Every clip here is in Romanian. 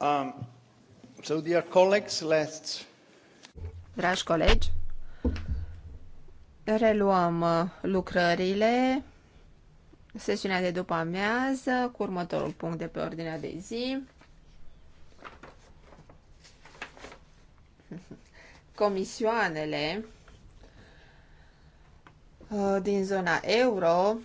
Um, so dear colleagues, let's... Dragi colegi, reluăm uh, lucrările, sesiunea de după amiază, cu următorul punct de pe ordinea de zi. Comisioanele uh, din zona euro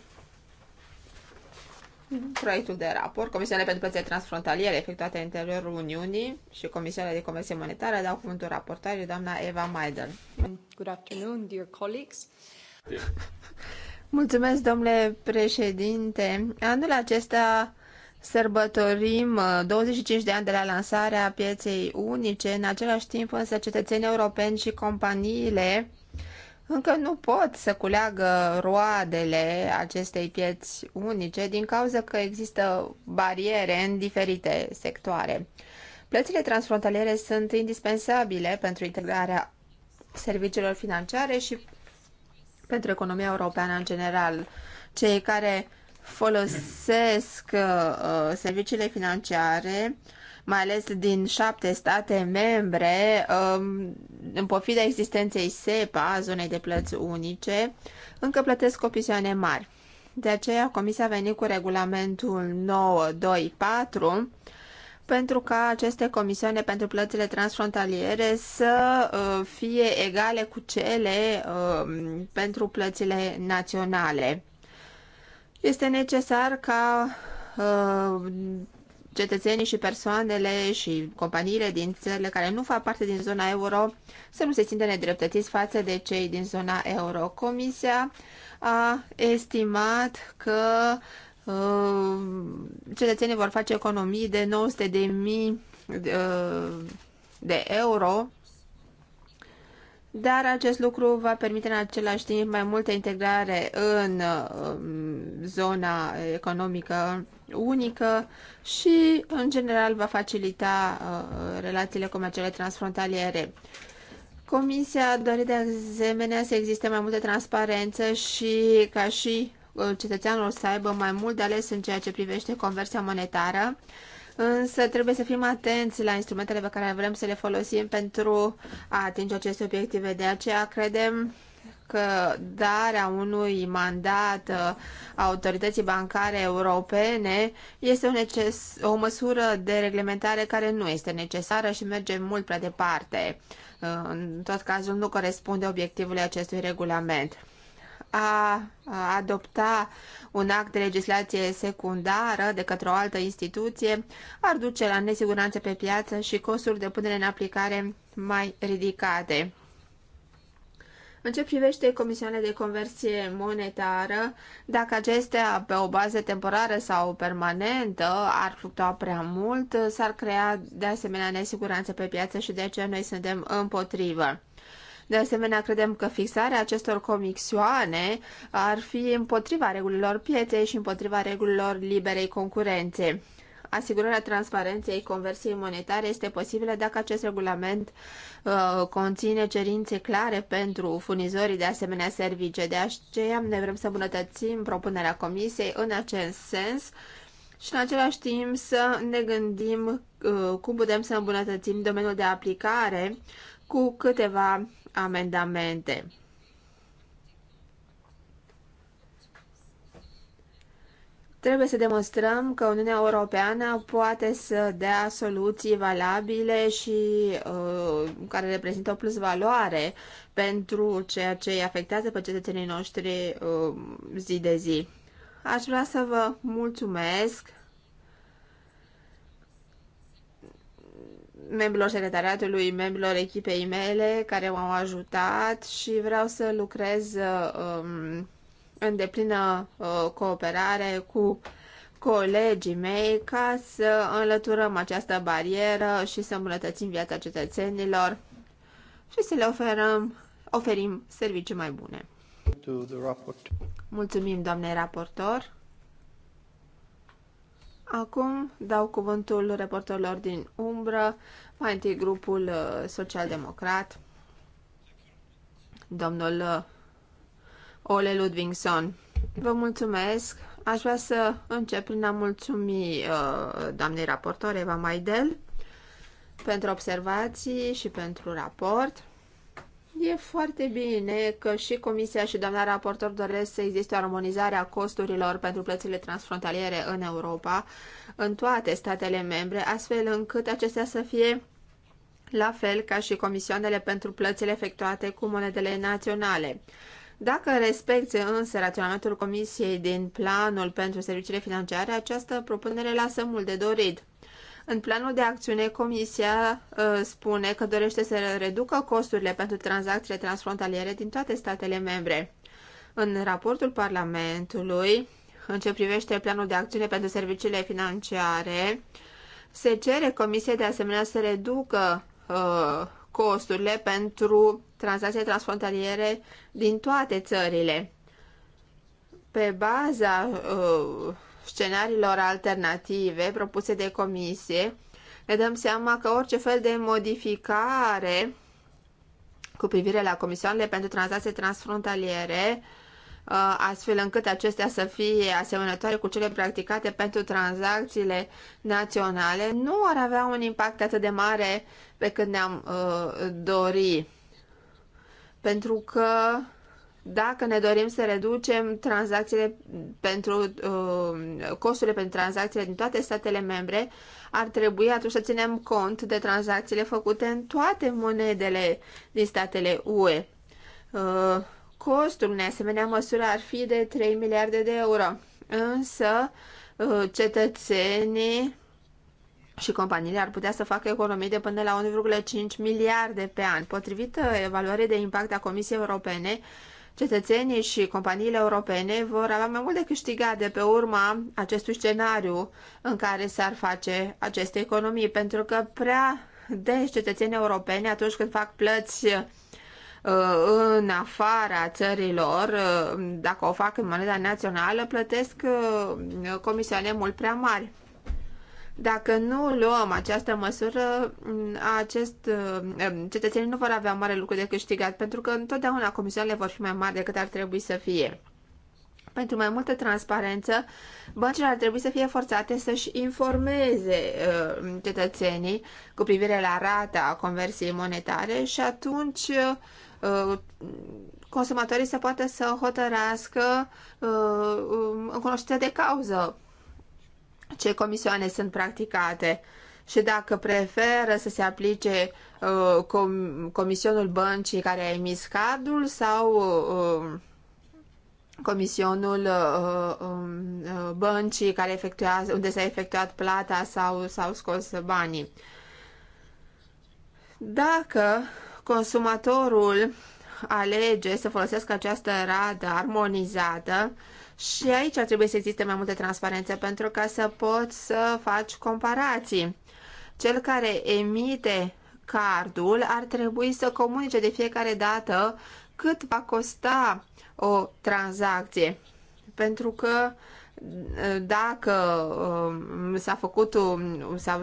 proiectul de raport, Comisiunea pentru plățile Transfrontaliere efectuate în interiorul Uniunii și Comisiunea de Comerție Monetară dau cuvântul raportare doamna Eva Maiden. Good afternoon, dear colleagues. Mulțumesc, domnule președinte. Anul acesta sărbătorim 25 uh, de ani de la lansarea pieței unice, în același timp însă cetățenii europeni și companiile încă nu pot să culeagă roadele acestei pieți unice din cauza că există bariere în diferite sectoare. Plățile transfrontaliere sunt indispensabile pentru integrarea serviciilor financiare și pentru economia europeană în general. Cei care folosesc uh, serviciile financiare mai ales din șapte state membre, um, în pofida existenței SEPA, zonei de plăți unice, încă plătesc comisioane mari. De aceea, Comisia a venit cu regulamentul 924 pentru ca aceste comisioane pentru plățile transfrontaliere să uh, fie egale cu cele um, pentru plățile naționale. Este necesar ca uh, cetățenii și persoanele și companiile din țările care nu fac parte din zona euro să nu se simtă nedreptățiți față de cei din zona euro. Comisia a estimat că uh, cetățenii vor face economii de 900.000 de mii uh, de euro dar acest lucru va permite în același timp mai multă integrare în um, zona economică unică și, în general, va facilita uh, relațiile comerciale transfrontaliere. Comisia a de asemenea să existe mai multă transparență și ca și uh, cetățeanul să aibă mai mult de ales în ceea ce privește conversia monetară însă trebuie să fim atenți la instrumentele pe care vrem să le folosim pentru a atinge aceste obiective. De aceea credem că darea unui mandat uh, autorității bancare europene este o, neces- o măsură de reglementare care nu este necesară și merge mult prea departe. Uh, în tot cazul nu corespunde obiectivului acestui regulament a adopta un act de legislație secundară de către o altă instituție ar duce la nesiguranță pe piață și costuri de punere în aplicare mai ridicate. În ce privește comisiunea de conversie monetară, dacă acestea pe o bază temporară sau permanentă ar fluctua prea mult, s-ar crea de asemenea nesiguranță pe piață și de aceea noi suntem împotrivă. De asemenea, credem că fixarea acestor comixioane ar fi împotriva regulilor pieței și împotriva regulilor liberei concurențe. Asigurarea transparenței conversiei monetare este posibilă dacă acest regulament uh, conține cerințe clare pentru furnizorii de asemenea servicii. De aceea ne vrem să îmbunătățim propunerea comisiei în acest sens și în același timp să ne gândim uh, cum putem să îmbunătățim domeniul de aplicare cu câteva amendamente. Trebuie să demonstrăm că Uniunea Europeană poate să dea soluții valabile și uh, care reprezintă o plus valoare pentru ceea ce îi afectează pe cetățenii noștri uh, zi de zi. Aș vrea să vă mulțumesc membrilor secretariatului, membrilor echipei mele care m-au ajutat și vreau să lucrez um, în deplină uh, cooperare cu colegii mei ca să înlăturăm această barieră și să îmbunătățim viața cetățenilor și să le oferăm, oferim servicii mai bune. Mulțumim, doamne raportor. Acum dau cuvântul reporterilor din umbră, mai întâi grupul uh, social-democrat, domnul uh, Ole Ludvingson. Vă mulțumesc. Aș vrea să încep prin a mulțumi uh, doamnei raportor Eva Maidel pentru observații și pentru raport. E foarte bine că și Comisia și doamna raportor doresc să existe o armonizare a costurilor pentru plățile transfrontaliere în Europa, în toate statele membre, astfel încât acestea să fie la fel ca și comisioanele pentru plățile efectuate cu monedele naționale. Dacă respecte însă raționamentul Comisiei din planul pentru serviciile financiare, această propunere lasă mult de dorit. În planul de acțiune, Comisia uh, spune că dorește să reducă costurile pentru tranzacțiile transfrontaliere din toate statele membre. În raportul Parlamentului, în ce privește planul de acțiune pentru serviciile financiare, se cere Comisiei de asemenea să reducă uh, costurile pentru tranzacții transfrontaliere din toate țările. Pe baza uh, scenariilor alternative propuse de comisie, ne dăm seama că orice fel de modificare cu privire la comisioanele pentru tranzacții transfrontaliere, uh, astfel încât acestea să fie asemănătoare cu cele practicate pentru tranzacțiile naționale, nu ar avea un impact atât de mare pe cât ne-am uh, dori. Pentru că dacă ne dorim să reducem tranzacțiile pentru uh, costurile pentru tranzacțiile din toate statele membre, ar trebui atunci să ținem cont de tranzacțiile făcute în toate monedele din statele UE. Uh, costul unei asemenea măsură ar fi de 3 miliarde de euro, însă uh, cetățenii și companiile ar putea să facă economii de până la 1,5 miliarde pe an. Potrivit uh, evaluării de impact a Comisiei Europene, uh, Cetățenii și companiile europene vor avea mai mult de câștigat de pe urma acestui scenariu în care s-ar face aceste economii, pentru că prea des cetățenii europeni, atunci când fac plăți uh, în afara țărilor, uh, dacă o fac în moneda națională, plătesc uh, comisioane mult prea mari. Dacă nu luăm această măsură, acest uh, um, cetățenii nu vor avea mare lucru de câștigat, pentru că întotdeauna comisioanele vor fi mai mari decât ar trebui să fie. Pentru mai multă transparență, băncile ar trebui să fie forțate să-și informeze uh, cetățenii cu privire la rata conversiei monetare și atunci uh, consumatorii să poată să hotărască um, în cunoștință de cauză ce comisioane sunt practicate și dacă preferă să se aplice uh, com comisionul băncii care a emis cardul sau uh, comisionul uh, um, uh, băncii care efectuează, unde s-a efectuat plata sau s-au scos banii. Dacă consumatorul alege să folosească această radă armonizată, și aici trebuie să existe mai multă transparență pentru ca să poți să faci comparații. Cel care emite cardul ar trebui să comunice de fiecare dată cât va costa o tranzacție. Pentru că uh, dacă uh, s-a făcut, s-a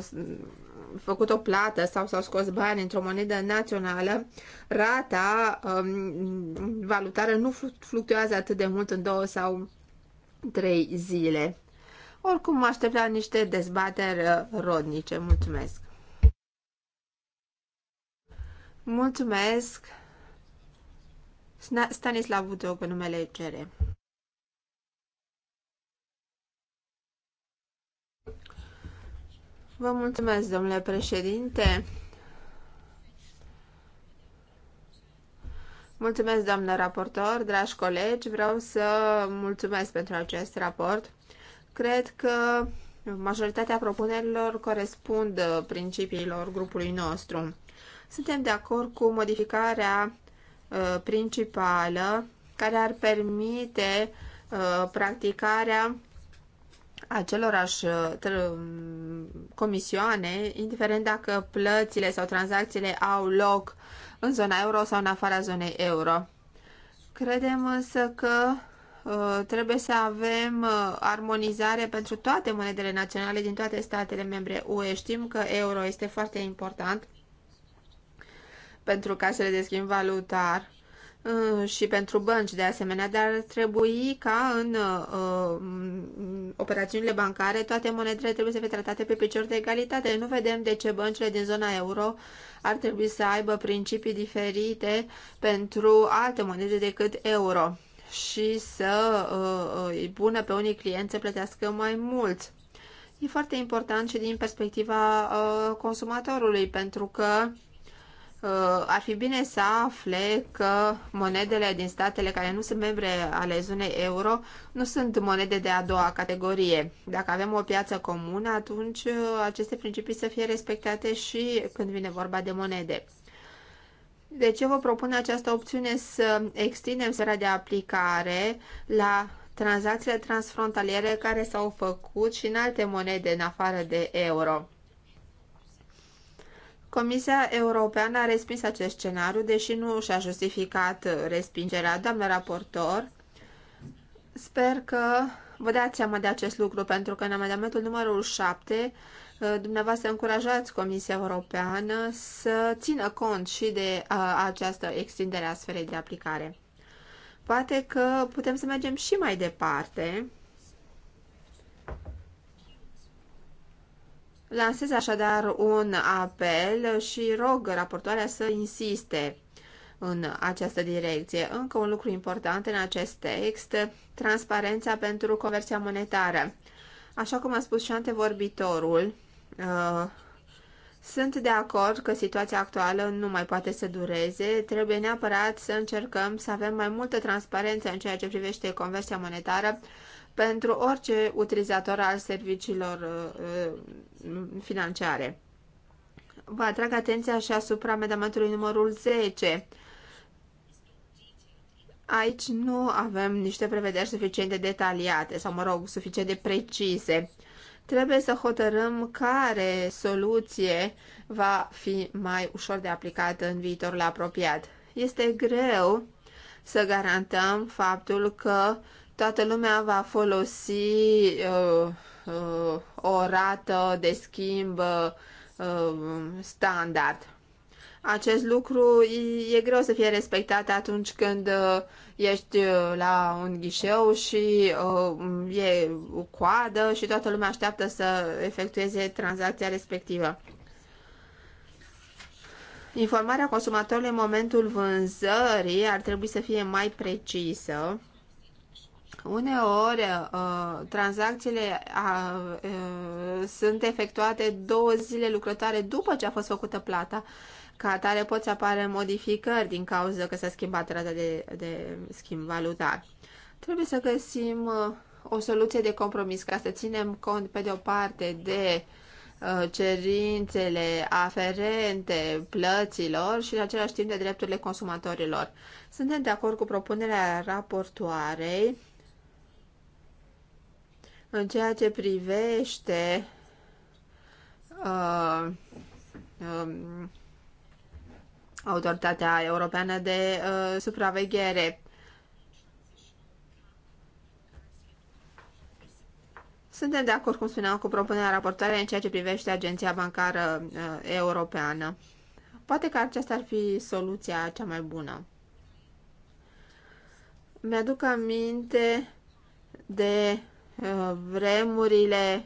făcut o plată sau s-au scos bani într-o monedă națională, rata um, valutară nu fluctuează atât de mult în două sau trei zile. Oricum, mă aștept la niște dezbateri uh, rodnice. Mulțumesc! Mulțumesc! Stanislav Udog, numele cere. Vă mulțumesc, domnule președinte! Mulțumesc, doamnă raportor, dragi colegi, vreau să mulțumesc pentru acest raport. Cred că majoritatea propunerilor corespund principiilor grupului nostru. Suntem de acord cu modificarea uh, principală care ar permite uh, practicarea acelorași uh, comisioane, indiferent dacă plățile sau tranzacțiile au loc în zona euro sau în afara zonei euro. Credem însă că uh, trebuie să avem uh, armonizare pentru toate monedele naționale din toate statele membre UE. Știm că euro este foarte important pentru casele de schimb valutar Uh, și pentru bănci de asemenea, dar ar trebui ca în uh, operațiunile bancare toate monedele trebuie să fie tratate pe picior de egalitate. Nu vedem de ce băncile din zona euro ar trebui să aibă principii diferite pentru alte monede decât euro și să uh, îi pună pe unii clienți să plătească mai mult. E foarte important și din perspectiva uh, consumatorului, pentru că Uh, ar fi bine să afle că monedele din statele care nu sunt membre ale zonei euro nu sunt monede de a doua categorie. Dacă avem o piață comună, atunci uh, aceste principii să fie respectate și când vine vorba de monede. De deci, ce vă propun această opțiune să extindem sfera de aplicare la tranzacțiile transfrontaliere care s-au făcut și în alte monede în afară de euro? Comisia Europeană a respins acest scenariu, deși nu și-a justificat uh, respingerea. Doamnă raportor, sper că vă dați seama de acest lucru, pentru că în amendamentul numărul 7 uh, dumneavoastră încurajați Comisia Europeană să țină cont și de uh, această extindere a sferei de aplicare. Poate că putem să mergem și mai departe Lansez așadar un apel și rog raportoarea să insiste în această direcție. Încă un lucru important în acest text, transparența pentru conversia monetară. Așa cum a spus și antevorbitorul, uh, sunt de acord că situația actuală nu mai poate să dureze, trebuie neapărat să încercăm să avem mai multă transparență în ceea ce privește conversia monetară pentru orice utilizator al serviciilor uh, uh, financiare. Vă atrag atenția și asupra amendamentului numărul 10. Aici nu avem niște prevederi suficient de detaliate sau, mă rog, suficient de precise. Trebuie să hotărâm care soluție va fi mai ușor de aplicată în viitorul apropiat. Este greu să garantăm faptul că uh, toată lumea va folosi uh, uh, o rată de schimb uh, uh standard. Acest lucru e, greu să fie respectat atunci când uh, ești uh, la un ghișeu și uh, e o coadă și toată lumea așteaptă să efectueze tranzacția respectivă. Informarea consumatorului în momentul vânzării ar trebui să fie mai precisă Uneori, uh, tranzacțiile uh, sunt efectuate două zile lucrătoare după ce a fost făcută plata. Ca atare pot să apară modificări din cauza că s-a schimbat rata de, de schimb valutar. Trebuie să găsim uh, o soluție de compromis ca să ținem cont, pe de o parte, de cerințele aferente plăților și, în același timp, de drepturile consumatorilor. Suntem de acord cu propunerea raportoarei în ceea ce privește uh, um, Autoritatea Europeană de uh, Supraveghere, Suntem de acord, cum spuneam, cu propunerea raportare în ceea ce privește Agenția Bancară uh, Europeană. Poate că aceasta ar fi soluția cea mai bună. Mi-aduc aminte de vremurile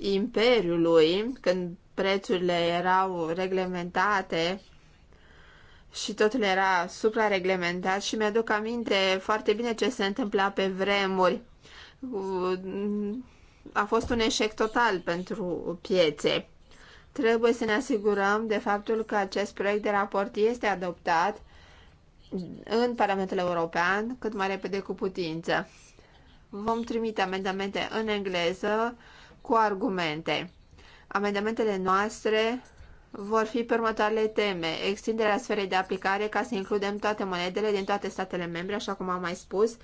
imperiului, când prețurile erau reglementate și totul era suprareglementat și mi-aduc aminte foarte bine ce se întâmpla pe vremuri. A fost un eșec total pentru piețe. Trebuie să ne asigurăm de faptul că acest proiect de raport este adoptat în Parlamentul European cât mai repede cu putință vom trimite amendamente în engleză cu argumente. Amendamentele noastre vor fi pe următoarele teme. Extinderea sferei de aplicare ca să includem toate monedele din toate statele membre, așa cum am mai spus,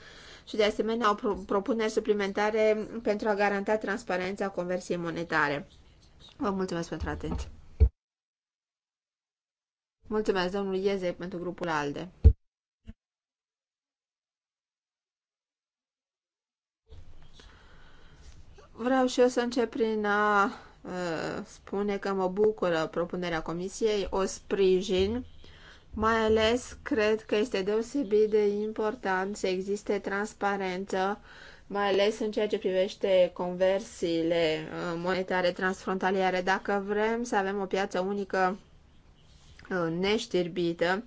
și de asemenea o propuneri suplimentare pentru a garanta transparența conversiei monetare. Vă mulțumesc pentru atenție. Mulțumesc, domnul Ieze, pentru grupul ALDE. Vreau și eu să încep prin a uh, spune că mă bucură propunerea comisiei, o sprijin, mai ales cred că este deosebit de important să existe transparență, mai ales în ceea ce privește conversiile uh, monetare transfrontaliere. Dacă vrem să avem o piață unică uh, neștirbită,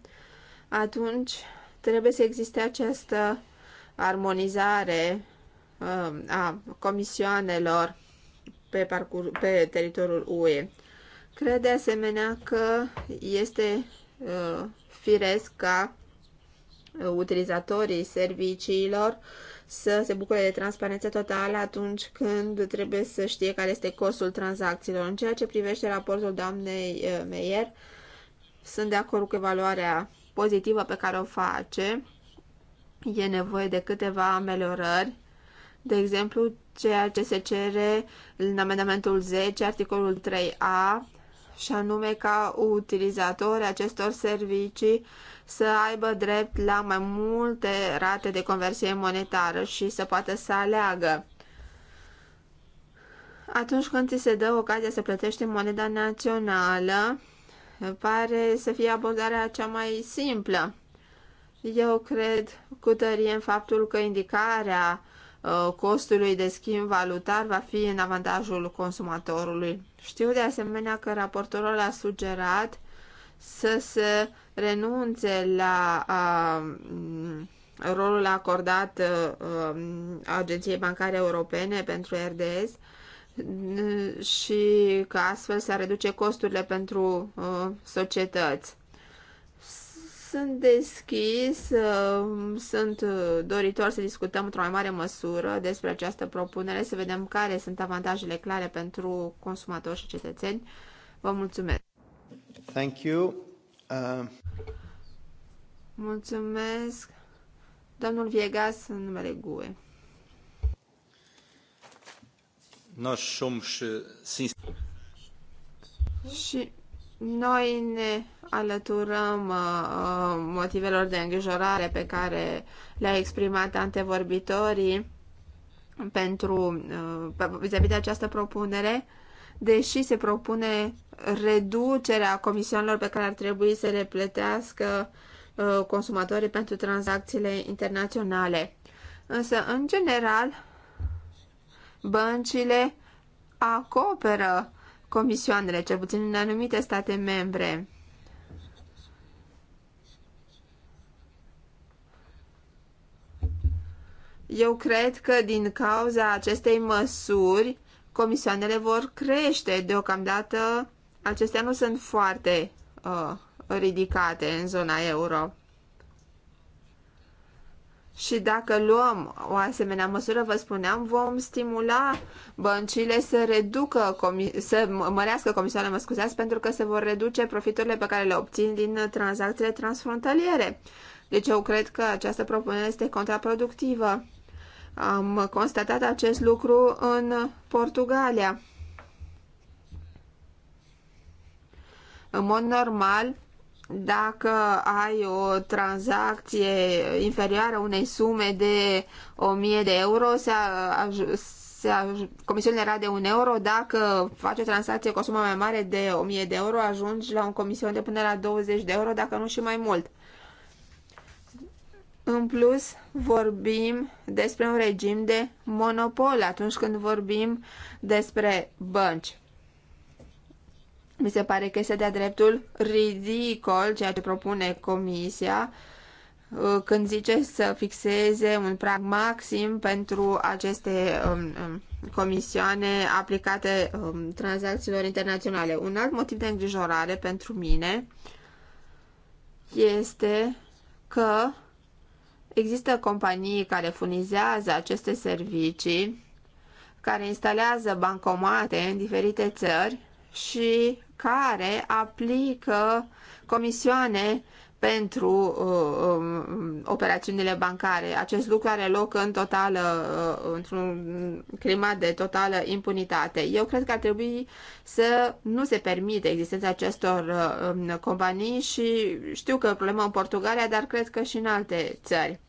atunci trebuie să existe această armonizare Um, a comisioanelor pe, parcur, pe teritoriul UE. Cred de asemenea că este uh, firesc ca utilizatorii serviciilor să se bucure de transparență totală atunci când trebuie să știe care este costul tranzacțiilor. În ceea ce privește raportul doamnei uh, Meyer, sunt de acord cu evaluarea pozitivă pe care o face. E nevoie de câteva ameliorări de exemplu, ceea ce se cere în amendamentul 10, articolul 3a, și anume ca utilizatori acestor servicii să aibă drept la mai multe rate de conversie monetară și să poată să aleagă. Atunci când ți se dă ocazia să plătești în moneda națională, pare să fie abordarea cea mai simplă. Eu cred cu tărie în faptul că indicarea Uh, costului de schimb valutar va fi în avantajul consumatorului. Știu de asemenea că raportorul a sugerat să se renunțe la a, uh, mm, rolul acordat a, uh, Agenției Bancare Europene pentru RDS mm, și că astfel să reduce costurile pentru a, societăți. Sunt deschis, uh, sunt uh, doritor să discutăm într-o mai mare măsură despre această propunere, să vedem care sunt avantajele clare pentru consumatori și cetățeni. Vă mulțumesc! Thank you. Uh... Mulțumesc! Domnul Viegas, în numele GUE. Noi și... Uh, și noi ne alăturăm uh, uh, motivelor de îngrijorare pe care le-a exprimat antevorbitorii pentru uh, vis-a-vis de această propunere, deși se propune reducerea comisiunilor pe care ar trebui să le plătească consumatorii pentru tranzacțiile internaționale. Însă, în general, băncile acoperă comisioanele, cel puțin în anumite state membre. Eu cred că din cauza acestei măsuri, comisioanele vor crește. Deocamdată, acestea nu sunt foarte uh, ridicate în zona euro. Și dacă luăm o asemenea măsură, vă spuneam, vom stimula băncile să reducă, să mărească comisioanele, mă scuzați, pentru că se vor reduce profiturile pe care le obțin din tranzacțiile transfrontaliere. Deci eu cred că această propunere este contraproductivă. Am constatat acest lucru în Portugalia. În mod normal, dacă ai o tranzacție inferioară unei sume de 1000 de euro, se, se aj- comisiunea era de 1 euro. Dacă faci o tranzacție cu o sumă mai mare de 1000 de euro, ajungi la un comision de până la 20 de euro, dacă nu și mai mult. În plus, vorbim despre un regim de monopol atunci când vorbim despre bănci. Mi se pare că este de-a dreptul ridicol ceea ce propune Comisia uh, când zice să fixeze un prag maxim pentru aceste um, um, comisioane aplicate um, tranzacțiilor internaționale. Un alt motiv de îngrijorare pentru mine este că Există companii care furnizează aceste servicii, care instalează bancomate în diferite țări și care aplică comisioane pentru uh, um, operațiunile bancare. Acest lucru are loc în totală, uh, într-un climat de totală impunitate. Eu cred că ar trebui să nu se permite existența acestor uh, um, companii și știu că e problema în Portugalia, dar cred că și în alte țări.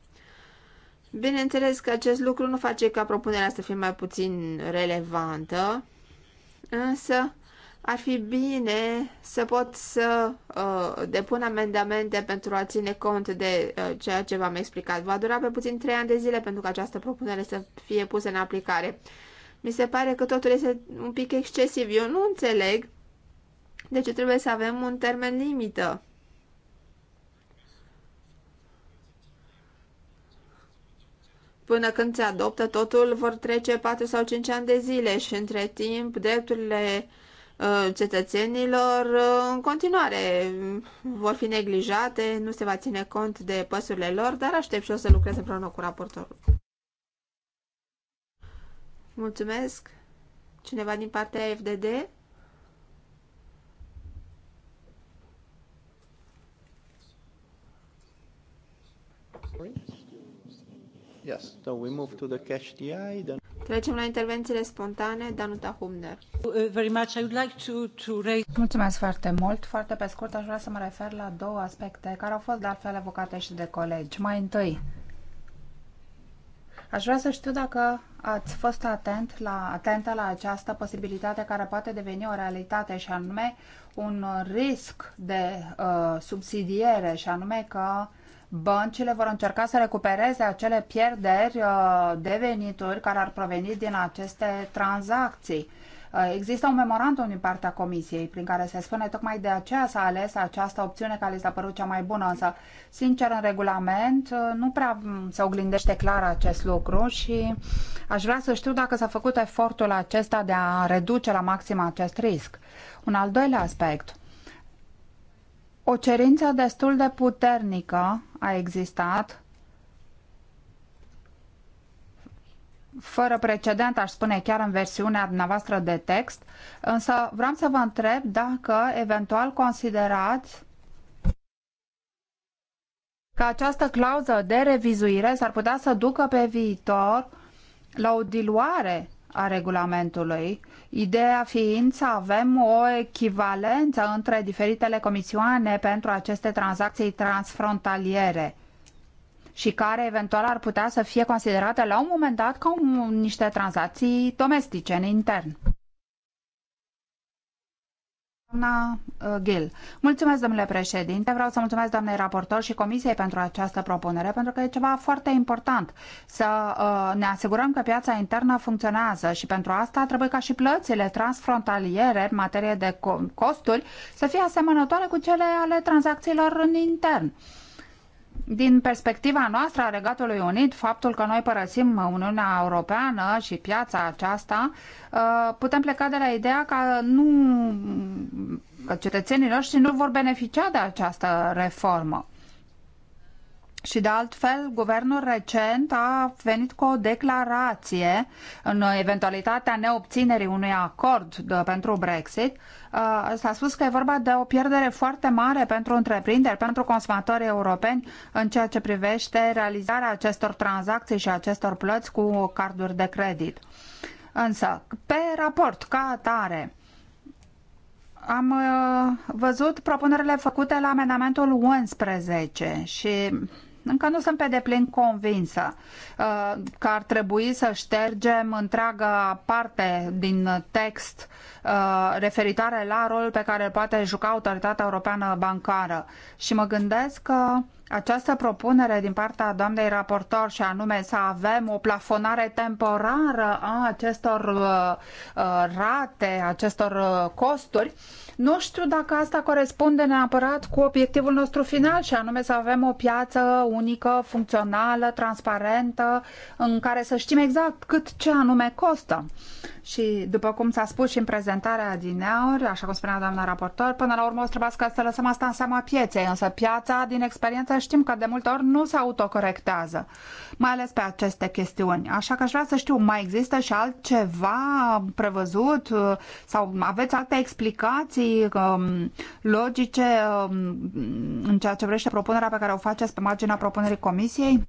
Bineînțeles că acest lucru nu face ca propunerea să fie mai puțin relevantă, însă ar fi bine să pot să uh, depun amendamente pentru a ține cont de uh, ceea ce v-am explicat. Va dura pe puțin 3 ani de zile pentru că această propunere să fie pusă în aplicare. Mi se pare că totul este un pic excesiv. Eu nu înțeleg de ce trebuie să avem un termen limită. Până când se adoptă totul vor trece 4 sau 5 ani de zile și între timp drepturile Uh, cetățenilor uh, în continuare vor fi neglijate, nu se va ține cont de păsurile lor, dar aștept și o să lucrez împreună cu raportorul. Mulțumesc. Cineva din partea FDD? Sorry. Yes, so we move to the cash DI, then... Trecem la intervențiile spontane. Danuta Humner. Uh, very much. I would like to, to raise... Mulțumesc foarte mult. Foarte pe scurt aș vrea să mă refer la două aspecte care au fost de altfel evocate și de colegi. Mai întâi, Aș vrea să știu dacă ați fost atent la, atentă la această posibilitate care poate deveni o realitate și anume un risc de uh, subsidiere și anume că băncile vor încerca să recupereze acele pierderi uh, de venituri care ar proveni din aceste tranzacții. Uh, există un memorandum din partea Comisiei prin care se spune tocmai de aceea s-a ales această opțiune care s-a părut cea mai bună, însă, sincer, în regulament uh, nu prea mm, se oglindește clar acest lucru și aș vrea să știu dacă s-a făcut efortul acesta de a reduce la maxim acest risc. Un al doilea aspect o cerință destul de puternică a existat, fără precedent, aș spune chiar în versiunea dumneavoastră de text, însă vreau să vă întreb dacă eventual considerați că această clauză de revizuire s-ar putea să ducă pe viitor la o diluare a regulamentului, ideea fiind să avem o echivalență între diferitele comisioane pentru aceste tranzacții transfrontaliere și care eventual ar putea să fie considerate la un moment dat ca niște tranzacții domestice în intern. Doamna uh, Gil. Mulțumesc, domnule președinte. Vreau să mulțumesc doamnei raportor și comisiei pentru această propunere, pentru că e ceva foarte important să uh, ne asigurăm că piața internă funcționează și pentru asta trebuie ca și plățile transfrontaliere în materie de costuri să fie asemănătoare cu cele ale tranzacțiilor în intern. Din perspectiva noastră a Regatului Unit, faptul că noi părăsim Uniunea Europeană și piața aceasta, uh, putem pleca de la ideea că nu că cetățenii noștri nu vor beneficia de această reformă. Și de altfel, guvernul recent a venit cu o declarație în eventualitatea neobținerii unui acord de, pentru Brexit. Uh, s-a spus că e vorba de o pierdere foarte mare pentru întreprinderi, pentru consumatorii europeni în ceea ce privește realizarea acestor tranzacții și acestor plăți cu carduri de credit. Însă, pe raport, ca atare, am uh, văzut propunerile făcute la amendamentul 11 și încă nu sunt pe deplin convinsă uh, că ar trebui să ștergem întreaga parte din text Uh, referitoare la rolul pe care îl poate juca Autoritatea Europeană Bancară. Și mă gândesc că această propunere din partea doamnei raportor și anume să avem o plafonare temporară a acestor uh, uh, rate, acestor costuri, nu știu dacă asta corespunde neapărat cu obiectivul nostru final și anume să avem o piață unică, funcțională, transparentă, în care să știm exact cât ce anume costă. Și după cum s-a spus și în prezent prezentarea aur, așa cum spunea doamna raportor, până la urmă o trebuie să lăsăm asta în seama pieței, însă piața, din experiență, știm că de multe ori nu se autocorectează, mai ales pe aceste chestiuni. Așa că aș vrea să știu, mai există și altceva prevăzut sau aveți alte explicații um, logice um, în ceea ce vrește propunerea pe care o faceți pe marginea propunerii comisiei?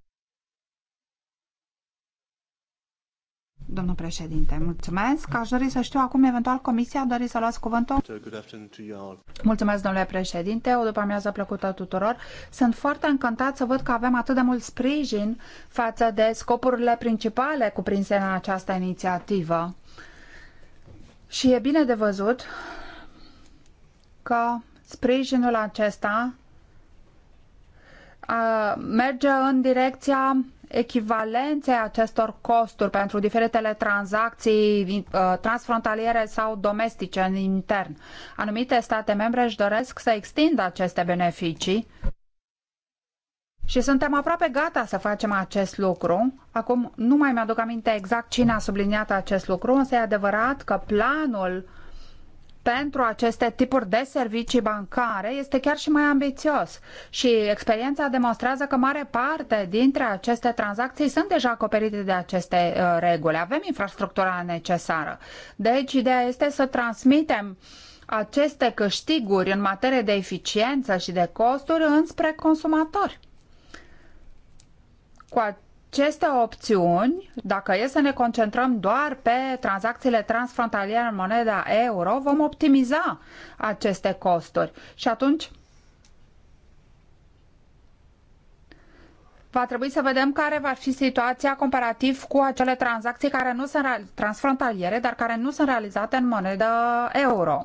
domnul președinte. Mulțumesc. Aș dori să știu acum, eventual, comisia dori să luați cuvântul. Mulțumesc, domnule președinte. O după amiază plăcută tuturor. Sunt foarte încântat să văd că avem atât de mult sprijin față de scopurile principale cuprinse în această inițiativă. Și e bine de văzut că sprijinul acesta merge în direcția echivalenței acestor costuri pentru diferitele tranzacții uh, transfrontaliere sau domestice în intern. Anumite state membre își doresc să extindă aceste beneficii și suntem aproape gata să facem acest lucru. Acum nu mai mi-aduc aminte exact cine a subliniat acest lucru, însă e adevărat că planul uh, pentru aceste tipuri de servicii bancare este chiar și mai ambițios și experiența demonstrează că mare parte dintre aceste tranzacții sunt deja acoperite de aceste uh, reguli. Avem infrastructura necesară. Deci ideea este să transmitem aceste câștiguri în materie de eficiență și de costuri înspre consumatori. Cu aceste opțiuni, dacă e să ne concentrăm doar pe tranzacțiile transfrontaliere în moneda euro, vom optimiza aceste costuri. Și atunci va trebui să vedem care va fi situația comparativ cu acele tranzacții care nu sunt transfrontaliere, dar care nu sunt realizate în moneda euro.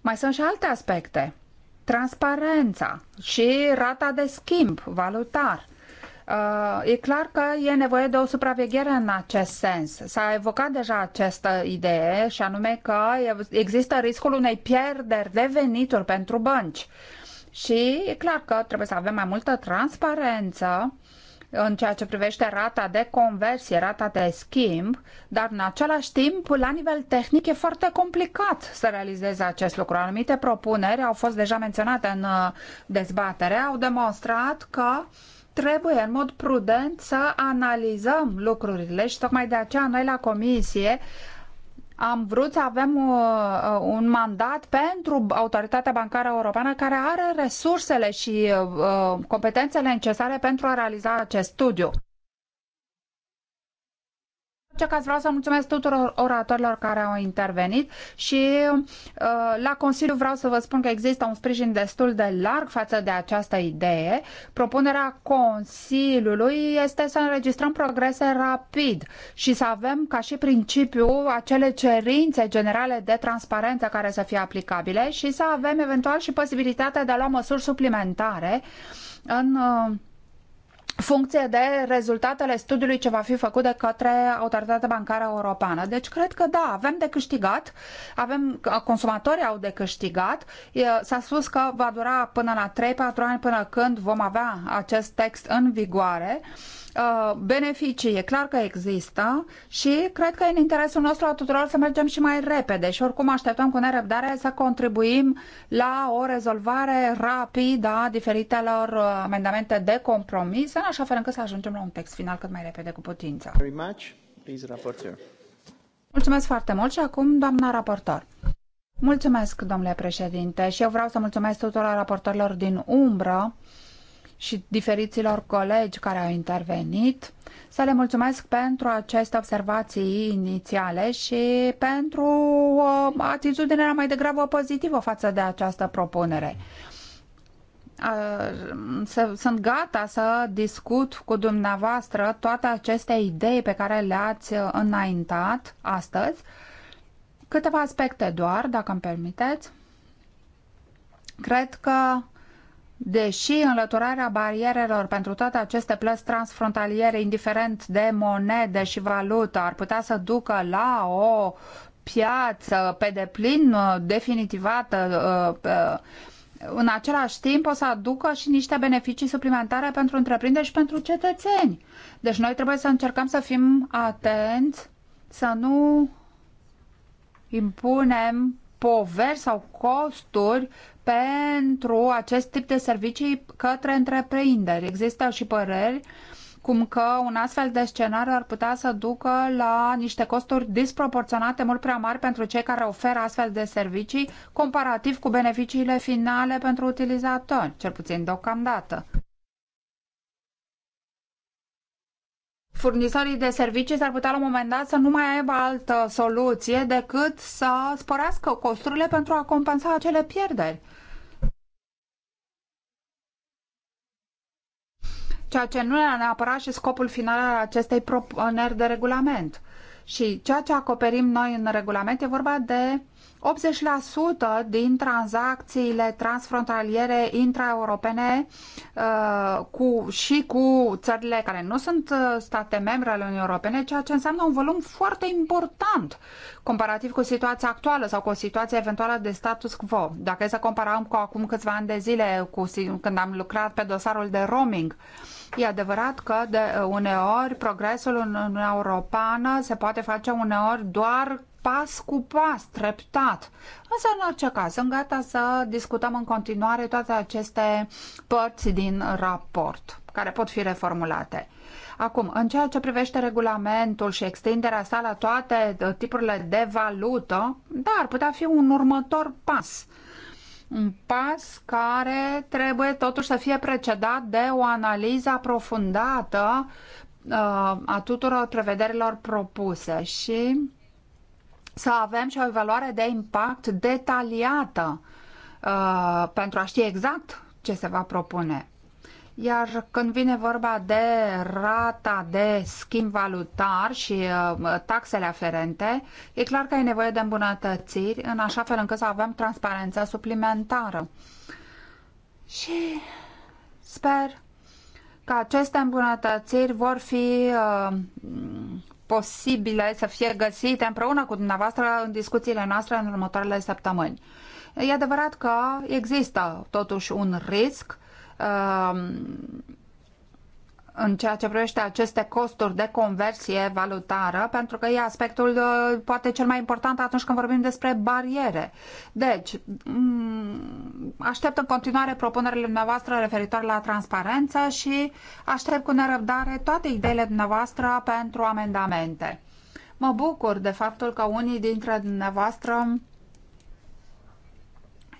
Mai sunt și alte aspecte. Transparența și rata de schimb valutar Uh, e clar că e nevoie de o supraveghere în acest sens. S-a evocat deja această idee și anume că există riscul unei pierderi de venituri pentru bănci. Și e clar că trebuie să avem mai multă transparență în ceea ce privește rata de conversie, rata de schimb, dar în același timp, la nivel tehnic, e foarte complicat să realizeze acest lucru. Anumite propuneri au fost deja menționate în uh, dezbatere, au demonstrat că uh, trebuie în mod prudent să analizăm lucrurile și tocmai de aceea noi la comisie am vrut să avem uh, uh, un mandat pentru Autoritatea Bancară Europeană care are resursele și uh, competențele necesare pentru a realiza acest studiu orice caz vreau să mulțumesc tuturor oratorilor care au intervenit și uh, la Consiliu vreau să vă spun că există un sprijin destul de larg față de această idee. Propunerea Consiliului este să înregistrăm progrese rapid și să avem ca și principiu acele cerințe generale de transparență care să fie aplicabile și să avem eventual și posibilitatea de a lua măsuri suplimentare în uh, funcție de rezultatele studiului ce va fi făcut de către Autoritatea Bancară Europeană. Deci cred că da, avem de câștigat, avem, consumatorii au de câștigat. S-a spus că va dura până la 3-4 ani până când vom avea acest text în vigoare. Uh, Uh, beneficii e clar că există și cred că e în interesul nostru a tuturor să mergem și mai repede și oricum așteptăm cu nerăbdare să contribuim la o rezolvare rapidă a diferitelor uh, amendamente de compromis în așa fel încât să ajungem la un text final cât mai repede cu putință. Mulțumesc foarte mult și acum doamna raportor. Mulțumesc, domnule președinte, și eu vreau să mulțumesc tuturor raportorilor din umbră și diferiților colegi care au intervenit, să le mulțumesc pentru aceste observații inițiale și pentru uh, atitudinea mai degrabă pozitivă față de această propunere uh, sunt gata să discut cu dumneavoastră toate aceste idei pe care le-ați înaintat astăzi. Câteva aspecte doar, dacă îmi permiteți. Cred că Deși înlăturarea barierelor pentru toate aceste plăți transfrontaliere, indiferent de monede și valută, ar putea să ducă la o piață pe deplin uh, definitivată, uh, uh, în același timp o să aducă și niște beneficii suplimentare pentru întreprinderi și pentru cetățeni. Deci noi trebuie să încercăm să fim atenți, să nu impunem poveri sau costuri pentru acest tip de servicii către întreprinderi. Există și păreri cum că un astfel de scenariu ar putea să ducă la niște costuri disproporționate mult prea mari pentru cei care oferă astfel de servicii, comparativ cu beneficiile finale pentru utilizatori, cel puțin deocamdată. furnizorii de servicii s-ar putea la un moment dat să nu mai aibă altă soluție decât să sporească costurile pentru a compensa acele pierderi. Ceea ce nu era neapărat și scopul final al acestei propuneri de regulament. Și ceea ce acoperim noi în regulament e vorba de 80% din tranzacțiile transfrontaliere intraeuropene uh, cu, și cu țările care nu sunt uh, state membre ale Uniunii Europene, ceea ce înseamnă un volum foarte important comparativ cu situația actuală sau cu o situație eventuală de status quo. Dacă e să comparăm cu acum câțiva ani de zile cu, când am lucrat pe dosarul de roaming, E adevărat că de uh, uneori progresul în Uniunea Europeană se poate face uneori doar pas cu pas, treptat. Însă, în orice caz, sunt gata să discutăm în continuare toate aceste părți din raport care pot fi reformulate. Acum, în ceea ce privește regulamentul și extinderea sa la toate uh, tipurile de valută, da, ar putea fi un următor pas un pas care trebuie totuși să fie precedat de o analiză aprofundată uh, a tuturor prevederilor propuse și să avem și o evaluare de impact detaliată uh, pentru a ști exact ce se va propune. Iar când vine vorba de rata de schimb valutar și uh, taxele aferente, e clar că e nevoie de îmbunătățiri în așa fel încât să avem transparență suplimentară. Și sper că aceste îmbunătățiri vor fi uh, posibile să fie găsite împreună cu dumneavoastră în discuțiile noastre în următoarele săptămâni. E adevărat că există totuși un risc uh, în ceea ce privește aceste costuri de conversie valutară, pentru că e aspectul uh, poate cel mai important atunci când vorbim despre bariere. Deci, mm, aștept în continuare propunerile dumneavoastră referitoare la transparență și aștept cu nerăbdare toate ideile dumneavoastră pentru amendamente. Mă bucur de faptul că unii dintre dumneavoastră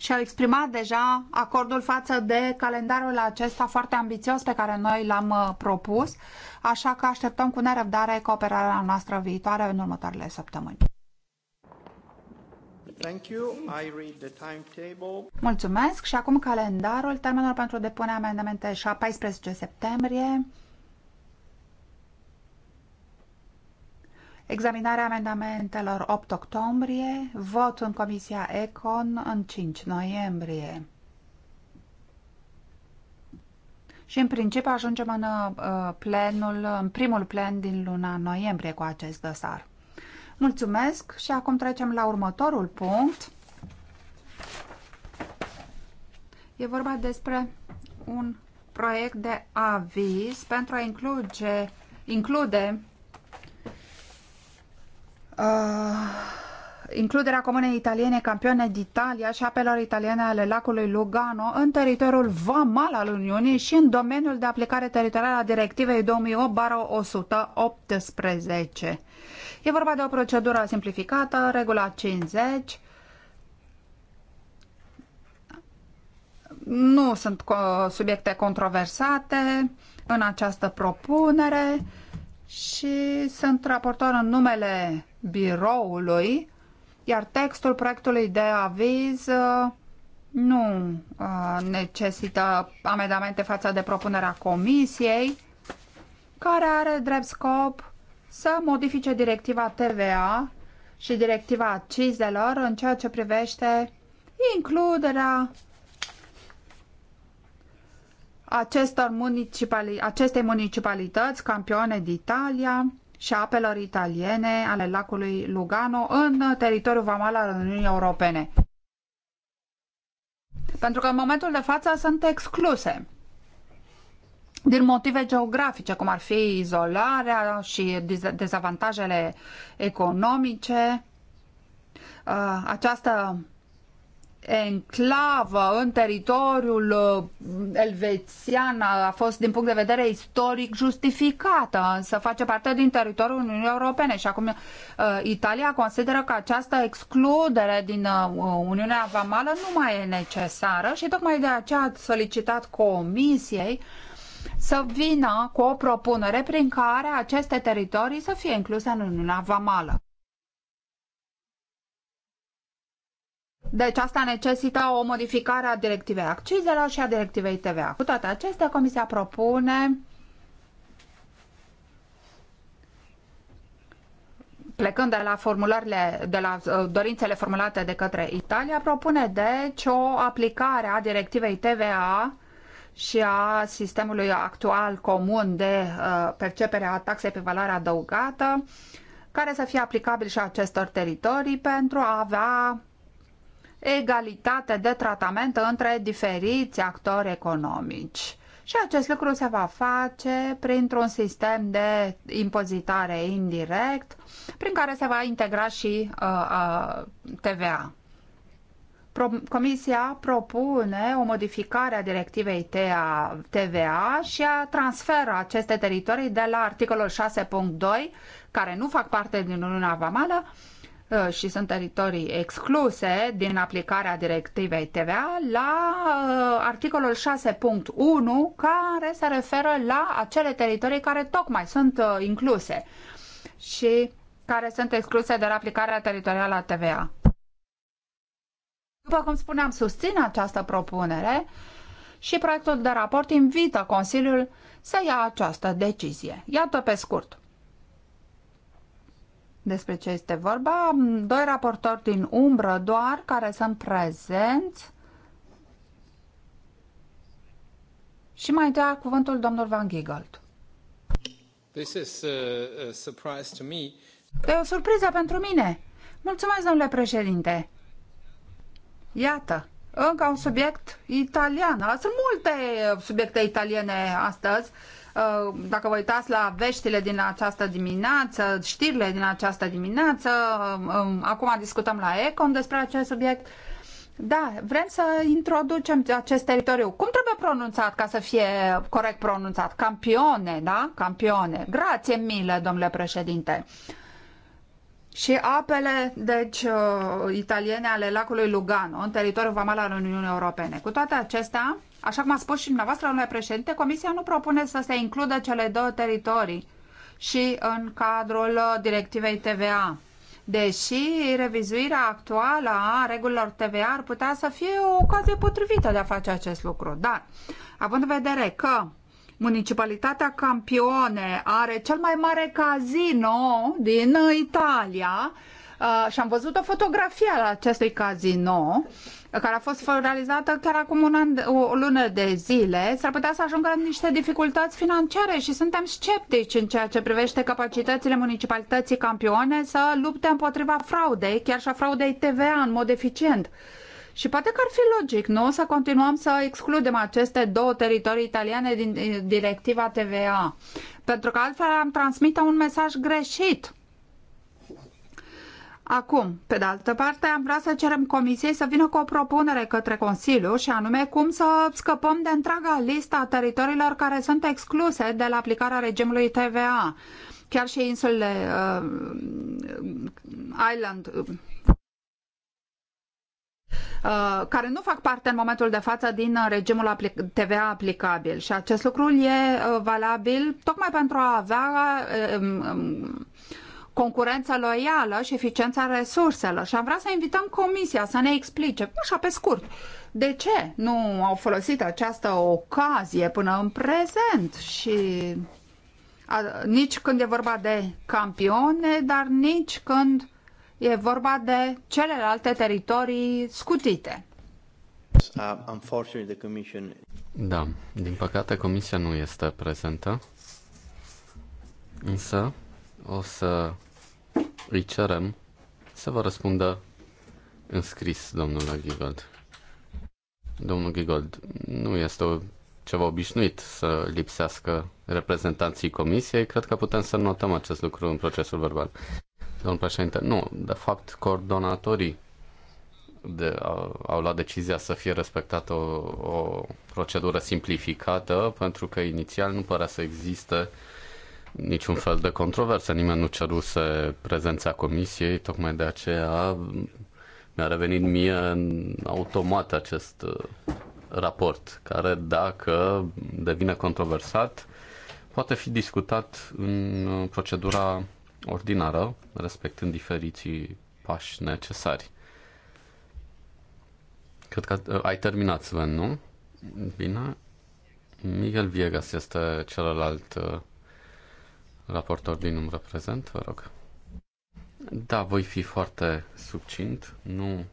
și au exprimat deja acordul față de calendarul acesta foarte ambițios pe care noi l-am uh, propus, așa că așteptăm cu nerăbdare cooperarea noastră viitoare în următoarele săptămâni. Thank you. I read the timetable. Mulțumesc și acum calendarul, termenul pentru depunerea amendamente 14 septembrie, examinarea amendamentelor 8 octombrie, vot în Comisia Econ în 5 noiembrie. Și în principiu ajungem în uh, plenul, în primul plen din luna noiembrie cu acest dosar. Mulțumesc și acum trecem la următorul punct. E vorba despre un proiect de aviz pentru a include, include Ah, includerea comunei italiene campioane d'Italia și apelor italiene ale lacului Lugano în teritoriul vamal al Uniunii și în domeniul de aplicare teritorială a directivei 2008-118. E vorba de o procedură simplificată, regula 50. Nu sunt subiecte controversate în această propunere și sunt raportor în numele biroului, iar textul proiectului de aviz uh, nu uh, necesită amendamente față de propunerea comisiei, care are drept scop să modifice directiva TVA și directiva ciselor în ceea ce privește includerea acestor municipali acestei municipalități, campioane d'Italia, și apelor italiene ale lacului Lugano în teritoriul vamal al Uniunii Europene. Pentru că în momentul de față sunt excluse din motive geografice, cum ar fi izolarea și dezavantajele economice. Uh, această enclavă în teritoriul uh, elvețian a fost din punct de vedere istoric justificată, însă face parte din teritoriul Uniunii Europene și acum uh, Italia consideră că această excludere din uh, Uniunea Vamală nu mai e necesară și tocmai de aceea a solicitat Comisiei să vină cu o propunere prin care aceste teritorii să fie incluse în Uniunea Vamală. Deci asta necesită o modificare a directivei accizelor și a directivei TVA. Cu toate acestea, Comisia propune plecând de la formulările, de la uh, dorințele formulate de către Italia, propune deci o aplicare a directivei TVA și a sistemului actual comun de uh, percepere a taxei pe valoare adăugată, care să fie aplicabil și acestor teritorii pentru a avea egalitate de tratament între diferiți actori economici. Și acest lucru se va face printr-un sistem de impozitare indirect, prin care se va integra și uh, uh, TVA. Comisia propune o modificare a directivei TVA și a transferă aceste teritorii de la articolul 6.2, care nu fac parte din Uniunea Vamală, uh, Uh, și sunt teritorii excluse din aplicarea directivei TVA la uh, articolul 6.1 care se referă la acele teritorii care tocmai sunt uh, incluse și care sunt excluse de la aplicarea teritorială a TVA. După cum spuneam, susțin această propunere și proiectul de raport invită Consiliul să ia această decizie. Iată pe scurt despre ce este vorba. Doi raportori din umbră doar care sunt prezenți. Și mai întâi cuvântul domnul Van Giegold. This is a, surprise to me. E o surpriză pentru mine. Mulțumesc, domnule președinte. Iată, încă un subiect italian. Sunt multe subiecte italiene astăzi Uh, dacă vă uitați la veștile din această dimineață, știrile din această dimineață, um, um, acum discutăm la Econ despre acest subiect. Da, vrem să introducem acest teritoriu. Cum trebuie pronunțat ca să fie corect pronunțat? Campione, da? Campione. Grație milă, domnule președinte. Și apele, deci, uh, italiene ale lacului Lugano, în teritoriul vamal al Uniunii Europene. Cu toate acestea, Așa cum a spus și dumneavoastră, domnule președinte, Comisia nu propune să se includă cele două teritorii și în cadrul directivei TVA. Deși revizuirea actuală a regulilor TVA ar putea să fie o ocazie potrivită de a face acest lucru. Dar, având în vedere că municipalitatea Campione are cel mai mare casino din Italia, Uh, și am văzut o fotografie al acestui casino care a fost realizată chiar acum un an, o lună de zile, s-ar putea să ajungă în niște dificultăți financiare și suntem sceptici în ceea ce privește capacitățile municipalității campione să lupte împotriva fraudei, chiar și a fraudei TVA în mod eficient. Și poate că ar fi logic, nu? Să continuăm să excludem aceste două teritorii italiane din directiva TVA. Pentru că altfel am transmite un mesaj greșit Acum, pe de altă parte, am vrea să cerem Comisiei să vină cu o propunere către Consiliu și anume cum să scăpăm de întreaga listă a teritoriilor care sunt excluse de la aplicarea regimului TVA. Chiar și insulele uh, Island uh, uh, care nu fac parte în momentul de față din regimul TVA aplicabil. Și acest lucru e uh, valabil tocmai pentru a avea uh, um, um Concurența loială și eficiența resurselor. Și am vrea să invităm comisia să ne explice, așa pe scurt, de ce nu au folosit această ocazie până în prezent și a, nici când e vorba de campione, dar nici când e vorba de celelalte teritorii scutite. Uh, da, din păcate comisia nu este prezentă, însă o să îi cerem să vă răspundă în scris, domnul Gigold. Domnul Gigold, nu este o, ceva obișnuit să lipsească reprezentanții comisiei. Cred că putem să notăm acest lucru în procesul verbal. Domnul președinte, nu, de fapt, coordonatorii de, au, au luat decizia să fie respectată o, o procedură simplificată, pentru că inițial nu părea să existe uh, niciun fel de controversă, nimeni nu ceruse prezența comisiei, tocmai de aceea mi-a revenit mie în automat acest uh, raport, care dacă devine controversat, poate fi discutat în uh, procedura ordinară, respectând diferiții pași necesari. Cred că uh, ai terminat, Sven, nu? Bine. Miguel Viegas este celălalt raportor din umbră prezent, vă rog. Da, voi fi foarte subțint. Nu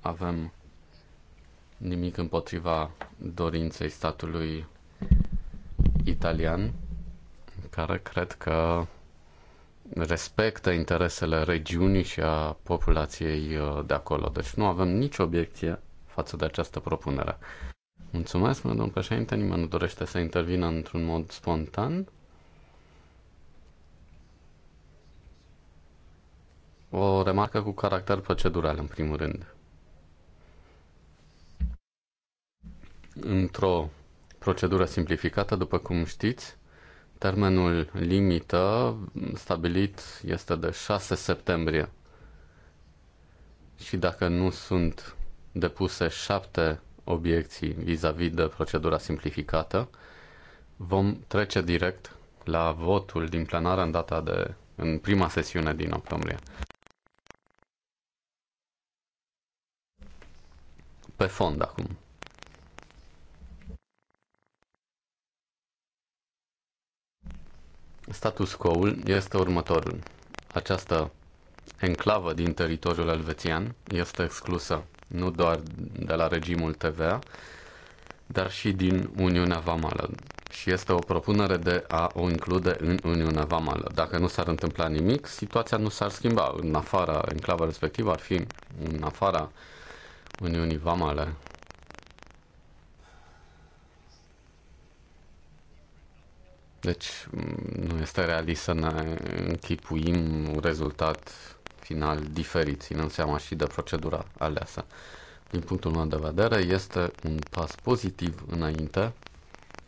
avem nimic împotriva dorinței statului italian, care cred că respectă interesele regiunii și a populației uh, de acolo. Deci nu avem nicio obiecție față de această propunere. Mulțumesc, domnul președinte. Nimeni nu dorește să intervină într-un mod spontan. o remarcă cu caracter procedural, în primul rând. Într-o procedură simplificată, după cum știți, termenul limită stabilit este de 6 septembrie. Și dacă nu sunt depuse șapte obiecții vis-a-vis -vis de procedura simplificată, vom trece direct la votul din plenară în data de în prima sesiune din octombrie. pe fond acum. Status quo-ul este următorul. Această enclavă din teritoriul elvețian este exclusă nu doar de la regimul TVA, dar și din Uniunea Vamală. Și este o propunere de a o include în Uniunea Vamală. Dacă nu s-ar întâmpla nimic, situația nu s-ar schimba. În afara enclavă respectivă ar fi în afara Uniunii Vamale. Deci mm, nu este realist să ne închipuim un rezultat final diferit, ținând seama și de procedura aleasă. Din punctul meu de vedere, este un pas pozitiv înainte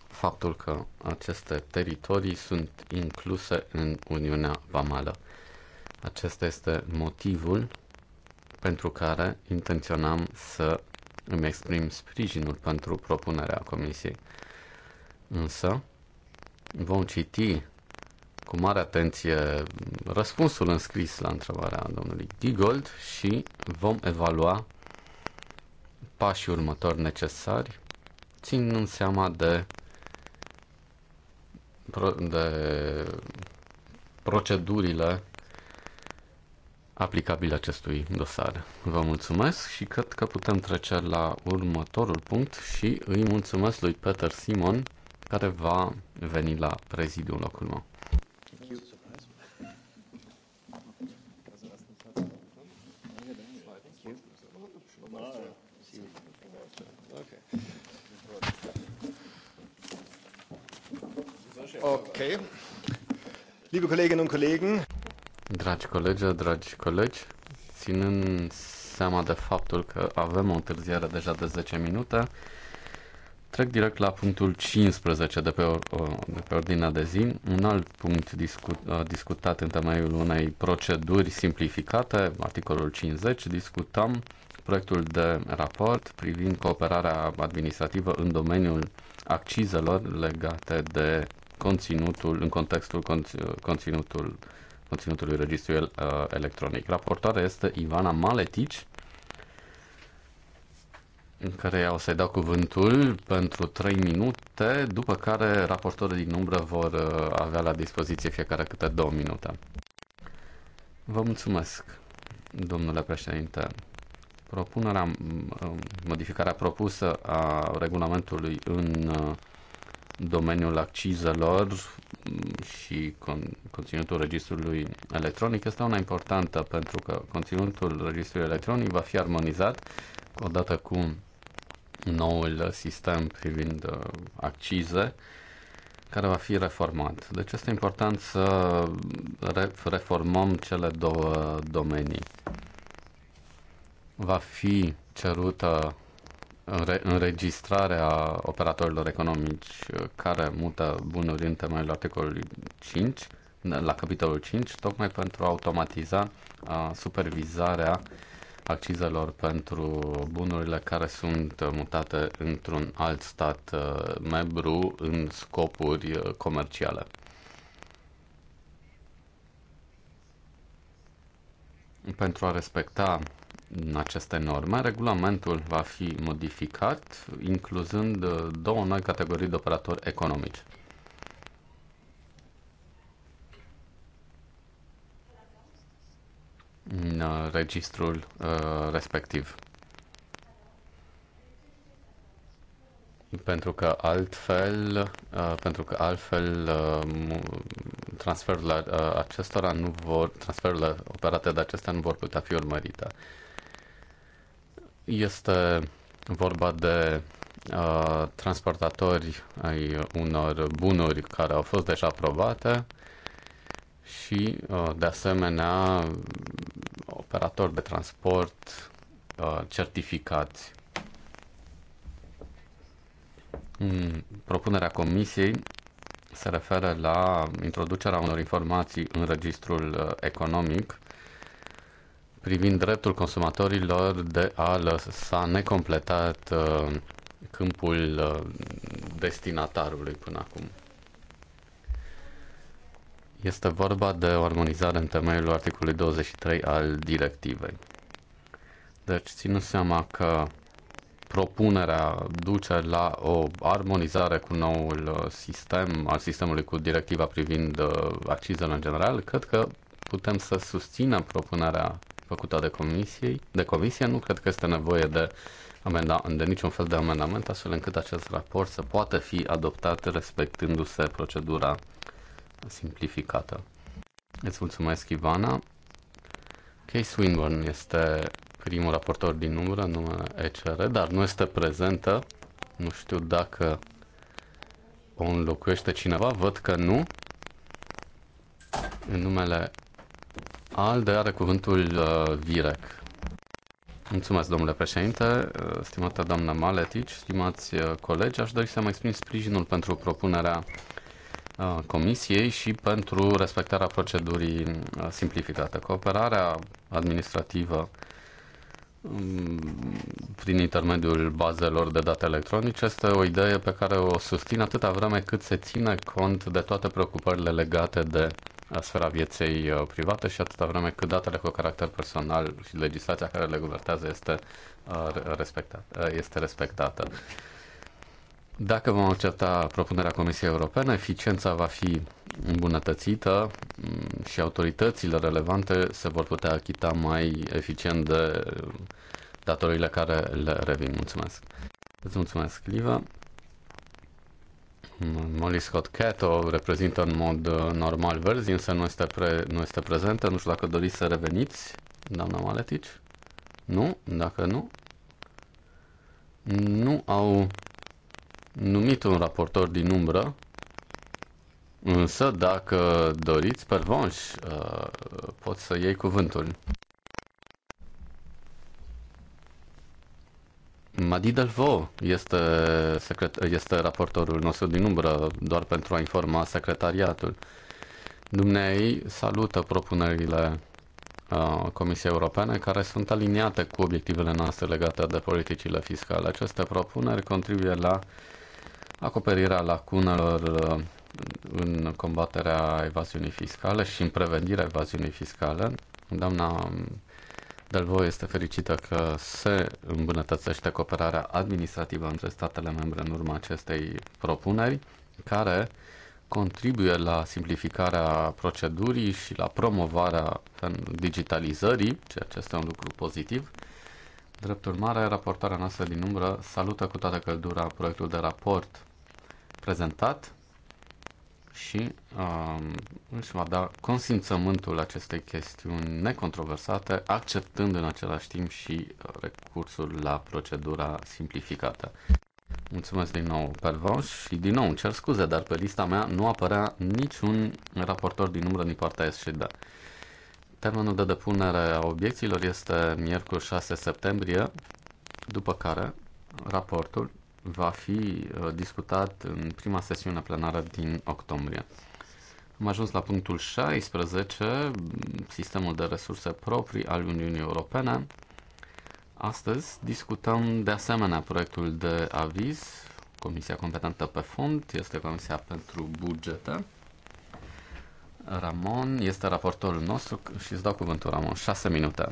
faptul că aceste teritorii sunt incluse în Uniunea Vamală. Acesta este motivul pentru care intenționam să îmi exprim sprijinul pentru propunerea Comisiei. Însă, vom citi cu mare atenție răspunsul înscris la întrebarea domnului Digold și vom evalua pașii următori necesari, ținând seama de, de procedurile aplicabil acestui dosar. Vă mulțumesc și cred că putem trece la următorul punct și îi mulțumesc lui Peter Simon care va veni la prezidiul locul meu. Okay. Liebe Kolleginnen und Kollegen, Dragi colegi, dragi colegi, ținând seama de faptul că avem o întârziere deja de 10 minute, trec direct la punctul 15 de pe, or- de pe ordinea de zi, un alt punct discut- discutat în temeiul unei proceduri simplificate, articolul 50, discutăm proiectul de raport privind cooperarea administrativă în domeniul accizelor legate de conținutul, în contextul conținutul conținutului registrului uh, electronic. Raportoarea este Ivana Maletici, în care o să-i dau cuvântul pentru 3 minute, după care raportorii din umbră vor uh, avea la dispoziție fiecare câte 2 minute. Vă mulțumesc, domnule președinte. Propunerea, uh, modificarea propusă a regulamentului în domeniul accizelor și con- conținutul registrului electronic este una importantă pentru că conținutul registrului electronic va fi armonizat odată cu noul sistem privind uh, accize care va fi reformat. Deci este important să reformăm cele două domenii. Va fi cerută înregistrarea operatorilor economici care mută bunuri în temeiul articolului 5, la capitolul 5, tocmai pentru a automatiza supervizarea accizelor pentru bunurile care sunt mutate într-un alt stat uh, membru în scopuri uh, comerciale. Pentru a respecta aceste norme, regulamentul va fi modificat, incluzând uh, două noi categorii de operatori economici. în uh, registrul uh, respectiv. Pentru că altfel, uh, pentru că altfel uh, transferurile uh, acestora nu vor, transferurile operate de acestea nu vor putea fi urmărite. Este vorba de uh, transportatori ai unor bunuri care au fost deja aprobate și, uh, de asemenea, operatori de transport uh, certificați. Hmm, propunerea Comisiei se referă la introducerea unor informații în registrul uh, economic privind dreptul consumatorilor de a lăsa necompletat uh, câmpul uh, destinatarului până acum. Este vorba de o armonizare în temeiul articolului 23 al directivei. Deci, ținând seama că propunerea duce la o armonizare cu noul uh, sistem, al sistemului cu directiva privind accizele în general, cred că putem să susținem propunerea făcută de, comisiei, de comisie. Nu cred că este nevoie de, amenda, de niciun fel de amendament, astfel încât acest raport să poată fi adoptat respectându-se procedura simplificată. Îți mulțumesc, Ivana. Case Swinburne este primul raportor din numără, numele ECR, dar nu este prezentă. Nu știu dacă o înlocuiește cineva, văd că nu. În numele ALDE are cuvântul uh, VIREC. Mulțumesc, domnule președinte, uh, stimată doamnă Maletic, stimați uh, colegi, aș dori să mă exprim sprijinul pentru propunerea uh, Comisiei și pentru respectarea procedurii simplificate. Cooperarea administrativă Mm, prin intermediul bazelor de date electronice este o idee pe care o susțin atâta vreme cât se ține cont de toate preocupările legate de sfera vieții uh, private și atâta vreme cât datele cu caracter personal și legislația care le guvertează este, uh, respectată, uh, este respectată. Dacă vom accepta propunerea Comisiei Europene, eficiența va fi îmbunătățită mm, și autoritățile relevante se vor putea achita mai eficient de datorile care le revin. Mulțumesc! Îți mulțumesc, Liva! Mm, Molly Scott Cato reprezintă în mod uh, normal verzi, însă nu este, pre, nu este prezentă. Nu știu dacă doriți să reveniți, doamna Maletici? Nu? Dacă nu? Nu au numit un raportor din umbră Însă, dacă doriți, pervonș, uh, pot să iei cuvântul. Madi Delvo este, secret, este raportorul nostru din umbră, doar pentru a informa secretariatul. Dumnezei salută propunerile uh, Comisiei Europene care sunt aliniate cu obiectivele noastre legate de politicile fiscale. Aceste propuneri contribuie la acoperirea lacunelor uh, în combaterea evaziunii fiscale și în prevenirea evaziunii fiscale. Doamna Delvoi este fericită că se îmbunătățește cooperarea administrativă între statele membre în urma acestei propuneri, care contribuie la simplificarea procedurii și la promovarea digitalizării, ceea ce este un lucru pozitiv. Drept urmare, raportarea noastră din umbră salută cu toată căldura proiectul de raport prezentat și uh, își va da consimțământul acestei chestiuni necontroversate, acceptând în același timp și uh, recursul la procedura simplificată. Mulțumesc din nou, Pervoș, și din nou cer scuze, dar pe lista mea nu apărea niciun raportor din umbră din partea SCD. Termenul de depunere a obiecțiilor este miercuri 6 septembrie, după care raportul va fi uh, discutat în prima sesiune plenară din octombrie. Am ajuns la punctul 16, sistemul de resurse proprii al Uniunii Europene. Astăzi discutăm de asemenea proiectul de aviz. Comisia competentă pe fond este Comisia pentru Bugete. Ramon este raportorul nostru și îți dau cuvântul, Ramon, șase minute.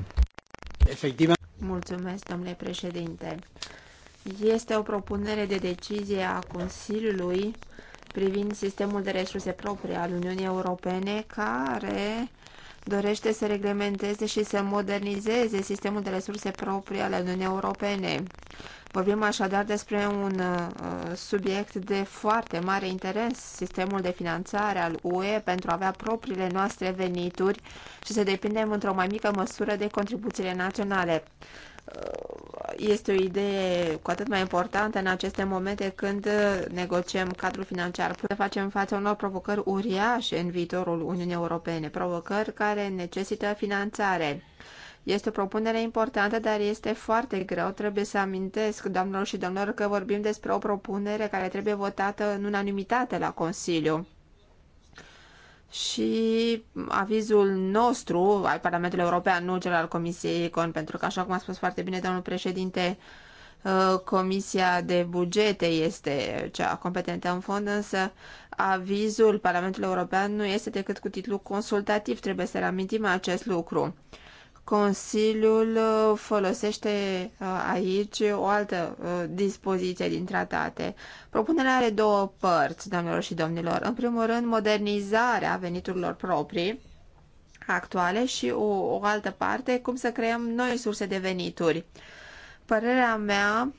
Efectiv. Mulțumesc, domnule președinte. Este o propunere de decizie a Consiliului privind sistemul de resurse proprii al Uniunii Europene care dorește să reglementeze și să modernizeze sistemul de resurse proprii ale Uniunii Europene. Vorbim așadar despre un uh, subiect de foarte mare interes, sistemul de finanțare al UE pentru a avea propriile noastre venituri și să depindem într-o mai mică măsură de contribuțiile naționale. Uh, este o idee cu atât mai importantă în aceste momente când negociem cadrul financiar. Putem facem față unor provocări uriașe în viitorul Uniunii Europene, provocări care necesită finanțare. Este o propunere importantă, dar este foarte greu. Trebuie să amintesc, doamnelor și domnilor, că vorbim despre o propunere care trebuie votată în unanimitate la Consiliu și avizul nostru al Parlamentului European, nu cel al Comisiei Econ, pentru că, așa cum a spus foarte bine domnul președinte, uh, Comisia de Bugete este cea competentă în fond, însă avizul Parlamentului European nu este decât cu titlu consultativ, trebuie să reamintim acest lucru. Consiliul uh, folosește uh, aici o altă uh, dispoziție din tratate. Propunerea are două părți, doamnelor și domnilor. În primul rând, modernizarea veniturilor proprii actuale și o, o altă parte, cum să creăm noi surse de venituri. Părerea mea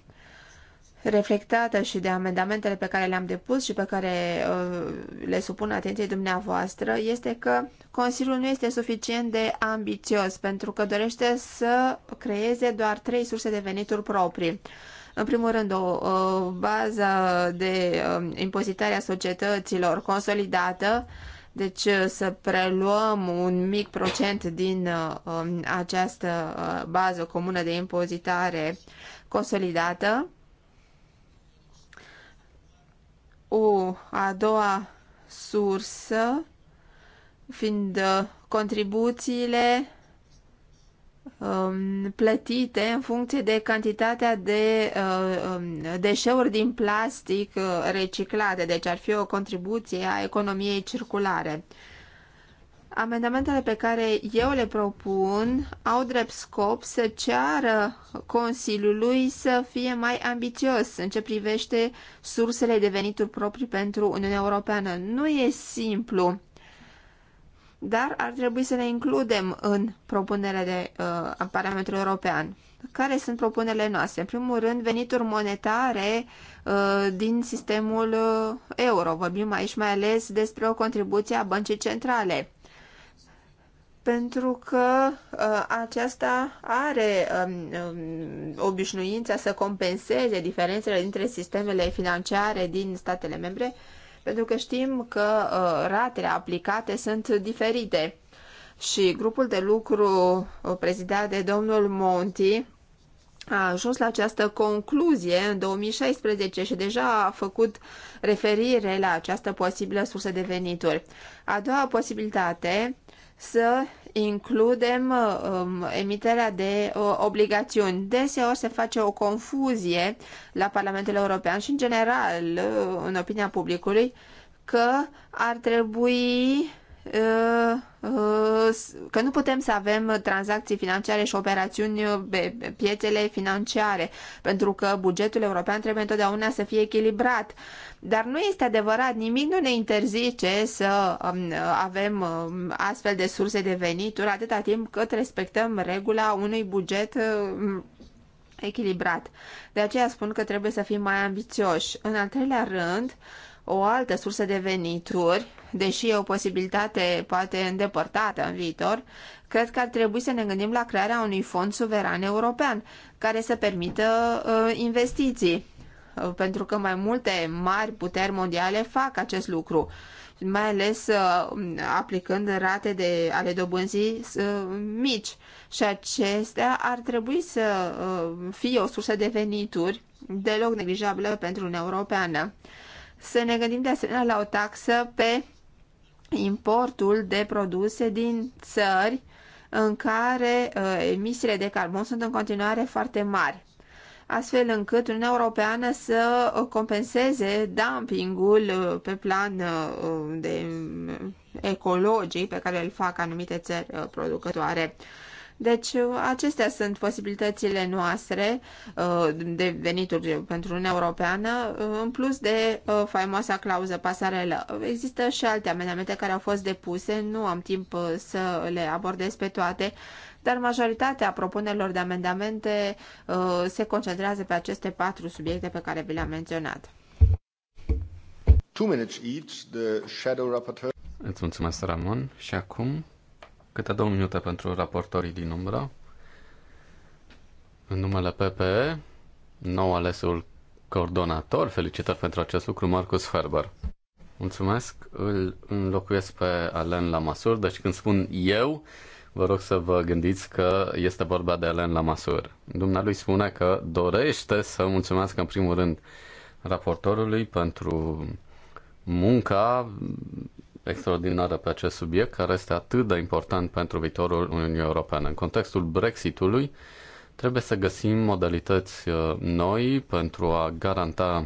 reflectată și de amendamentele pe care le-am depus și pe care uh, le supun atenției dumneavoastră este că Consiliul nu este suficient de ambițios pentru că dorește să creeze doar trei surse de venituri proprii. În primul rând, o, o bază de um, impozitare a societăților consolidată, deci uh, să preluăm un mic procent din uh, um, această bază comună de impozitare consolidată o a doua sursă fiind uh, contribuțiile um, plătite în funcție de cantitatea de uh, um, deșeuri din plastic uh, reciclate, deci ar fi o contribuție a economiei circulare. Amendamentele pe care eu le propun au drept scop să ceară Consiliului să fie mai ambițios în ce privește sursele de venituri proprii pentru Uniunea Europeană. Nu e simplu, dar ar trebui să le includem în propunerea de uh, Parlamentului European. Care sunt propunerile noastre? În primul rând, venituri monetare uh, din sistemul uh, euro. Vorbim aici mai ales despre o contribuție a băncii centrale pentru că uh, aceasta are um, um, obișnuința să compenseze diferențele dintre sistemele financiare din statele membre, pentru că știm că uh, ratele aplicate sunt diferite. Și grupul de lucru uh, prezidat de domnul Monti a ajuns la această concluzie în 2016 și deja a făcut referire la această posibilă sursă de venituri. A doua posibilitate să includem um, emiterea de uh, obligațiuni. Deseori se face o confuzie la Parlamentul European și, în general, uh, în opinia publicului, că ar trebui uh, Uh, uh, că nu putem să avem tranzacții financiare și operațiuni pe piețele financiare, pentru că bugetul european trebuie întotdeauna să fie echilibrat. Dar nu este adevărat, nimic nu ne interzice să um, avem um, astfel de surse de venituri atâta timp cât respectăm regula unui buget um, echilibrat. De aceea spun că trebuie să fim mai ambițioși. În al treilea rând, o altă sursă de venituri, deși e o posibilitate poate îndepărtată în viitor, cred că ar trebui să ne gândim la crearea unui fond suveran european care să permită uh, investiții, uh, pentru că mai multe mari puteri mondiale fac acest lucru, mai ales uh, aplicând rate de, ale dobânzii uh, mici și acestea ar trebui să uh, fie o sursă de venituri deloc neglijabilă pentru Uniunea Europeană. Să ne gândim de asemenea la o taxă pe importul de produse din țări în care uh, emisiile de carbon sunt în continuare foarte mari, astfel încât Uniunea Europeană să uh, compenseze dumpingul uh, pe plan uh, uh de uh, ecologic pe care îl fac anumite țări producătoare. Deci uh, acestea sunt posibilitățile noastre uh, de venituri pentru Uniunea Europeană, uh, în plus de faimoasa clauză pasarelă. Există și alte amendamente care au fost depuse, nu am timp să le abordez pe toate, dar majoritatea propunerilor de amendamente se concentrează pe aceste patru subiecte pe care vi le-am menționat. Two minutes each, the shadow rapporteur. Îți mulțumesc, Ramon. Și acum Câte două minute pentru raportorii din umbră. În numele PPE, nou alesul coordonator, felicitări pentru acest lucru, Marcus Ferber. Mulțumesc, îl înlocuiesc pe Alen Lamasur, deci când spun eu, vă rog să vă gândiți că este vorba de Alen Lamasur. Dumnealui spune că dorește să mulțumesc în primul rând raportorului pentru munca extraordinară pe acest subiect, care este atât de important pentru viitorul Uniunii Europene. În contextul Brexitului, trebuie să găsim modalități uh, noi pentru a garanta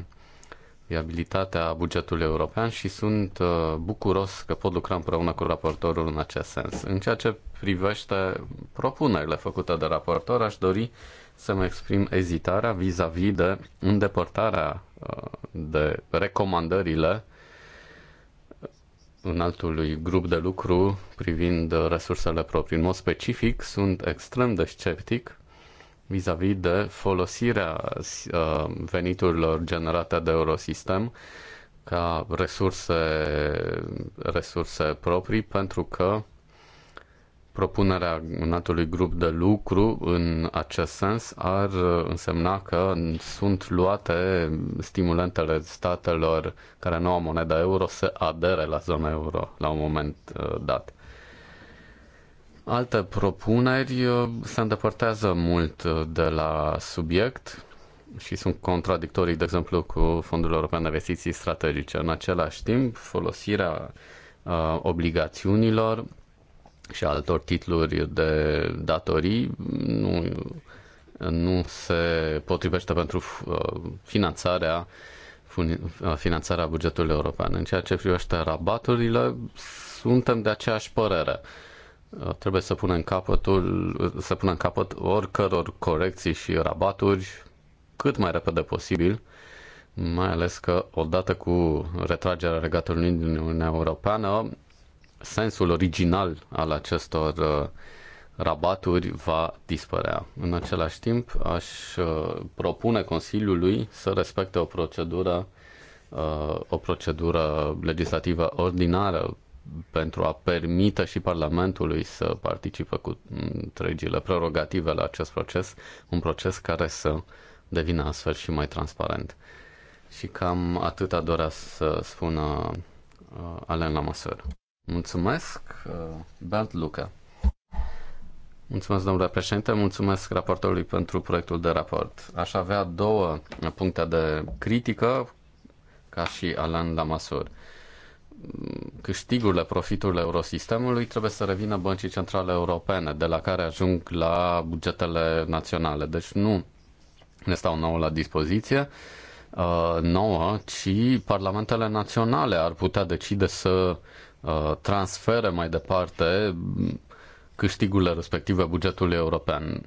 viabilitatea bugetului european și sunt uh, bucuros că pot lucra împreună cu raportorul în acest sens. În ceea ce privește propunerile făcute de raportor, aș dori să-mi exprim ezitarea vis-a-vis -vis de îndepărtarea uh, de recomandările altului grup de lucru privind resursele proprii. În mod specific, sunt extrem de sceptic vis-a-vis -vis de folosirea uh, veniturilor generate de Eurosistem ca resurse, resurse proprii, pentru că Propunerea înaltului grup de lucru în acest sens ar însemna că sunt luate stimulentele statelor care nu au moneda euro să adere la zona euro la un moment uh, dat. Alte propuneri uh, se îndepărtează mult uh, de la subiect și sunt contradictorii, de exemplu, cu Fondul European de Investiții Strategice. În același timp, folosirea obligațiunilor și altor titluri de datorii nu, nu se potrivește pentru uh, finanțarea uh, finanțarea bugetului european. În ceea ce privește rabaturile, suntem de aceeași părere. Uh, trebuie să punem capătul, să punem capăt oricăror corecții și rabaturi cât mai repede posibil, mai ales că odată cu retragerea Regatului din Uniunea Europeană, sensul original al acestor uh, rabaturi va dispărea. În același timp, aș uh, propune Consiliului să respecte o procedură uh, o procedură legislativă ordinară pentru a permite și Parlamentului să participe cu întregile prerogative la acest proces, un proces care să devină astfel și mai transparent. Și cam atât dorea să spună Alen Lamasăr. Mulțumesc, uh, Bernd Luca. Mulțumesc, domnule președinte, mulțumesc raportorului pentru proiectul de raport. Aș avea două puncte de critică, ca și Alan Lamasur. Câștigurile, profiturile eurosistemului trebuie să revină băncii centrale europene, de la care ajung la bugetele naționale. Deci nu ne stau nouă la dispoziție uh, nouă, ci parlamentele naționale ar putea decide să Uh, transfere mai departe câștigurile respective bugetului european.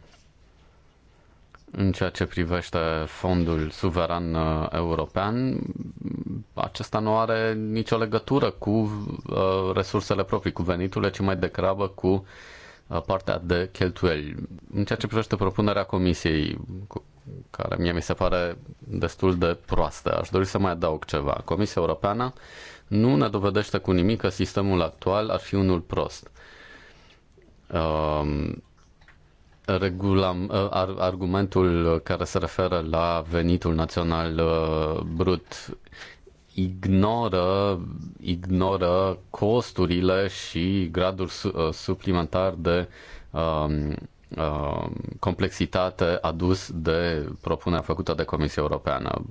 În ceea ce privește fondul suveran uh, european, acesta nu are nicio legătură cu uh, resursele proprii, cu veniturile, ci mai degrabă cu partea de cheltuieli. În ceea ce privește propunerea comisiei, care mie mi se pare destul de proastă, aș dori să mai adaug ceva. Comisia Europeană nu ne dovedește cu nimic că sistemul actual ar fi unul prost. Um, regulam, uh, ar, argumentul care se referă la venitul național uh, brut ignoră, ignoră costurile și gradul su, uh, suplimentar de um, Uh, complexitate adus de propunerea făcută de Comisia Europeană.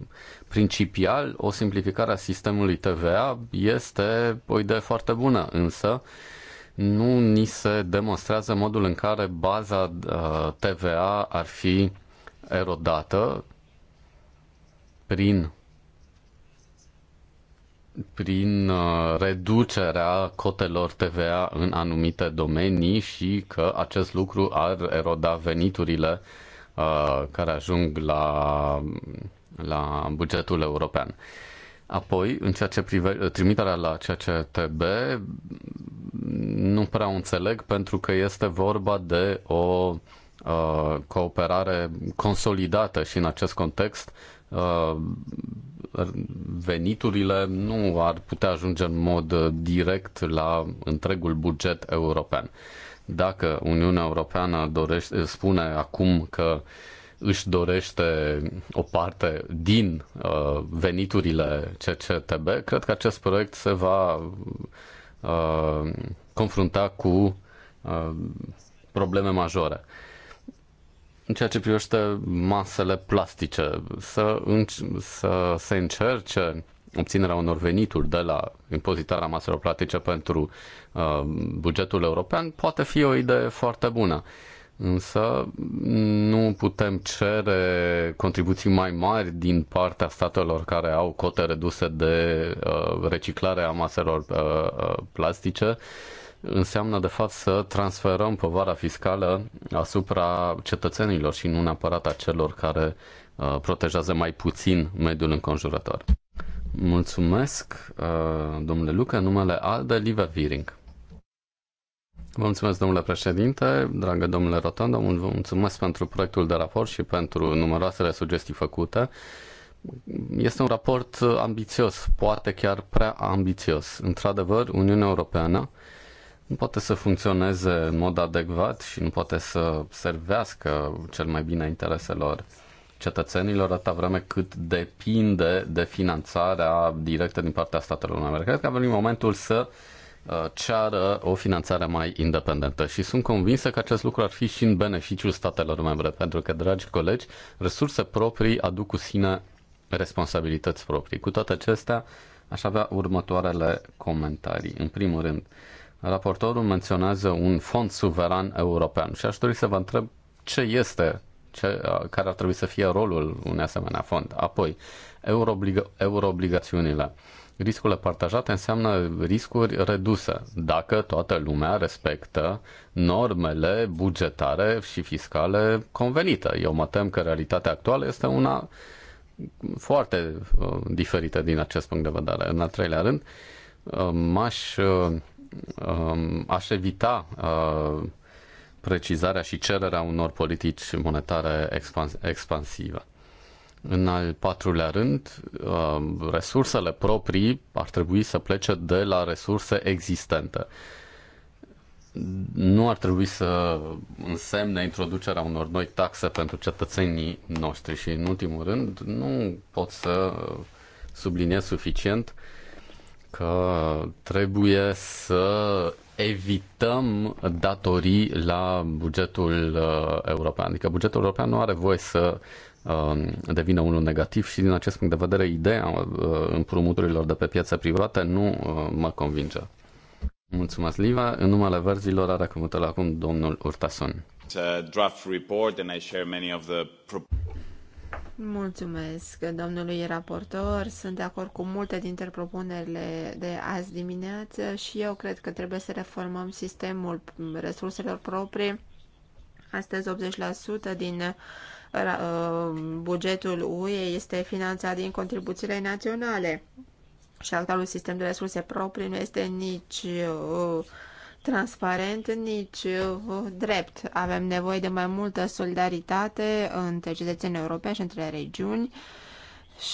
Principial, o simplificare a sistemului TVA este o idee foarte bună, însă nu ni se demonstrează modul în care baza uh, TVA ar fi erodată prin prin uh, reducerea cotelor TVA în anumite domenii și că acest lucru ar eroda veniturile uh, care ajung la, la bugetul european. Apoi, în ceea ce prive, trimiterea la CCTB, nu prea înțeleg pentru că este vorba de o uh, cooperare consolidată și în acest context Uh, veniturile nu ar putea ajunge în mod uh, direct la întregul buget european. Dacă Uniunea Europeană dorește, spune acum că își dorește o parte din uh, veniturile CCTB, cred că acest proiect se va uh, confrunta cu uh, probleme majore. Uh, în ceea ce privește masele plastice, să, înc- să se încerce obținerea unor venituri de la impozitarea maselor plastice pentru uh, bugetul european poate fi o idee foarte bună. Însă nu putem cere contribuții mai mari din partea statelor care au cote reduse de uh, reciclare a maselor uh, uh plastice uh, înseamnă de fapt să transferăm povara fiscală asupra cetățenilor și nu neapărat a celor care uh, protejează mai puțin mediul înconjurător. Mulțumesc, uh, domnule Luca, numele Alde Liva Viring. Vă mulțumesc, domnule președinte, dragă domnule Rotondo, vă mulțumesc pentru proiectul de raport și pentru numeroasele sugestii făcute. Este un raport uh, ambițios, poate chiar prea ambițios. Într-adevăr, Uniunea Europeană nu poate să funcționeze în mod adecvat și nu poate să servească cel mai bine intereselor cetățenilor atâta vreme cât depinde de finanțarea directă din partea statelor unite. Cred că a venit momentul să uh, ceară o finanțare mai independentă și sunt convinsă că acest lucru ar fi și în beneficiul statelor membre, pentru că, dragi colegi, resurse proprii aduc cu sine responsabilități proprii. Cu toate acestea, aș avea următoarele comentarii. În primul rând, uh, Raportorul menționează un fond suveran european și aș dori să vă întreb ce este, ce, care ar trebui să fie rolul unui asemenea fond. Apoi, euroobliga- euroobligațiunile. Riscurile partajate înseamnă riscuri reduse dacă toată lumea respectă normele bugetare și fiscale convenite. Eu mă tem că realitatea actuală este una foarte uh, diferită din acest punct de vedere. În al treilea rând, uh, m-aș uh, Um, aș evita uh, precizarea și cererea unor politici monetare expans- expansive. În al patrulea rând, um, resursele proprii ar trebui să plece de la resurse existente. Nu ar trebui să însemne introducerea unor noi taxe pentru cetățenii noștri și, în ultimul rând, nu pot să subliniez suficient uh, că trebuie să evităm datorii la bugetul uh, european. Adică bugetul european nu are voie să um, devină unul negativ și din acest punct de vedere ideea uh, împrumuturilor de pe piața privată nu uh, mă convinge. Mulțumesc, Liva. În numele verzilor are cuvântul acum domnul Urtasun. Mulțumesc, domnului raportor. Sunt de acord cu multe dintre propunerile de azi dimineață și eu cred că trebuie să reformăm sistemul resurselor proprii. Astăzi 80% din uh, uh, bugetul UE este finanțat din contribuțiile naționale și actualul sistem de resurse proprii nu este nici uh, transparent, nici uh, drept. Avem nevoie de mai multă solidaritate între cetățenii europeni și între regiuni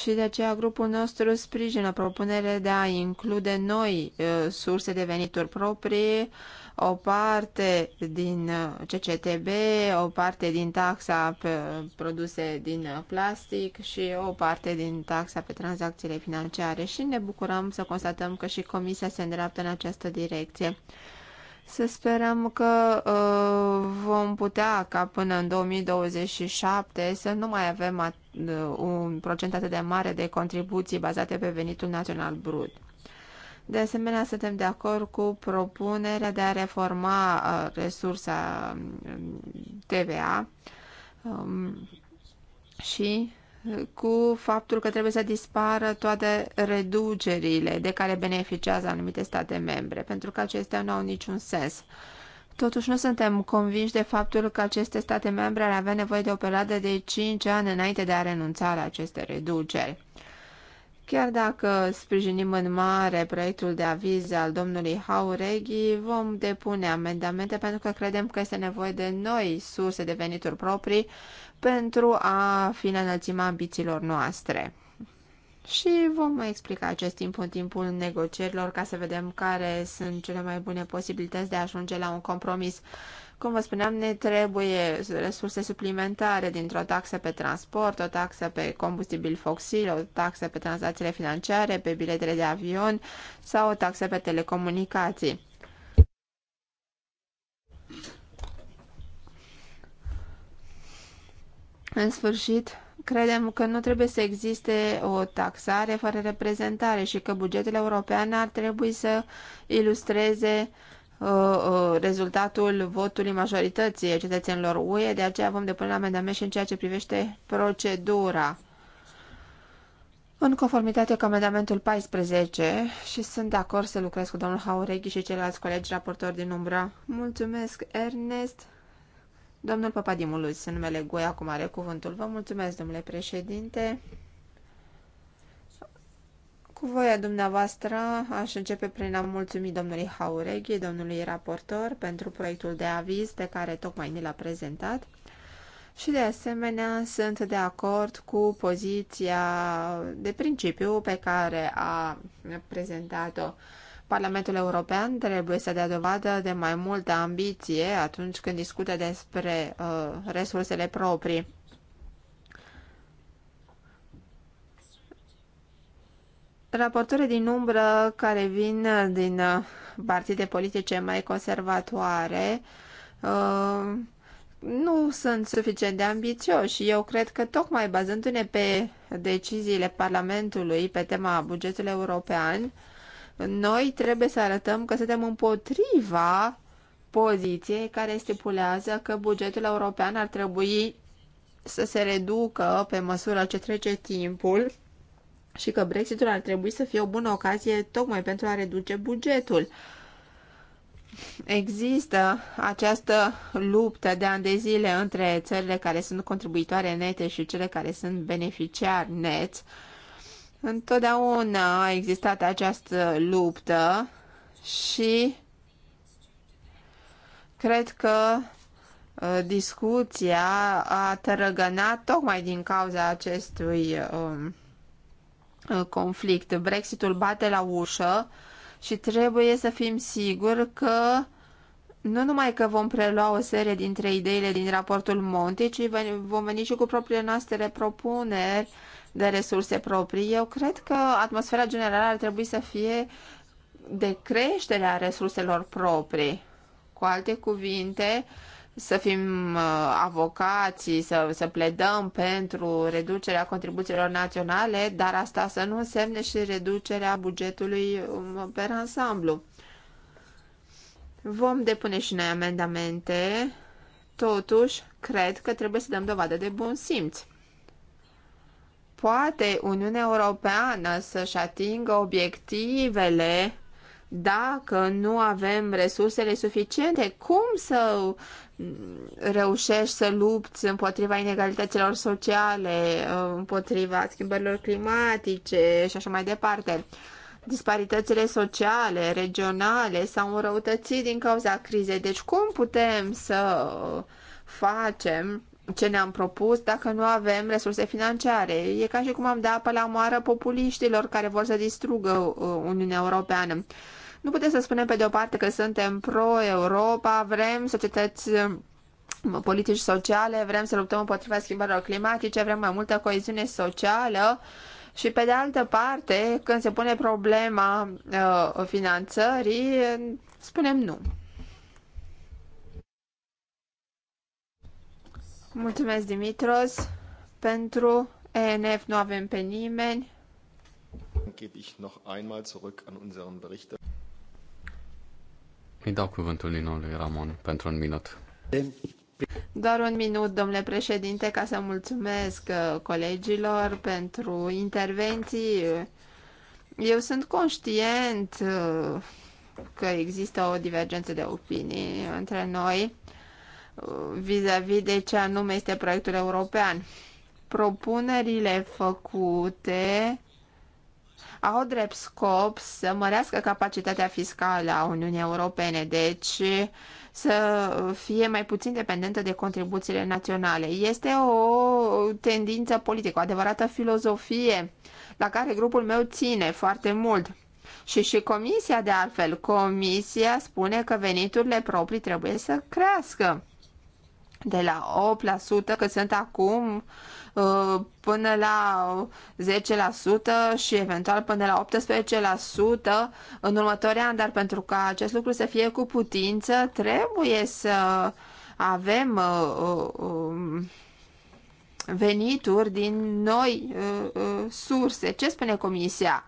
și de aceea grupul nostru sprijină propunerea de a include noi uh, surse de venituri proprii, o parte din uh, CCTB, o parte din taxa pe produse din plastic și o parte din taxa pe tranzacțiile financiare și ne bucurăm să constatăm că și Comisia se îndreaptă în această direcție. Să sperăm că uh, vom putea ca până în 2027 să nu mai avem at, uh, un procent atât de mare de contribuții bazate pe venitul național brut. De asemenea, suntem de acord cu propunerea de a reforma uh, resursa um, TVA um, și cu faptul că trebuie să dispară toate reducerile de care beneficiază anumite state membre, pentru că acestea nu au niciun sens. Totuși nu suntem convinși de faptul că aceste state membre ar avea nevoie de o perioadă de 5 ani înainte de a renunța la aceste reduceri. Chiar dacă sprijinim în mare proiectul de aviz al domnului Haureghi, vom depune amendamente pentru că credem că este nevoie de noi surse de venituri proprii pentru a fi la în înălțimea ambițiilor noastre. Și vom mai explica acest timp în timpul negocierilor ca să vedem care sunt cele mai bune posibilități de a ajunge la un compromis. Cum vă spuneam, ne trebuie resurse suplimentare dintr-o taxă pe transport, o taxă pe combustibil fosil, o taxă pe tranzacțiile financiare, pe biletele de avion sau o taxă pe telecomunicații. În sfârșit, credem că nu trebuie să existe o taxare fără reprezentare și că bugetul european ar trebui să ilustreze uh, uh, rezultatul votului majorității cetățenilor UE, de aceea vom depune amendament și în ceea ce privește procedura. În conformitate cu amendamentul 14 și sunt de acord să lucrez cu domnul Haureghi și ceilalți colegi raportori din umbră. Mulțumesc, Ernest! Domnul Papadimulus, în numele Goi, acum are cuvântul. Vă mulțumesc, domnule președinte. Cu voia dumneavoastră, aș începe prin a mulțumi domnului Haureghi, domnului raportor, pentru proiectul de aviz pe care tocmai ni l-a prezentat. Și de asemenea sunt de acord cu poziția de principiu pe care a prezentat-o Parlamentul European trebuie să dea dovadă de mai multă ambiție atunci când discută despre uh, resursele proprii. Raportorii din umbră care vin din uh, partide politice mai conservatoare uh, nu sunt suficient de ambițioși. Eu cred că tocmai bazându-ne pe deciziile Parlamentului pe tema bugetului european, noi trebuie să arătăm că suntem împotriva poziției care stipulează că bugetul european ar trebui să se reducă pe măsură ce trece timpul și că Brexitul ar trebui să fie o bună ocazie tocmai pentru a reduce bugetul. Există această luptă de ani de zile între țările care sunt contribuitoare nete și cele care sunt beneficiari neți Întotdeauna a existat această luptă și cred că uh, discuția a tărăgănat tocmai din cauza acestui um, uh, conflict. Brexitul bate la ușă și trebuie să fim siguri că nu numai că vom prelua o serie dintre ideile din raportul Monti, ci vom veni și cu propriile noastre propuneri de resurse proprii. Eu cred că atmosfera generală ar trebui să fie de creșterea resurselor proprii. Cu alte cuvinte, să fim uh, avocații, să, să pledăm pentru reducerea contribuțiilor naționale, dar asta să nu însemne și reducerea bugetului um, per ansamblu. Vom depune și noi amendamente, totuși, cred că trebuie să dăm dovadă de bun simț poate Uniunea Europeană să-și atingă obiectivele dacă nu avem resursele suficiente? Cum să reușești să lupți împotriva inegalităților sociale, împotriva schimbărilor climatice și așa mai departe? Disparitățile sociale, regionale s-au înrăutățit din cauza crizei. Deci cum putem să facem ce ne-am propus dacă nu avem resurse financiare. E ca și cum am da apă la moară populiștilor care vor să distrugă uh, Uniunea Europeană. Nu putem să spunem pe de o parte că suntem pro-Europa, vrem societăți uh, politici sociale, vrem să luptăm împotriva schimbărilor climatice, vrem mai multă coeziune socială și pe de altă parte, când se pune problema uh, finanțării, spunem nu. Mulțumesc, Dimitros. Pentru ENF nu avem pe nimeni. Gebe ich noch einmal zurück an unseren Berichter. Îi dau cuvântul din nou lui Ramon pentru un minut. Doar un minut, domnule președinte, ca să mulțumesc uh, colegilor pentru intervenții. Eu sunt conștient uh, că există o divergență de opinii între noi vis-a-vis -vis de ce anume este proiectul european. Propunerile făcute au drept scop să mărească capacitatea fiscală a Uniunii Europene, deci să fie mai puțin dependentă de contribuțiile naționale. Este o tendință politică, o adevărată filozofie la care grupul meu ține foarte mult. Și și comisia, de altfel, comisia spune că veniturile proprii trebuie să crească de la 8% că sunt acum uh, până la 10% și eventual până la 18% în următorii ani, dar pentru ca acest lucru să fie cu putință, trebuie să avem uh, uh, um, venituri din noi surse. Ce spune Comisia?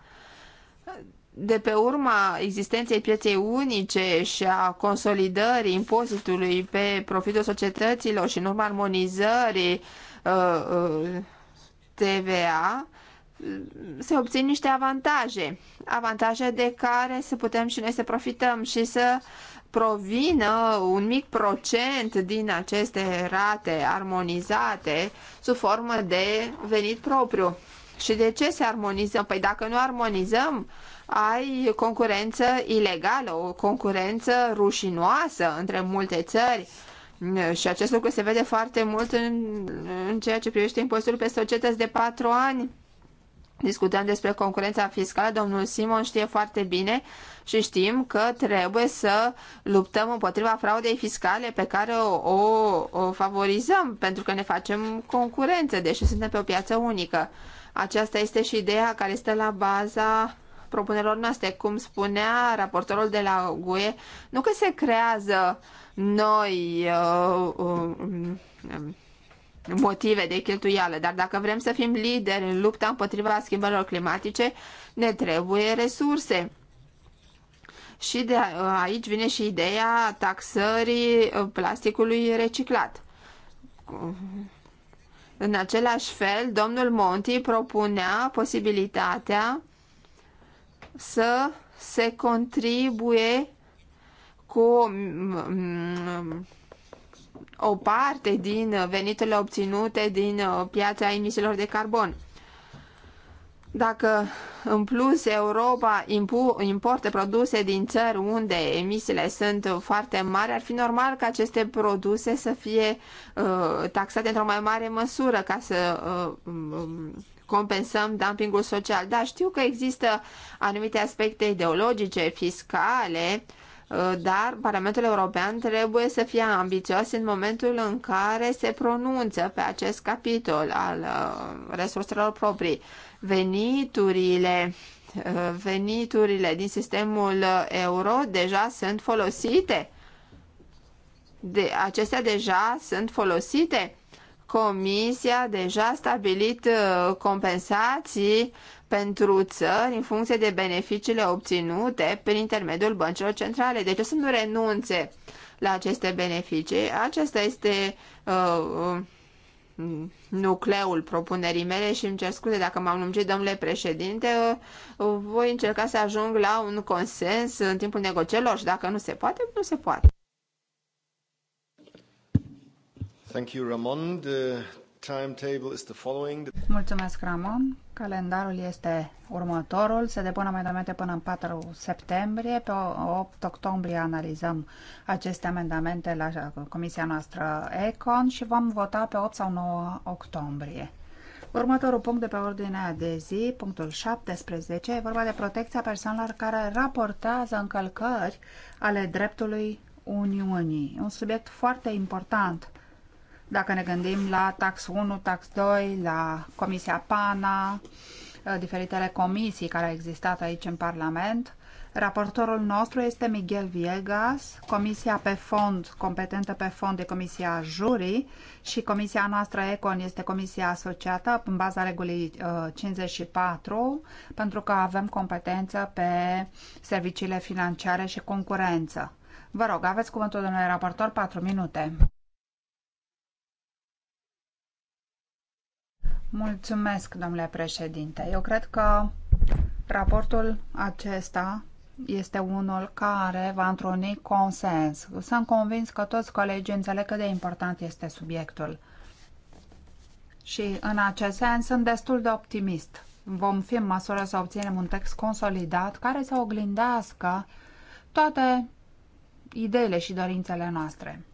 de pe urma existenței pieței unice și a consolidării impozitului pe profitul societăților și în urma armonizării uh, uh, TVA, se obțin niște avantaje, avantaje de care să putem și noi să profităm și să provină un mic procent din aceste rate armonizate sub formă de venit propriu. Și de ce se armonizăm? Păi dacă nu armonizăm, uh, ai concurență ilegală, o concurență rușinoasă între multe țări. Și acest lucru se vede foarte mult în, în ceea ce privește impozitul pe societăți de patru ani. Discutăm despre concurența fiscală, domnul Simon știe foarte bine și știm că trebuie să luptăm împotriva fraudei fiscale pe care o, o, o favorizăm pentru că ne facem concurență, deși suntem pe o piață unică. Aceasta este și ideea care stă la baza propunerilor noastre. Cum spunea raportorul de la GUE, nu că se creează noi uh, uh, uh, motive de cheltuială, dar dacă vrem să fim lideri în lupta împotriva schimbărilor climatice, ne trebuie resurse. Și de aici vine și ideea taxării uh, plasticului reciclat. În același fel, domnul Monti propunea posibilitatea să se contribuie cu o parte din veniturile obținute din uh, piața emisiilor de carbon. Dacă în plus Europa importă produse din țări unde emisiile sunt foarte mari, ar fi normal ca aceste produse să fie uh, taxate într-o mai mare măsură ca să uh, um, compensăm dumpingul social. Dar știu că există anumite aspecte ideologice, fiscale, uh, dar Parlamentul European trebuie să fie ambițios în momentul în care se pronunță pe acest capitol al uh, resurselor proprii. Veniturile uh, veniturile din sistemul euro deja sunt folosite. De, acestea deja sunt folosite Comisia deja stabilit uh, compensații pentru țări în funcție de beneficiile obținute prin intermediul băncilor centrale. Deci să nu renunțe la aceste beneficii. Acesta este uh, uh, nucleul propunerii mele și îmi cer scuze dacă m-am lungit, domnule președinte, uh, voi încerca să ajung la un consens în timpul negocierilor și dacă nu se poate, nu se poate. Thank you, Ramon. The timetable is the following. Mulțumesc, Ramon. Calendarul este următorul. Se depun amendamente până în 4 septembrie. Pe 8 octombrie analizăm aceste amendamente la comisia noastră ECON și vom vota pe 8 sau 9 octombrie. Următorul punct de pe ordinea de zi, punctul 17, e vorba de protecția persoanelor care raportează încălcări ale dreptului Uniunii. Un subiect foarte important dacă ne gândim la tax 1, tax 2, la Comisia PANA, eh, diferitele comisii care au existat aici în Parlament, Raportorul nostru este Miguel Viegas, comisia pe fond, competentă pe fond de comisia jurii și comisia noastră ECON este comisia asociată în baza regulii 54 eh, pentru că avem competență pe serviciile financiare și concurență. Vă rog, aveți cuvântul domnule raportor 4 minute. Mulțumesc, domnule președinte. Eu cred că raportul acesta este unul care va întruni consens. Sunt convins că toți colegii înțeleg cât de important este subiectul. Și în acest sens sunt destul de optimist. Vom fi în măsură să obținem un text consolidat care să oglindească toate ideile și dorințele noastre.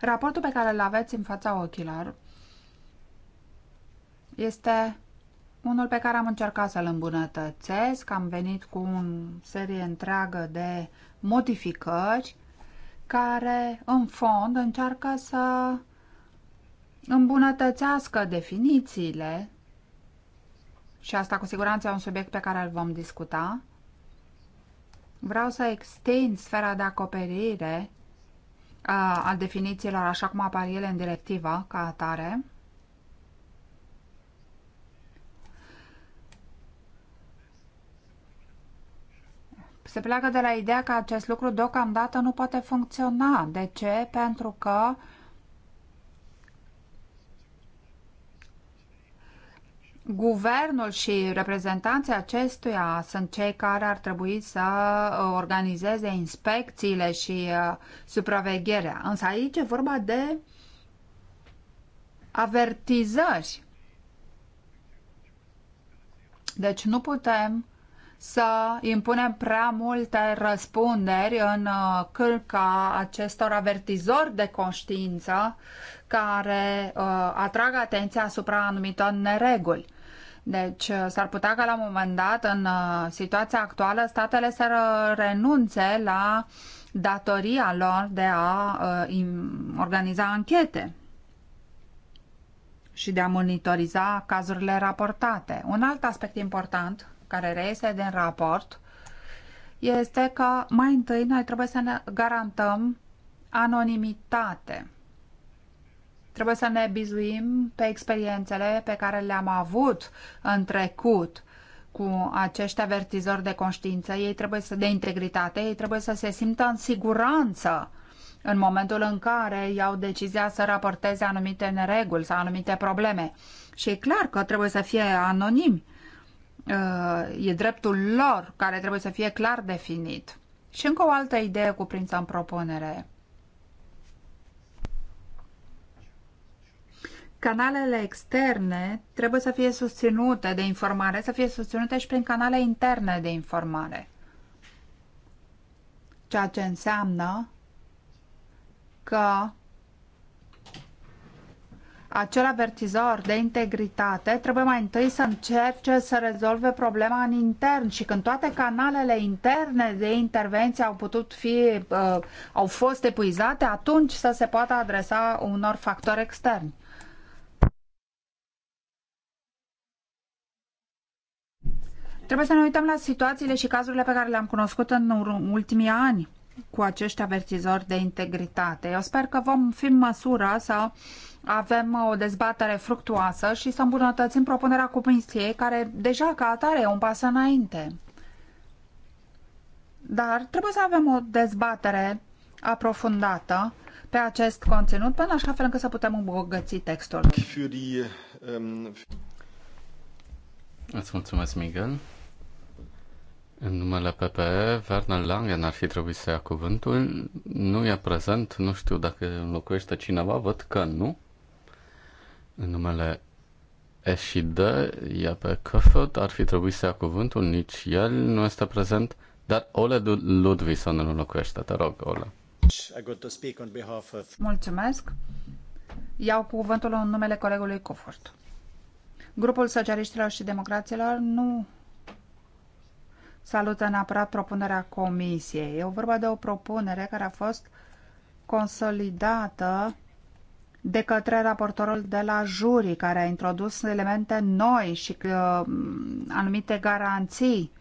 Raportul pe care îl aveți în fața ochilor este unul pe care am încercat să-l îmbunătățesc. Am venit cu o serie întreagă de modificări care, în fond, încearcă să îmbunătățească definițiile și asta cu siguranță e un subiect pe care îl vom discuta. Vreau să extind sfera de acoperire a, a definițiilor așa cum apar ele în directiva ca atare. se pleacă de la ideea că acest lucru deocamdată nu poate funcționa. De ce? Pentru că Guvernul și reprezentanții acestuia sunt cei care ar trebui să uh, organizeze inspecțiile și uh, supravegherea. Însă aici e vorba de avertizări. Deci nu putem să impunem prea multe răspunderi în uh, câlca acestor avertizori de conștiință care uh, atrag atenția asupra anumitor nereguli. Deci uh, s-ar putea ca la un moment dat, în uh, situația actuală, statele să renunțe la datoria lor de a organiza anchete și de a monitoriza cazurile raportate. Un alt aspect important care reiese din raport este că mai întâi noi trebuie să ne garantăm anonimitate. Trebuie să ne bizuim pe experiențele pe care le-am avut în trecut cu acești avertizori de conștiință, ei trebuie să, de integritate, ei trebuie să se simtă în siguranță în momentul în care iau decizia să raporteze anumite nereguli sau anumite probleme. Și e clar că trebuie să fie anonimi e dreptul lor care trebuie să fie clar definit. Și încă o altă idee cuprinsă în propunere. Canalele externe trebuie să fie susținute de informare, să fie susținute și prin canale interne de informare. Ceea ce înseamnă că acel avertizor de integritate trebuie mai întâi să încerce să rezolve problema în intern și când toate canalele interne de intervenție au putut fi, uh, au fost epuizate, atunci să se poată adresa unor factori externi. Trebuie să ne uităm la situațiile și cazurile pe care le-am cunoscut în ultimii ani cu acești avertizori de integritate. Eu sper că vom fi în măsură să avem uh, o dezbatere fructuoasă și să îmbunătățim propunerea Comisiei, care deja ca atare e un pas înainte. Dar trebuie să avem o dezbatere aprofundată pe acest conținut, până așa fel încât să putem îmbogăți textul. Um, Îți mulțumesc, Miguel. În numele PPE, Werner Langen ar fi trebuit să ia cuvântul. Nu e prezent, nu știu dacă înlocuiește cineva, văd că nu. În numele F și D, pe Căfăt ar fi trebuit să ia cuvântul, nici el nu este prezent, dar Ole Ludvison îl înlocuiește, te rog, Ole. Mulțumesc. Iau cuvântul în numele colegului Cofort. Grupul Socialiștilor și Democraților nu salută neapărat propunerea Comisiei. E o vorba de o propunere care a fost consolidată de către raportorul de la juri, care a introdus elemente noi și uh, anumite garanții,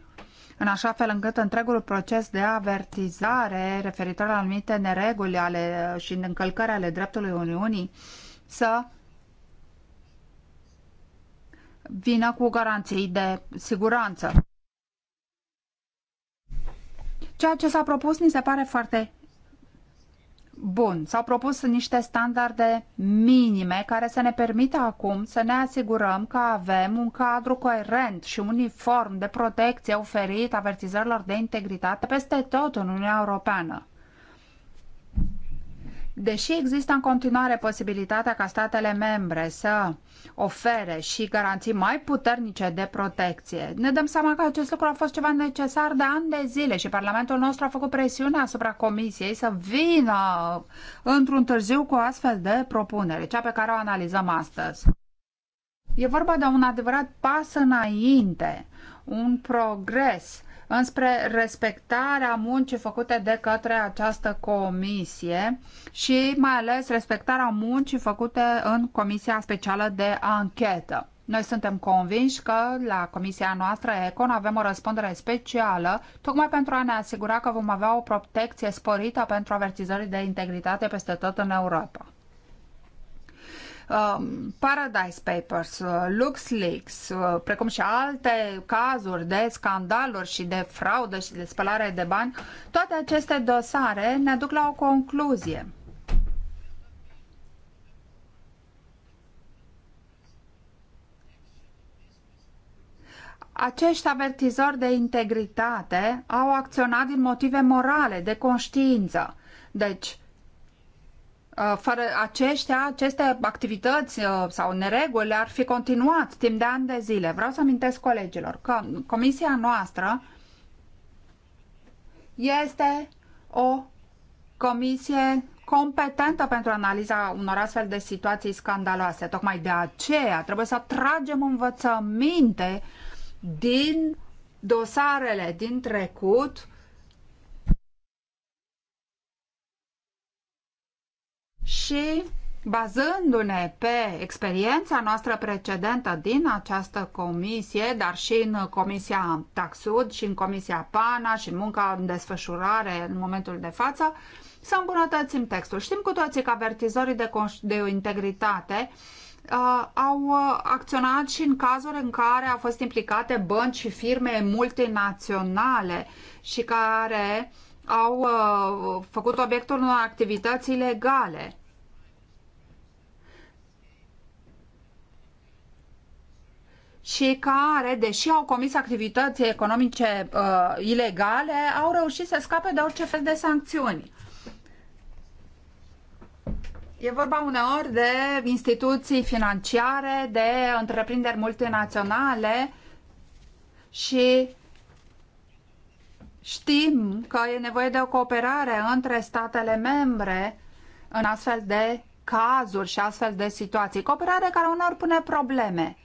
în așa fel încât întregul proces de avertizare referitor la anumite nereguli ale, uh, și încălcări ale dreptului Uniunii să vină cu garanții de siguranță. Ceea ce s-a propus ni se pare foarte Bun, s-au propus niște standarde minime care să ne permită acum să ne asigurăm că avem un cadru coerent și uniform de protecție oferit avertizărilor de integritate peste tot în Uniunea Europeană. Deși există în continuare posibilitatea ca statele membre să ofere și garanții mai puternice de protecție, ne dăm seama că acest lucru a fost ceva necesar de ani de zile și Parlamentul nostru a făcut presiune asupra Comisiei să vină într-un târziu cu astfel de propunere, cea pe care o analizăm astăzi. E vorba de un adevărat pas înainte, un progres înspre respectarea muncii făcute de către această comisie și mai ales respectarea muncii făcute în Comisia Specială de Anchetă. Noi suntem convinși că la comisia noastră ECON avem o răspundere specială, tocmai pentru a ne asigura că vom avea o protecție sporită pentru avertizări de integritate peste tot în Europa. Um, Paradise Papers, uh, LuxLeaks, uh, precum și alte cazuri de scandaluri și de fraudă și de spălare de bani, toate aceste dosare ne duc la o concluzie. Acești avertizori de integritate au acționat din motive morale, de conștiință. Deci, Uh, fără aceștia, aceste activități uh, sau nereguli ar fi continuat timp de ani de zile. Vreau să amintesc colegilor că comisia noastră este o comisie competentă pentru analiza unor astfel de situații scandaloase. Tocmai de aceea trebuie să tragem învățăminte din dosarele din trecut și bazându-ne pe experiența noastră precedentă din această comisie, dar și în Comisia Taxud și în Comisia PANA și în munca în desfășurare în momentul de față, să îmbunătățim textul. Știm cu toții că avertizorii de, de integritate uh, au uh, acționat și în cazuri în care au fost implicate bănci și firme multinaționale și care uh, au uh, făcut obiectul unor activități ilegale. și care, deși au comis activități economice uh, ilegale, au reușit să scape de orice fel de sancțiuni. E vorba uneori de instituții financiare, de întreprinderi multinaționale și Știm că e nevoie de o cooperare între statele membre în astfel de cazuri și astfel de situații. Cooperare care unor pune probleme,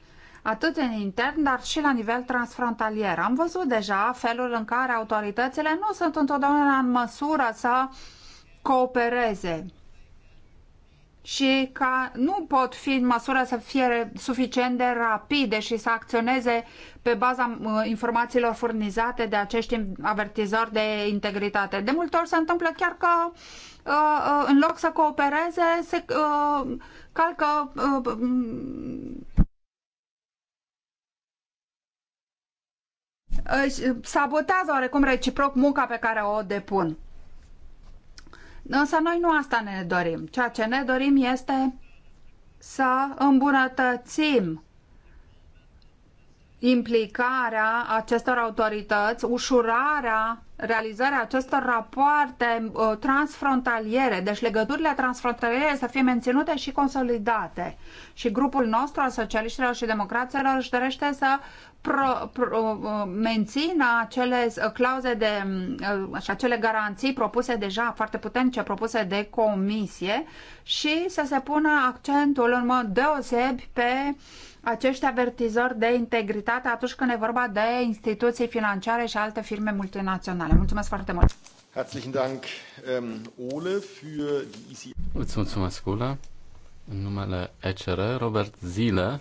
atât în intern, dar și la nivel transfrontalier. Am văzut deja felul în care autoritățile nu sunt întotdeauna în măsură să coopereze și ca nu pot fi în măsură să fie suficient de rapide și să acționeze pe baza informațiilor furnizate de acești avertizori de integritate. De multe ori se întâmplă chiar că uh, uh, în loc să coopereze, se uh, calcă sabotează oarecum reciproc munca pe care o depun. Însă noi nu asta ne dorim. Ceea ce ne dorim este să îmbunătățim implicarea acestor autorități, ușurarea realizarea acestor rapoarte uh, transfrontaliere, deci legăturile transfrontaliere să fie menținute și consolidate. Și grupul nostru al socialiștilor și democraților își dorește să pro, pro, uh, mențină acele uh, clauze de, și acele garanții propuse deja, foarte puternice propuse de comisie și să se pună accentul în mod deosebi pe uh, acești avertizori de integritate atunci când e vorba de instituții financiare și alte firme multinaționale. Mulțumesc foarte mult! Herzlichen Dank, ähm, Ole, für die Îți mulțumesc, Ole. În numele ECR, Robert Zile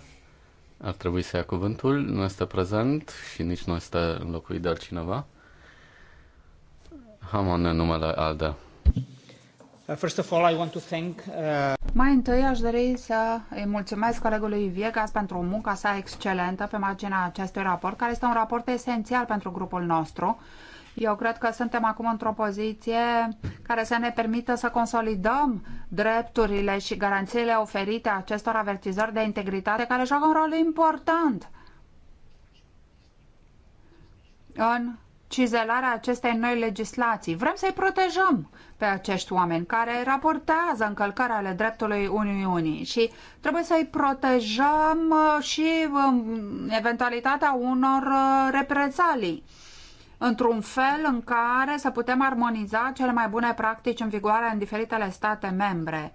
ar trebui să ia cuvântul. Nu este prezent și nici nu este înlocuit de altcineva. Hamon în numele ALDE. Uh, first of all, I want to thank, uh... Mai întâi aș dori să îi mulțumesc colegului Viegas pentru munca sa excelentă pe marginea acestui raport, care este un raport esențial pentru grupul nostru. Eu cred că suntem acum într-o poziție care să ne permită să consolidăm drepturile și garanțiile oferite acestor avertizori de integritate care joacă un rol important în cizelarea acestei noi legislații. Vrem să-i protejăm pe acești oameni care raportează încălcarea ale dreptului Uniunii și trebuie să-i protejăm uh, și um, eventualitatea unor uh, represalii într-un fel în care să putem armoniza cele mai bune practici în vigoare în diferitele state membre.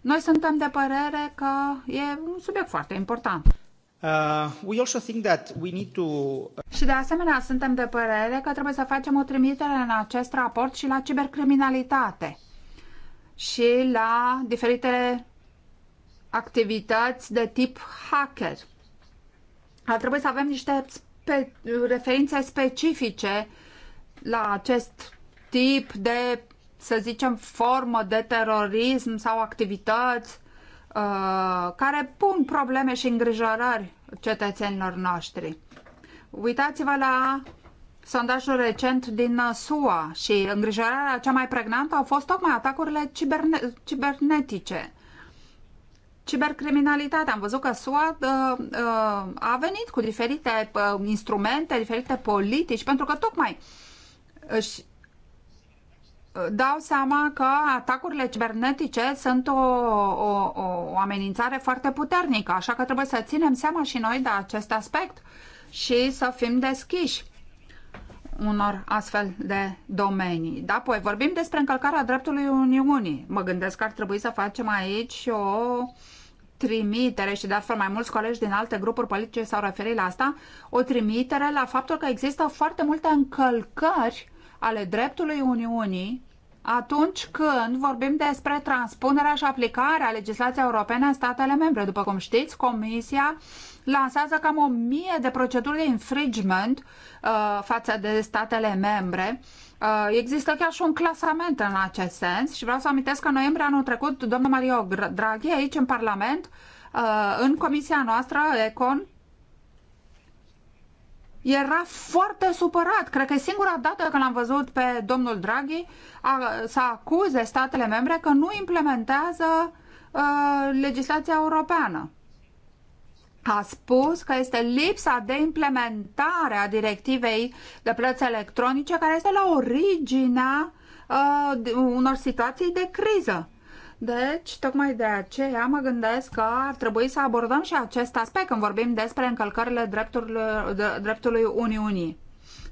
Noi suntem de părere că e un subiect foarte important. Uh, we also think that we need to... Uh, și de asemenea suntem de părere că trebuie să facem o trimitere în acest raport și la cibercriminalitate și la diferite activități de tip hacker. Ar trebui să avem niște spe referințe specifice la acest tip de, să zicem, formă de terorism sau activități uh, care pun probleme și îngrijorări cetățenilor noștri. Uitați-vă la sondajul recent din uh, SUA și îngrijorarea cea mai pregnantă au fost tocmai atacurile ciberne- cibernetice. Cibercriminalitatea. Am văzut că SUA uh, uh, a venit cu diferite uh, instrumente, diferite politici, pentru că tocmai își dau seama că atacurile cibernetice sunt o, o, o amenințare foarte puternică, așa că trebuie să ținem seama și noi de acest aspect și să fim deschiși unor astfel de domenii. Da, apoi vorbim despre încălcarea dreptului Uniunii. Mă gândesc că ar trebui să facem aici o trimitere și de altfel mai mulți colegi din alte grupuri politice s-au referit la asta, o trimitere la faptul că există foarte multe încălcări ale dreptului Uniunii atunci când vorbim despre transpunerea și aplicarea legislației europene în statele membre. După cum știți, Comisia lansează cam o mie de proceduri de infringement uh, față de statele membre. Uh, există chiar și un clasament în acest sens și vreau să amintesc că în noiembrie anul trecut, domnul Mario Draghi, aici în Parlament, uh, în comisia noastră, ECON, era foarte supărat. Cred că e singura dată când l-am văzut pe domnul Draghi a, să acuze statele membre că nu implementează uh, legislația europeană. A spus că este lipsa de implementare a directivei de plăți electronice care este la originea uh, unor situații de criză. Deci, tocmai de aceea mă gândesc că ar trebui să abordăm și acest aspect când vorbim despre încălcările drepturilor, dreptului Uniunii.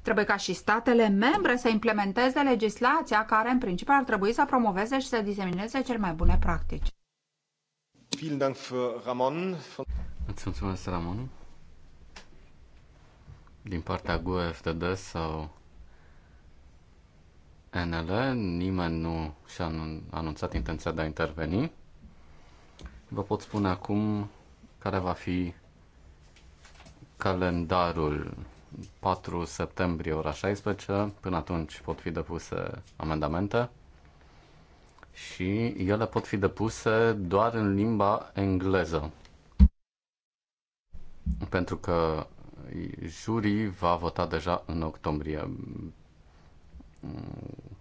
Trebuie ca și statele membre să implementeze legislația care, în principiu, ar trebui să promoveze și să disemineze cele mai bune practici. mulțumesc, Ramon. Din partea GUE FTD sau NL, nimeni nu și-a anunțat intenția de a interveni. Vă pot spune acum care va fi calendarul 4 septembrie, ora 16. Până atunci pot fi depuse amendamente și ele pot fi depuse doar în limba engleză. Pentru că jurii va vota deja în octombrie. Mm.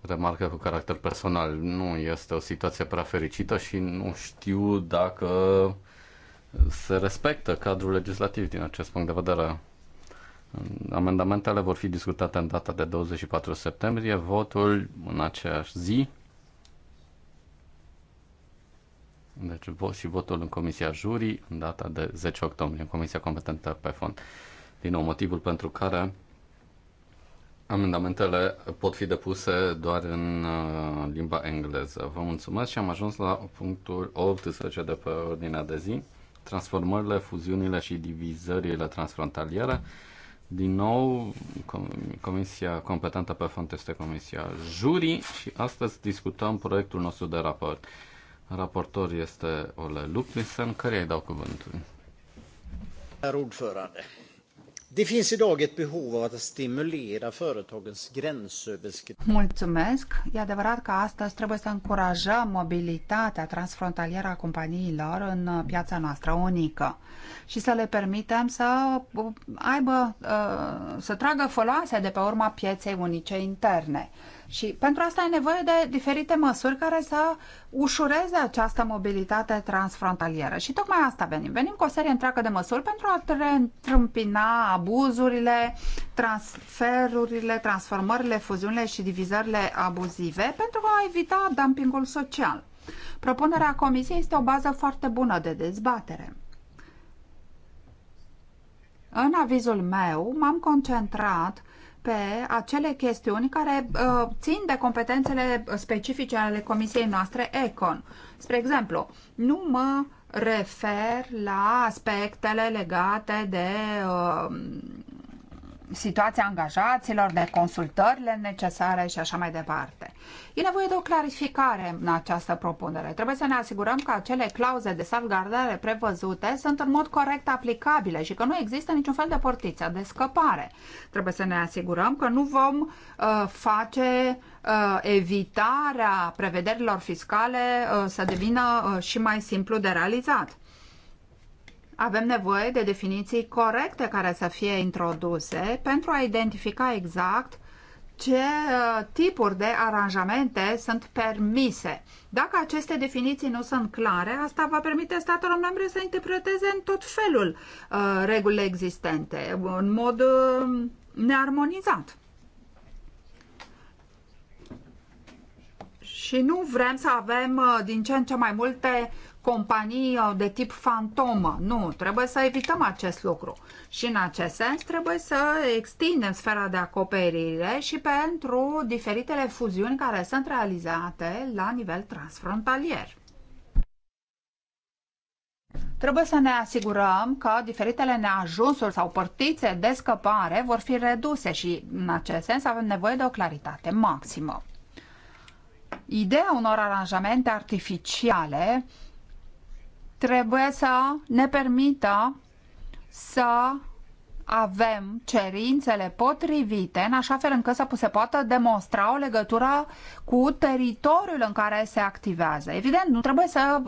remarcă cu caracter personal. Nu este o situație prea fericită și nu știu dacă se respectă cadrul legislativ din acest punct de vedere. Amendamentele vor fi discutate în data de 24 septembrie, votul în aceeași zi. Deci vot și votul în Comisia Jurii în data de 10 octombrie, în Comisia competentă pe fond. Din nou, motivul pentru care Amendamentele pot fi depuse doar în uh, limba engleză. Vă mulțumesc și am ajuns la punctul 18 de pe ordinea de zi. Transformările, fuziunile și divizările transfrontaliere. Din nou, comisia competentă pe fond este comisia juri și astăzi discutăm proiectul nostru de raport. Raportor este Ole Lupnisen, care îi dau cuvântul. Herr Ordförande. Det finns idag ett behov av att stimulera företagens gränsöverskridande... Mulțumesc! E adevărat că astăzi trebuie să încurajăm mobilitatea transfrontalieră a companiilor în uh, piața noastră unică și să le permitem să uh, aibă, uh, să tragă foloase de pe urma pieței unice interne. Și pentru asta e nevoie de diferite măsuri care să ușureze această mobilitate transfrontalieră. Și tocmai asta venim. Venim cu o serie întreagă de măsuri pentru a întâmpina abuzurile, transferurile, transformările, fuziunile și divizările abuzive pentru a evita dumpingul social. Propunerea Comisiei este o bază foarte bună de dezbatere. În avizul meu m-am concentrat pe acele chestiuni care uh, țin de competențele specifice ale Comisiei noastre ECON. Spre exemplu, nu mă uh, refer la aspectele legate de uh, situația angajaților, de consultările necesare și așa mai departe. E nevoie de o clarificare în această propunere. Trebuie să ne asigurăm că acele clauze de salvgardare prevăzute sunt în mod corect aplicabile și că nu există niciun fel de portiță de scăpare. Trebuie să ne asigurăm că nu vom uh, face uh, evitarea prevederilor fiscale uh, să devină uh, și mai simplu de realizat. Avem nevoie de definiții corecte care să fie introduse pentru a identifica exact ce uh, tipuri de aranjamente sunt permise. Dacă aceste definiții nu sunt clare, asta va permite statelor membre să interpreteze în tot felul uh, regulile existente, în mod uh, nearmonizat. Și nu vrem să avem uh, din ce în ce mai multe companii de tip fantomă. Nu, trebuie să evităm acest lucru. Și în acest sens trebuie să extindem sfera de acoperire și pentru diferitele fuziuni care sunt realizate la nivel transfrontalier. Trebuie să ne asigurăm că diferitele neajunsuri sau părtițe de scăpare vor fi reduse și în acest sens avem nevoie de o claritate maximă. Ideea unor aranjamente artificiale trebuie să ne permită să avem cerințele potrivite în așa fel încât să se poată demonstra o legătură cu teritoriul în care se activează. Evident, nu trebuie să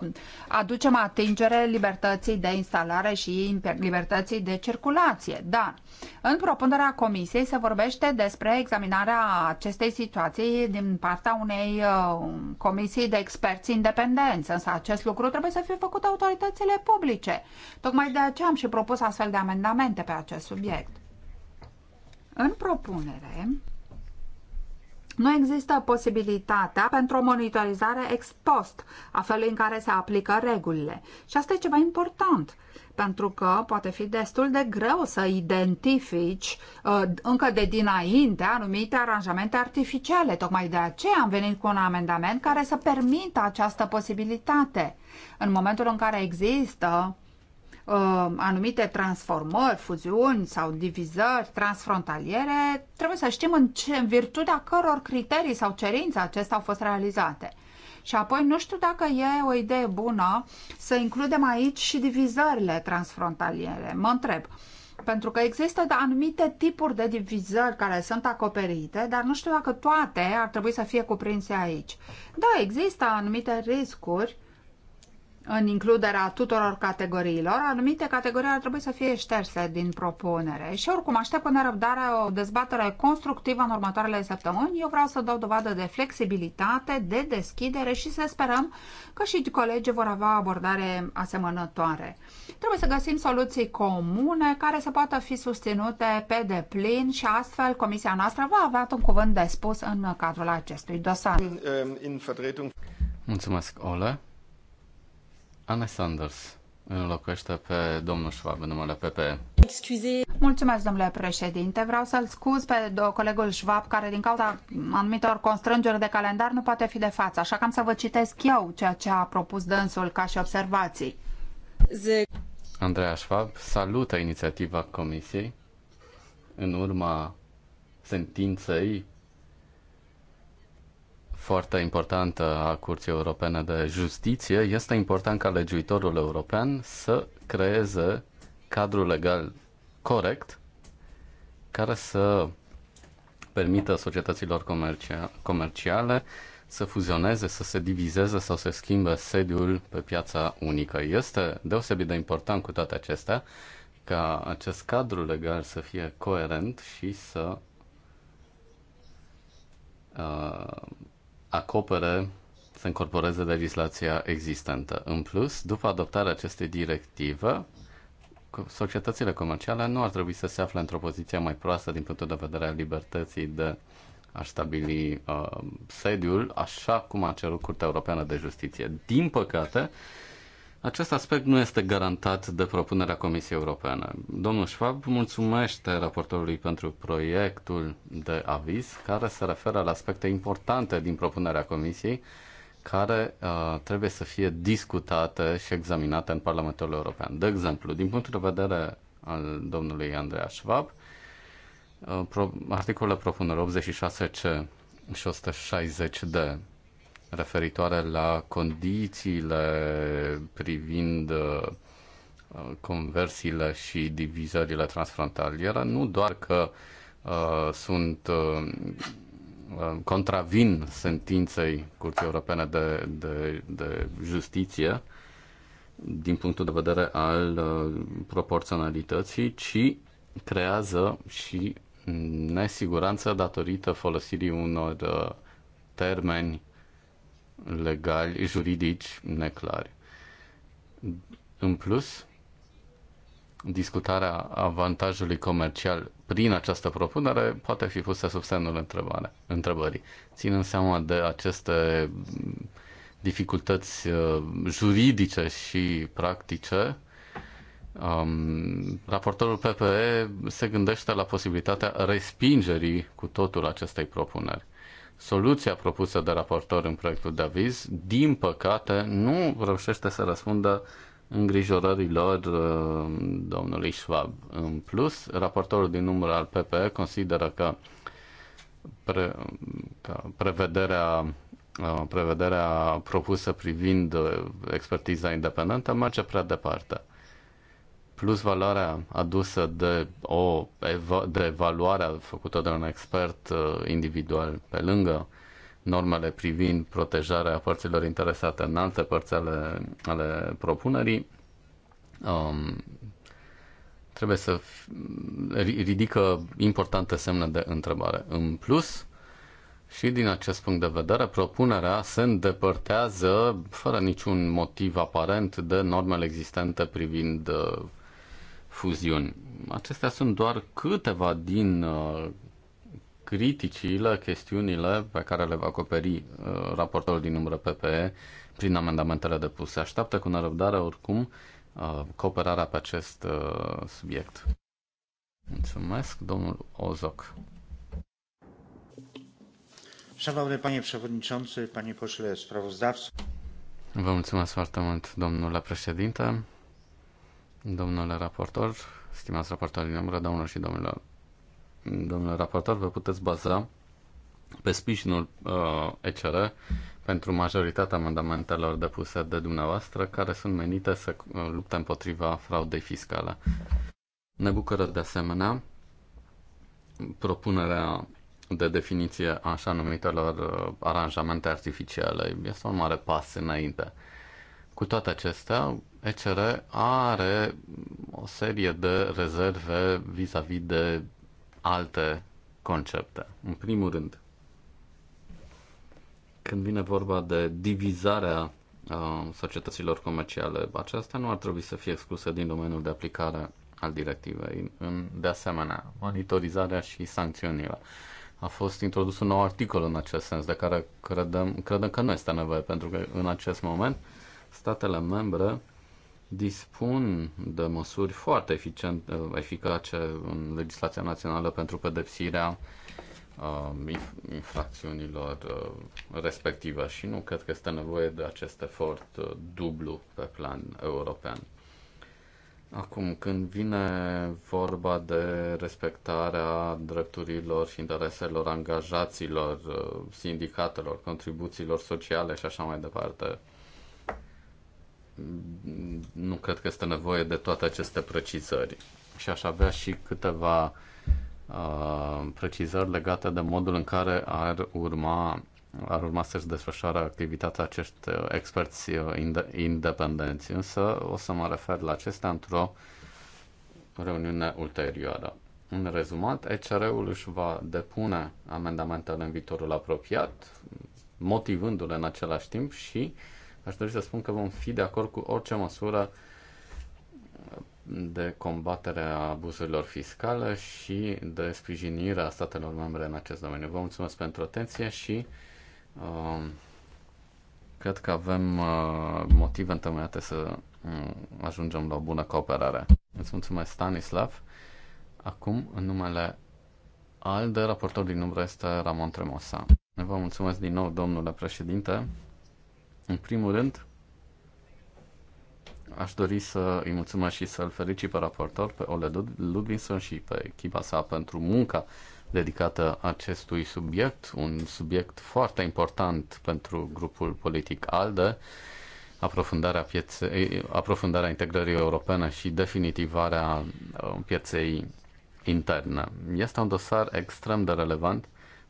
uh, aducem atingere libertății de instalare și libertății de circulație, dar în propunerea comisiei se vorbește despre examinarea acestei situații din partea unei uh, comisii de experți independenți, însă acest lucru trebuie să fie făcut autoritățile publice. Tocmai de aceea am și propus astfel de amendamente pe acest subiect. În propunere, nu există posibilitatea pentru o monitorizare ex post a felului în care se aplică regulile. Și asta e ceva important, pentru că poate fi destul de greu să identifici uh, încă de dinainte anumite aranjamente artificiale. Tocmai de aceea am venit cu un amendament care să permită această posibilitate. În momentul în care există Um, anumite transformări, fuziuni sau divizări transfrontaliere, trebuie să știm în, ce, în virtutea căror criterii sau cerințe acestea au fost realizate. Și apoi nu știu dacă e o idee bună să includem aici și divizările transfrontaliere. Mă întreb. Pentru că există anumite tipuri de divizări care sunt acoperite, dar nu știu dacă toate ar trebui să fie cuprinse aici. Da, există anumite riscuri în includerea tuturor categoriilor, anumite categorii ar trebui să fie șterse din propunere. Și oricum aștept cu nerăbdare o dezbatere constructivă în următoarele săptămâni. Eu vreau să dau dovadă de flexibilitate, de deschidere și să sperăm că și colegii vor avea abordare asemănătoare. Trebuie să găsim soluții comune care să poată fi susținute pe deplin și astfel comisia noastră va avea un cuvânt de spus în cadrul acestui dosar. Uh, Mulțumesc, Ola. Anna Sanders înlocuiește pe domnul Schwab în numele PPE. Excuse. Mulțumesc, domnule președinte. Vreau să-l scuz pe colegul Schwab, care din cauza anumitor constrângeri de calendar nu poate fi de față, așa că am să vă citesc eu ceea ce a propus dânsul ca și observații. The... Andreea Schwab salută inițiativa Comisiei în urma sentinței foarte importantă a Curții Europene de Justiție, este important ca legiuitorul european să creeze cadrul legal corect care să permită societăților comercia- comerciale să fuzioneze, să se divizeze sau să schimbe sediul pe piața unică. Este deosebit de important cu toate acestea ca acest cadru legal să fie coerent și să uh, acopere, să încorporeze legislația existentă. În plus, după adoptarea acestei directive, societățile comerciale nu ar trebui să se afle într-o poziție mai proastă din punctul de vedere al libertății de a stabili uh, sediul, așa cum a cerut Curtea Europeană de Justiție. Din păcate, uh, acest aspect nu este garantat de propunerea Comisiei Europene. Domnul Schwab mulțumește raportorului pentru proiectul de aviz care se referă la aspecte importante din propunerea Comisiei care uh, trebuie să fie discutate și examinate în Parlamentul European. De exemplu, din punctul de vedere al domnului Andreea Schwab, uh, pro- articolele propunere 86C și 160D referitoare la condițiile privind uh, conversiile și divizările transfrontaliere, nu doar că uh, sunt uh, uh, contravin sentinței Curții Europene de, de, de Justiție din punctul de vedere al uh, proporționalității, ci creează și nesiguranță datorită folosirii unor uh, termeni legali, juridici neclari. În plus, discutarea avantajului comercial prin această propunere poate fi pusă sub semnul întrebare, întrebării. Ținând seama de aceste dificultăți uh, juridice și practice, um, raportorul PPE se gândește la posibilitatea respingerii cu totul acestei propuneri soluția propusă de raportor în proiectul de aviz, din păcate, nu reușește să răspundă îngrijorărilor uh, domnului Schwab. În plus, raportorul din număr al PPE consideră că, pre, că prevederea uh, prevederea propusă privind uh, expertiza independentă merge prea departe plus valoarea adusă de, o, de evaluarea făcută de un expert uh, individual pe lângă normele privind protejarea părților interesate în alte părți ale, ale propunerii, um, trebuie să ridică importante semne de întrebare. În plus, și din acest punct de vedere, propunerea se îndepărtează fără niciun motiv aparent de normele existente privind uh, fuziuni. Acestea sunt doar câteva din uh, criticile, chestiunile pe care le va acoperi uh, raportorul din umbră PPE prin amendamentele depuse. Așteaptă cu nerăbdare oricum uh, cooperarea pe acest subiect. Mulțumesc, domnul Ozoc. Szanowny panie przewodniczący, panie pośle sprawozdawco. Vă mulțumesc foarte mult, domnule președinte, Domnule raportor, stimați raportorii din umbră, domnilor și domnilor, domnule raportor, vă puteți baza pe sprijinul uh, ECR pentru majoritatea amendamentelor depuse de dumneavoastră care sunt menite să uh, lupte împotriva fraudei fiscale. Ne bucură de asemenea propunerea de definiție a așa numitelor uh, aranjamente artificiale. Este un mare pas înainte. Cu toate acestea, ECR are o serie de rezerve vis-a-vis -vis de alte concepte. În primul rând, când vine vorba de divizarea uh, societăților comerciale, aceasta nu ar trebui să fie exclusă din domeniul de aplicare al directivei. De asemenea, monitorizarea și sancțiunile. A fost introdus un nou articol în acest sens, de care credem, credem că nu este nevoie, pentru că în acest moment statele membre dispun de măsuri foarte eficient, uh, eficace în legislația națională pentru pedepsirea uh, infracțiunilor uh, respective și nu cred că este nevoie de acest efort dublu pe plan european. Acum, când vine vorba de respectarea drepturilor și intereselor angajaților, sindicatelor, contribuțiilor sociale și așa mai departe, nu cred că este nevoie de toate aceste precizări. Și aș avea și câteva uh, precizări legate de modul în care ar urma ar urma să-și desfășoare activitatea acești uh, experți uh, independenți, însă o să mă refer la acestea într-o reuniune ulterioară. În rezumat, ECR-ul își va depune amendamentele în viitorul apropiat, motivându-le în același timp și uh, aș dori să spun că vom fi de acord cu orice măsură de combatere a abuzurilor fiscale și de sprijinire a statelor membre în acest domeniu. Vă mulțumesc pentru atenție și uh, cred că avem uh, motive întemeiate să uh, ajungem la o bună cooperare. Îți mulțumesc, Stanislav. Acum, în numele de raportor din umbră este Ramon Tremosa. Vă mulțumesc din nou, domnule președinte. În primul rând, aș dori să îi mulțumesc și să-l felicit pe raportor, pe Ole Ludvinson și pe echipa sa pentru munca dedicată acestui subiect, un subiect foarte important pentru grupul politic ALDE, aprofundarea, pieței, aprofundarea integrării europene și definitivarea uh, pieței interne. Este un dosar extrem de relevant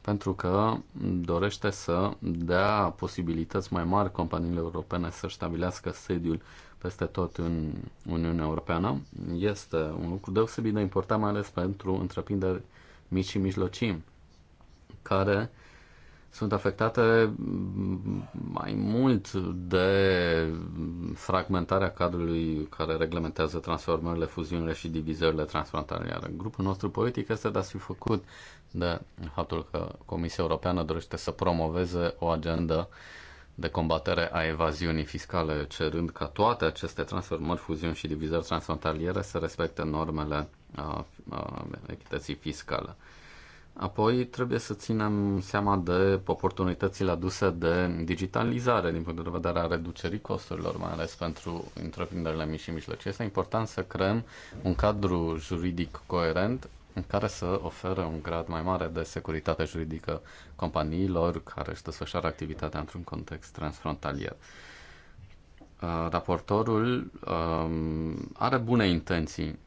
pentru că dorește să dea posibilități mai mari companiilor europene să stabilească sediul peste tot în Uniunea Europeană. Este un lucru deosebit de important, mai ales pentru întreprinderi mici și mijlocii, care sunt afectate mai mult de fragmentarea cadrului care reglementează transformările, fuziunile și divizările transfrontaliere. Grupul nostru politic este de a fi făcut de faptul că Comisia Europeană dorește să promoveze o agendă de combatere a evaziunii fiscale, cerând ca toate aceste transformări, fuziuni și divizări transfrontaliere să respecte normele a, uh, a uh, echității fiscale. Apoi trebuie să ținem seama de oportunitățile aduse de digitalizare din punct de vedere a reducerii costurilor, mai ales pentru întreprinderile mici și mijlocii. Este important să creăm un cadru juridic coerent care să oferă un grad mai mare de securitate juridică companiilor care își desfășoară activitatea într-un context transfrontalier. Uh, raportorul um, are bune intenții,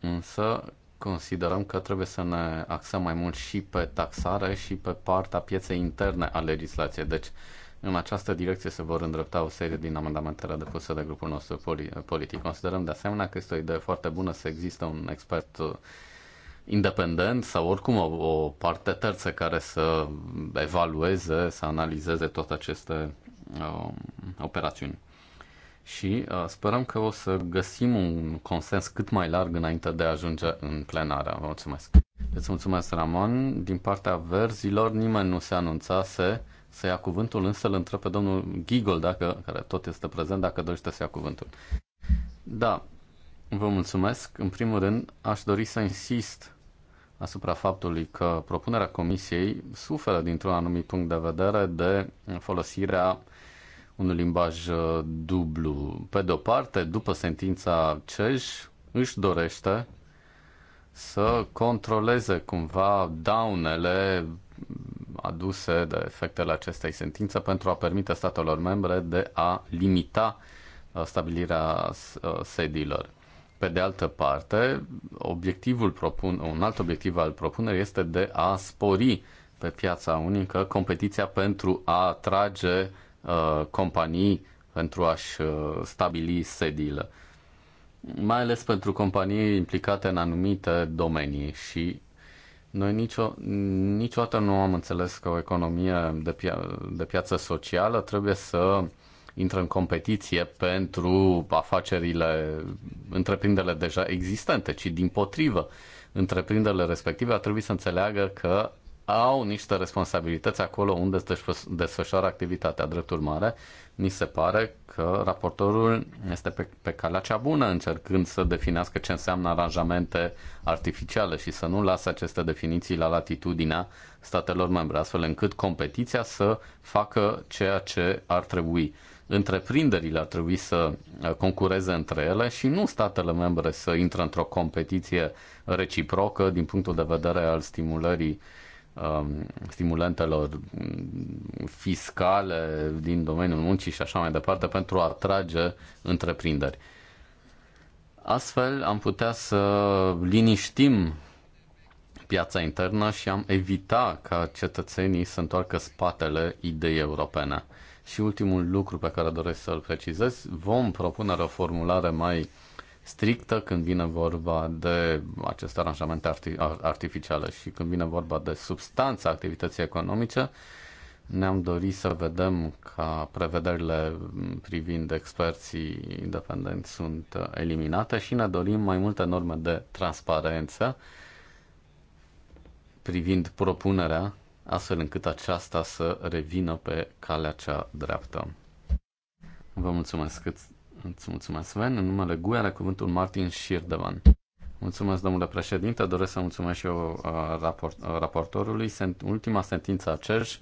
însă considerăm că trebuie să ne axăm mai mult și pe taxare și pe partea pieței interne a legislației. Deci, în această direcție se vor îndrepta o serie din amendamentele depuse de grupul nostru politic. Considerăm de asemenea că este o idee foarte bună să există un expert uh, independent sau oricum o, o parte terță care să evalueze, să analizeze toate aceste uh, operațiuni. Și uh, sperăm că o să găsim un consens cât mai larg înainte de a ajunge în plenară. Vă mulțumesc! Îți mulțumesc, Ramon. Din partea verzilor, nimeni nu se anunțase să ia cuvântul, însă îl întreb pe domnul Gigol, dacă, care tot este prezent, dacă dorește să ia cuvântul. Da, vă mulțumesc. În primul rând, aș dori să insist asupra faptului că propunerea Comisiei suferă dintr-un anumit punct de vedere de folosirea unui limbaj uh, dublu. Pe de o parte, după sentința CEJ, își dorește să controleze cumva daunele aduse de efectele acestei sentințe pentru a permite statelor membre de a limita uh, stabilirea uh, sediilor. Pe de altă parte, obiectivul propun, un alt obiectiv al propunerii este de a spori pe piața unică competiția pentru a atrage uh, companii pentru a-și uh, stabili sediile mai ales pentru companii implicate în anumite domenii și noi nicio, niciodată nu am înțeles că o economie de, pia- de piață socială trebuie să intră în competiție pentru afacerile, întreprinderile deja existente, ci din potrivă, întreprinderile respective ar trebui să înțeleagă că au niște responsabilități acolo unde desfășoară activitatea. Drept urmare, ni se pare că raportorul este pe, pe calea cea bună încercând să definească ce înseamnă aranjamente artificiale și să nu lasă aceste definiții la latitudinea statelor membre, astfel încât competiția să facă ceea ce ar trebui întreprinderile ar trebui să uh, concureze între ele și nu statele membre să intre într-o competiție reciprocă din punctul de vedere al stimulării um, stimulentelor mm, fiscale din domeniul muncii și așa mai departe pentru a atrage întreprinderi. Astfel am putea să liniștim piața internă și am evita ca cetățenii să întoarcă spatele ideii europene. Și ultimul lucru pe care doresc să-l precizez, vom propune o formulare mai strictă când vine vorba de aceste aranjamente arti- artificiale și când vine vorba de substanța activității economice, ne-am dorit să vedem ca prevederile privind experții independenți sunt uh, eliminate și ne dorim mai multe norme de transparență privind propunerea astfel încât aceasta să revină pe calea cea dreaptă. Vă mulțumesc, îți mulțumesc, Sven. În numele GUE are cuvântul Martin Shirdevan. Mulțumesc, domnule președinte. Doresc să mulțumesc și eu raport, raportorului. Ultima sentință a CERJ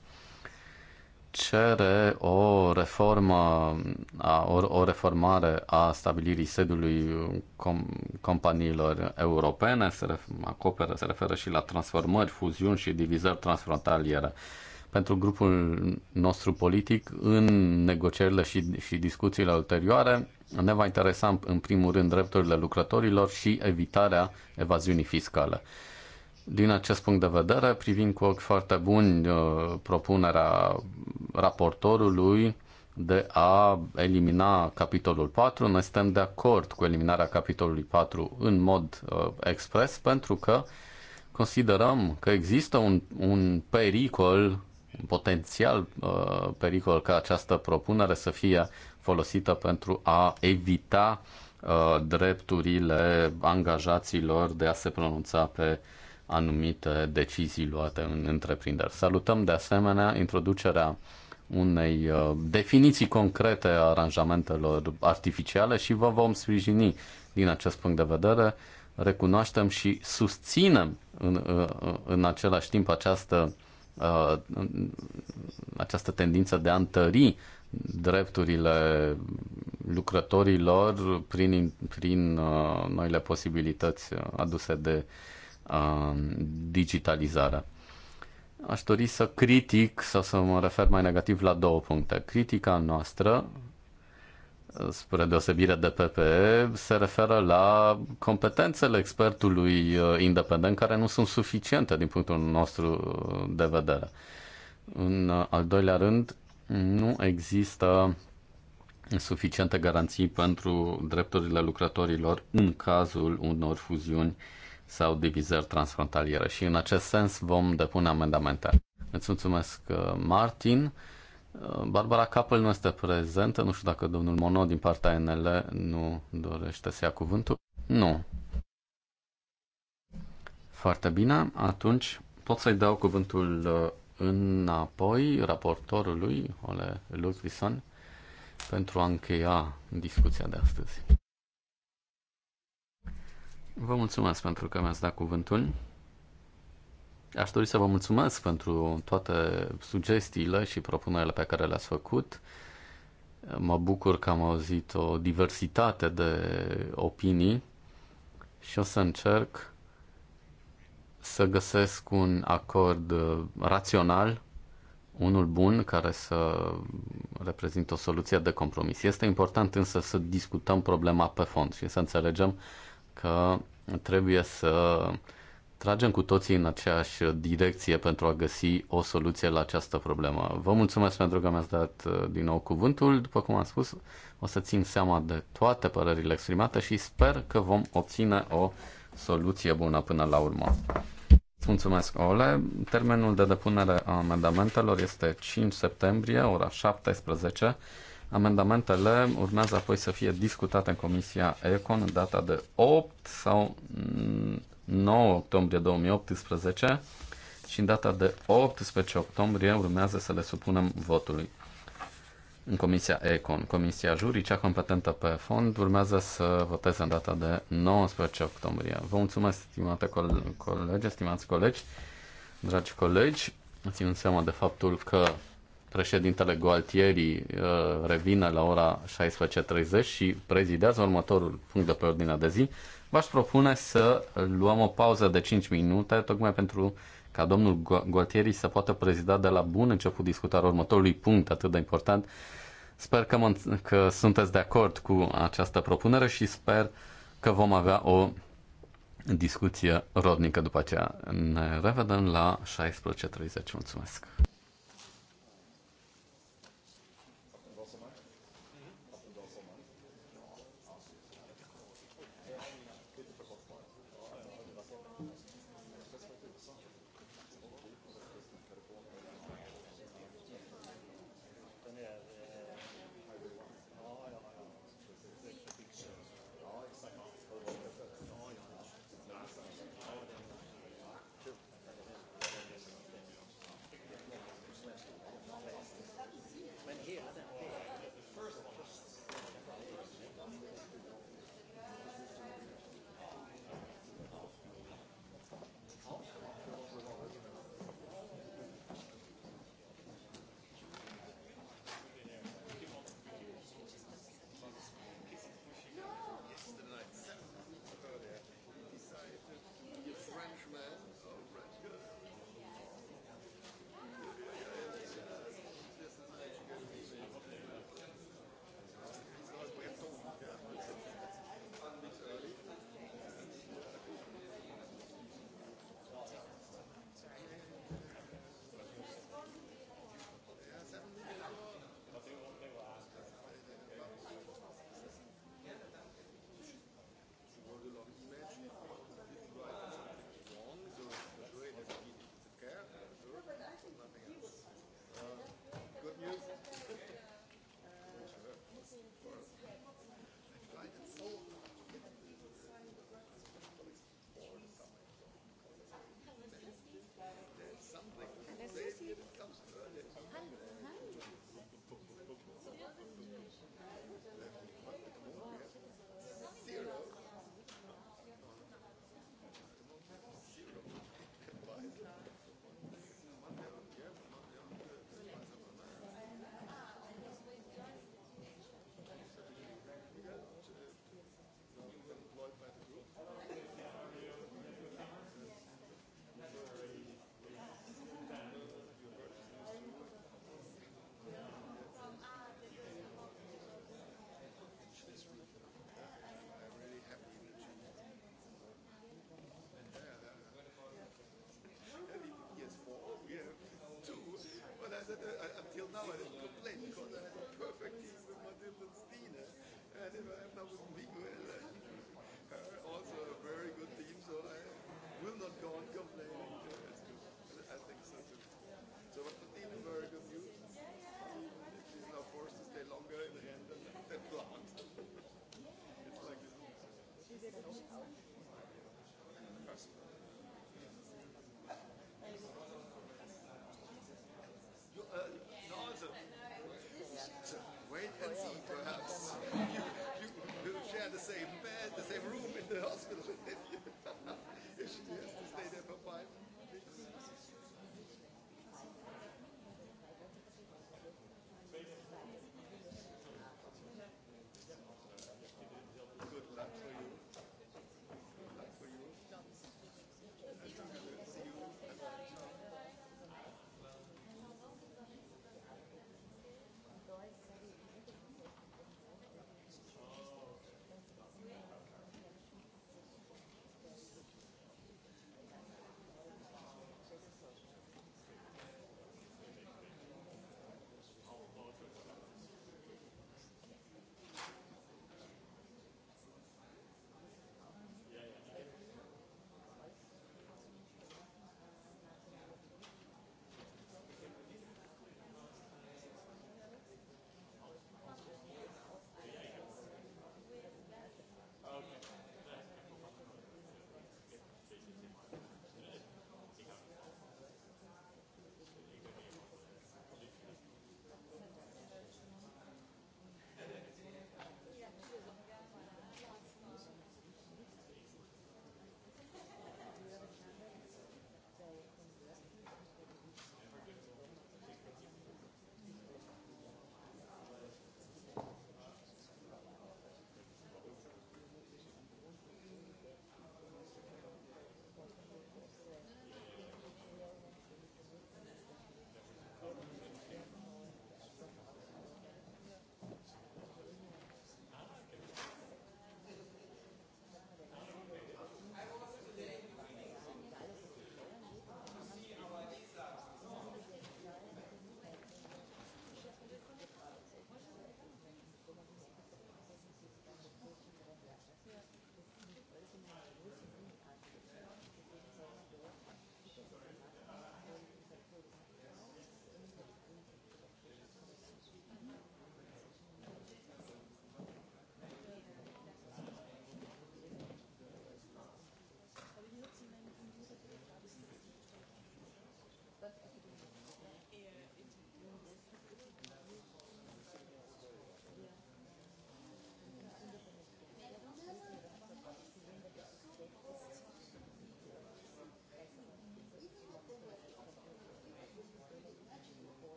cere o reformă, a, o, o reformare a stabilirii sediului com, companiilor europene, se ref, acoperă, se referă și la transformări, fuziuni și divizări transfrontaliere. Pentru grupul nostru politic, în negocierile și, și discuțiile ulterioare, ne va interesa în primul rând drepturile lucrătorilor și evitarea evaziunii fiscale. Din acest punct de vedere, privind cu ochi foarte buni uh, propunerea raportorului de a elimina capitolul 4. Noi suntem de acord cu eliminarea capitolului 4 în mod uh, expres pentru că considerăm că există un, un pericol, un potențial uh, pericol ca această propunere să fie folosită pentru a evita drepturile angajaților de a se pronunța pe uh, anumite decizii luate în întreprinderi. Salutăm de asemenea introducerea unei uh, definiții concrete a aranjamentelor artificiale și vă vom sprijini din acest punct de vedere. Recunoaștem și susținem în, uh, în același timp această, uh, această tendință de a întări drepturile lucrătorilor prin, prin noile posibilități aduse de uh, Um, digitalizarea. Aș dori să critic sau să mă refer mai negativ la două puncte. Critica noastră spre deosebire de PPE, se referă la competențele expertului uh, independent care nu sunt suficiente din punctul nostru de vedere. În al doilea rând, nu există suficiente garanții pentru drepturile lucrătorilor în cazul unor fuziuni sau divizări transfrontaliere și în acest sens vom depune amendamente. Îți mulțumesc, uh, Martin. Uh, Barbara Capel nu este prezentă, nu știu dacă domnul Mono din partea NL nu dorește să ia cuvântul. Nu. Foarte bine, atunci pot să-i dau cuvântul uh, înapoi raportorului, Ole Ludvison, pentru a încheia discuția de astăzi. Vă mulțumesc pentru că mi-ați dat cuvântul. Aș dori să vă mulțumesc pentru toate sugestiile și propunerile pe care le-ați făcut. Mă bucur că am auzit o diversitate de opinii și o să încerc să găsesc un acord rațional, unul bun care să reprezintă o soluție de compromis. Este important însă să discutăm problema pe fond și să înțelegem că trebuie să tragem cu toții în aceeași direcție pentru a găsi o soluție la această problemă. Vă mulțumesc pentru că mi-ați dat uh, din nou cuvântul. După cum am spus, o să țin seama de toate părerile exprimate și sper că vom obține o soluție bună până la urmă. Mulțumesc, Ole. Termenul de depunere a amendamentelor este 5 septembrie, ora 17 Amendamentele urmează apoi să fie discutate în Comisia Econ în data de 8 sau 9 octombrie 2018 și în data de 18 octombrie urmează să le supunem votului în Comisia Econ. Comisia Jurii, cea competentă pe fond, urmează să voteze în data de 19 octombrie. Vă mulțumesc, stimate colegi, stimați colegi, dragi colegi. Ținând seama de faptul că președintele Gualtieri uh, revine la ora 16.30 și prezidează următorul punct de pe ordinea de zi, v-aș propune să luăm o pauză de 5 minute, tocmai pentru ca domnul Gualtieri să poată prezida de la bun început discutarea următorului punct atât de important. Sper că, mă, că sunteți de acord cu această propunere și sper că vom avea o discuție rodnică după aceea. Ne revedem la 16.30. Mulțumesc! also a very good team, so I will not go on complaining. It's good. I think so too. So, but the team is very good news. She's now forced to stay longer in Rennes than planned. it's like this.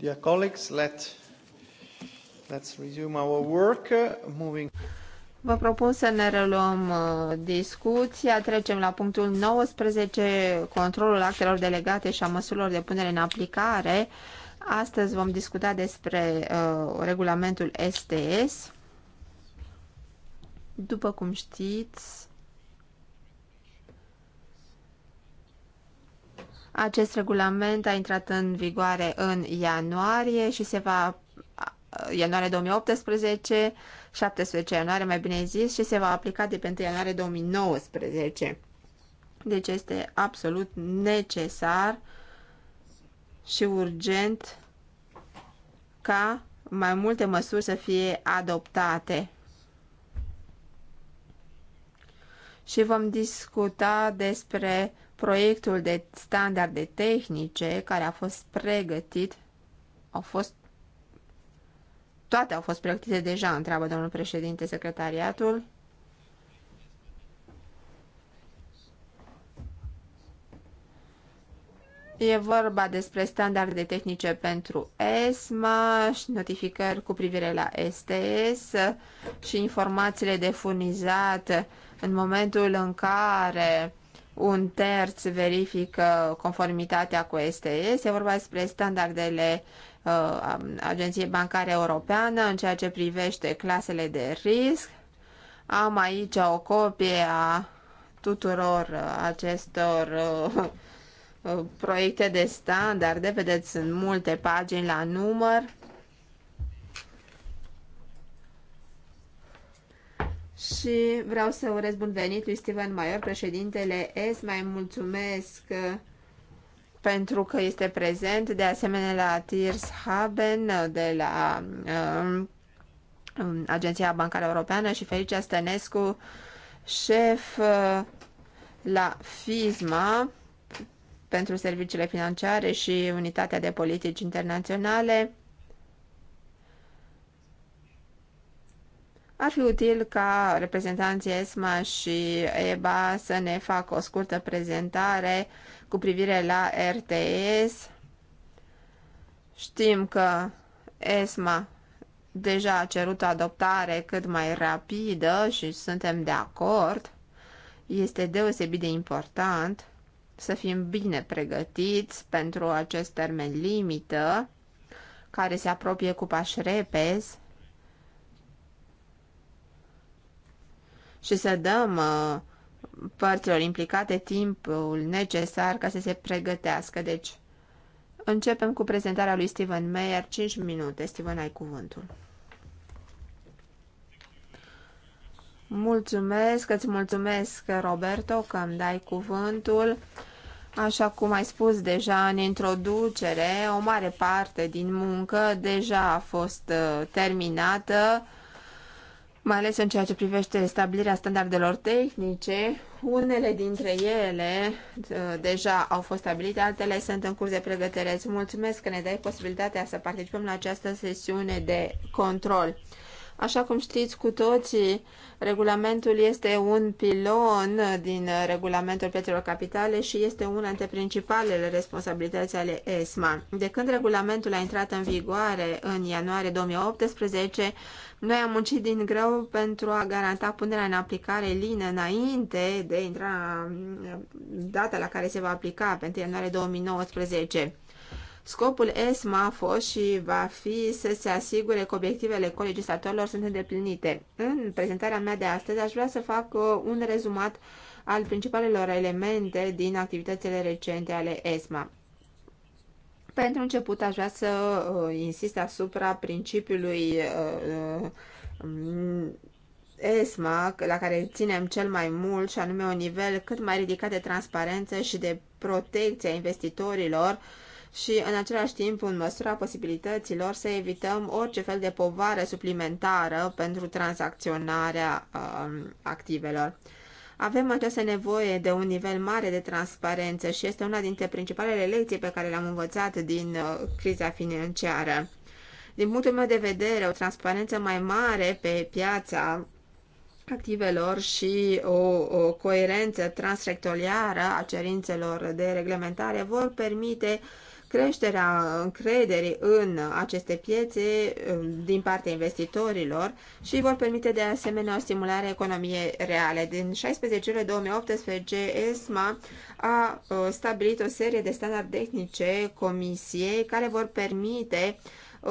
Dear colleagues, let, let's resume our work, moving... Vă propun să ne reluăm uh, discuția. Trecem la punctul 19, controlul actelor delegate și a măsurilor de punere în aplicare. Astăzi vom discuta despre uh, regulamentul STS. După cum știți, Acest regulament a intrat în vigoare în ianuarie și se va ianuarie 2018, 17 ianuarie mai bine zis, și se va aplica de pe 1 ianuarie 2019. Deci este absolut necesar și urgent ca mai multe măsuri să fie adoptate. Și vom discuta despre proiectul de standarde tehnice care a fost pregătit, au fost toate au fost pregătite deja, întreabă domnul președinte secretariatul. E vorba despre standarde tehnice pentru ESMA și notificări cu privire la STS și informațiile de furnizat în momentul în care un terț verifică conformitatea cu STS, e vorba despre standardele uh, Agenției Bancare Europeană în ceea ce privește clasele de risc. Am aici o copie a tuturor uh, acestor uh, uh, proiecte de standarde, vedeți, sunt multe pagini la număr. și vreau să urez bun venit lui Steven Maior, președintele ES. Mai mulțumesc uh, pentru că este prezent, de asemenea la Tirs Haben uh, de la uh, um, Agenția Bancară Europeană și Felicia Stănescu, șef uh, la FISMA pentru serviciile financiare și Unitatea de Politici Internaționale Ar fi util ca reprezentanții ESMA și EBA să ne facă o scurtă prezentare cu privire la RTS. Știm că ESMA deja a cerut o adoptare cât mai rapidă și suntem de acord. Este deosebit de important să fim bine pregătiți pentru acest termen limită care se apropie cu pași repezi și să dăm uh, părților implicate timpul necesar ca să se pregătească. Deci, începem cu prezentarea lui Steven Mayer, 5 minute. Steven, ai cuvântul. Mulțumesc, îți mulțumesc, Roberto, că îmi dai cuvântul. Așa cum ai spus deja în introducere, o mare parte din muncă deja a fost uh, terminată mai ales în ceea ce privește stabilirea standardelor tehnice. Unele dintre ele uh, deja au fost stabilite, altele sunt în curs de pregătire. Îți mulțumesc că ne dai posibilitatea să participăm la această sesiune de control. Așa cum știți cu toții, regulamentul este un pilon din regulamentul piețelor capitale și este una dintre principalele responsabilități ale ESMA. De când regulamentul a intrat în vigoare în ianuarie 2018, noi am muncit din greu pentru a garanta punerea în aplicare lină înainte de intra data la care se va aplica pentru ianuarie 2019. Scopul ESMA a fost și va fi să se asigure că obiectivele colegislatorilor sunt îndeplinite. În prezentarea mea de astăzi aș vrea să fac uh, un rezumat al principalelor elemente din activitățile recente ale ESMA. Pentru început aș vrea să uh, insist asupra principiului uh, ESMA, la care ținem cel mai mult, și anume un nivel cât mai ridicat de transparență și de protecție a investitorilor și în același timp în măsura posibilităților să evităm orice fel de povară suplimentară pentru tranzacționarea um, activelor. Avem această nevoie de un nivel mare de transparență și este una dintre principalele lecții pe care le-am învățat din uh, criza financiară. Din punctul meu de vedere, o transparență mai mare pe piața activelor și o, o coerență transrectoriară a cerințelor de reglementare vor permite creșterea încrederii în aceste piețe um, din partea investitorilor și vor permite de asemenea o stimulare a economiei reale. Din 16 iulie 2018, ESMA a uh, stabilit o serie de standarde tehnice comisiei care vor permite uh,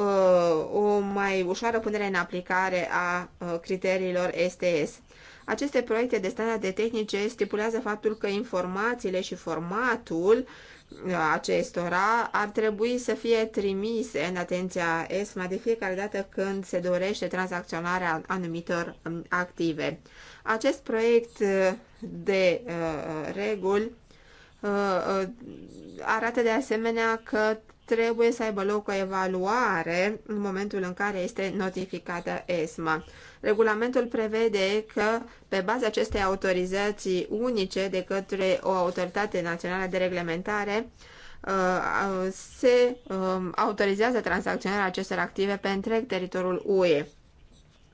o mai ușoară punere în aplicare a uh, criteriilor STS. Aceste proiecte de standarde tehnice stipulează faptul că informațiile și formatul acestora ar trebui să fie trimise în atenția ESMA de fiecare dată când se dorește tranzacționarea anumitor um, active. Acest proiect uh, de uh, reguli uh, uh, arată de asemenea că trebuie să aibă loc o evaluare în momentul în care este notificată ESMA. Regulamentul prevede că, pe baza acestei autorizații unice de către o autoritate națională de reglementare, uh, uh, se um, autorizează tranzacționarea acestor active pe întreg teritoriul UE.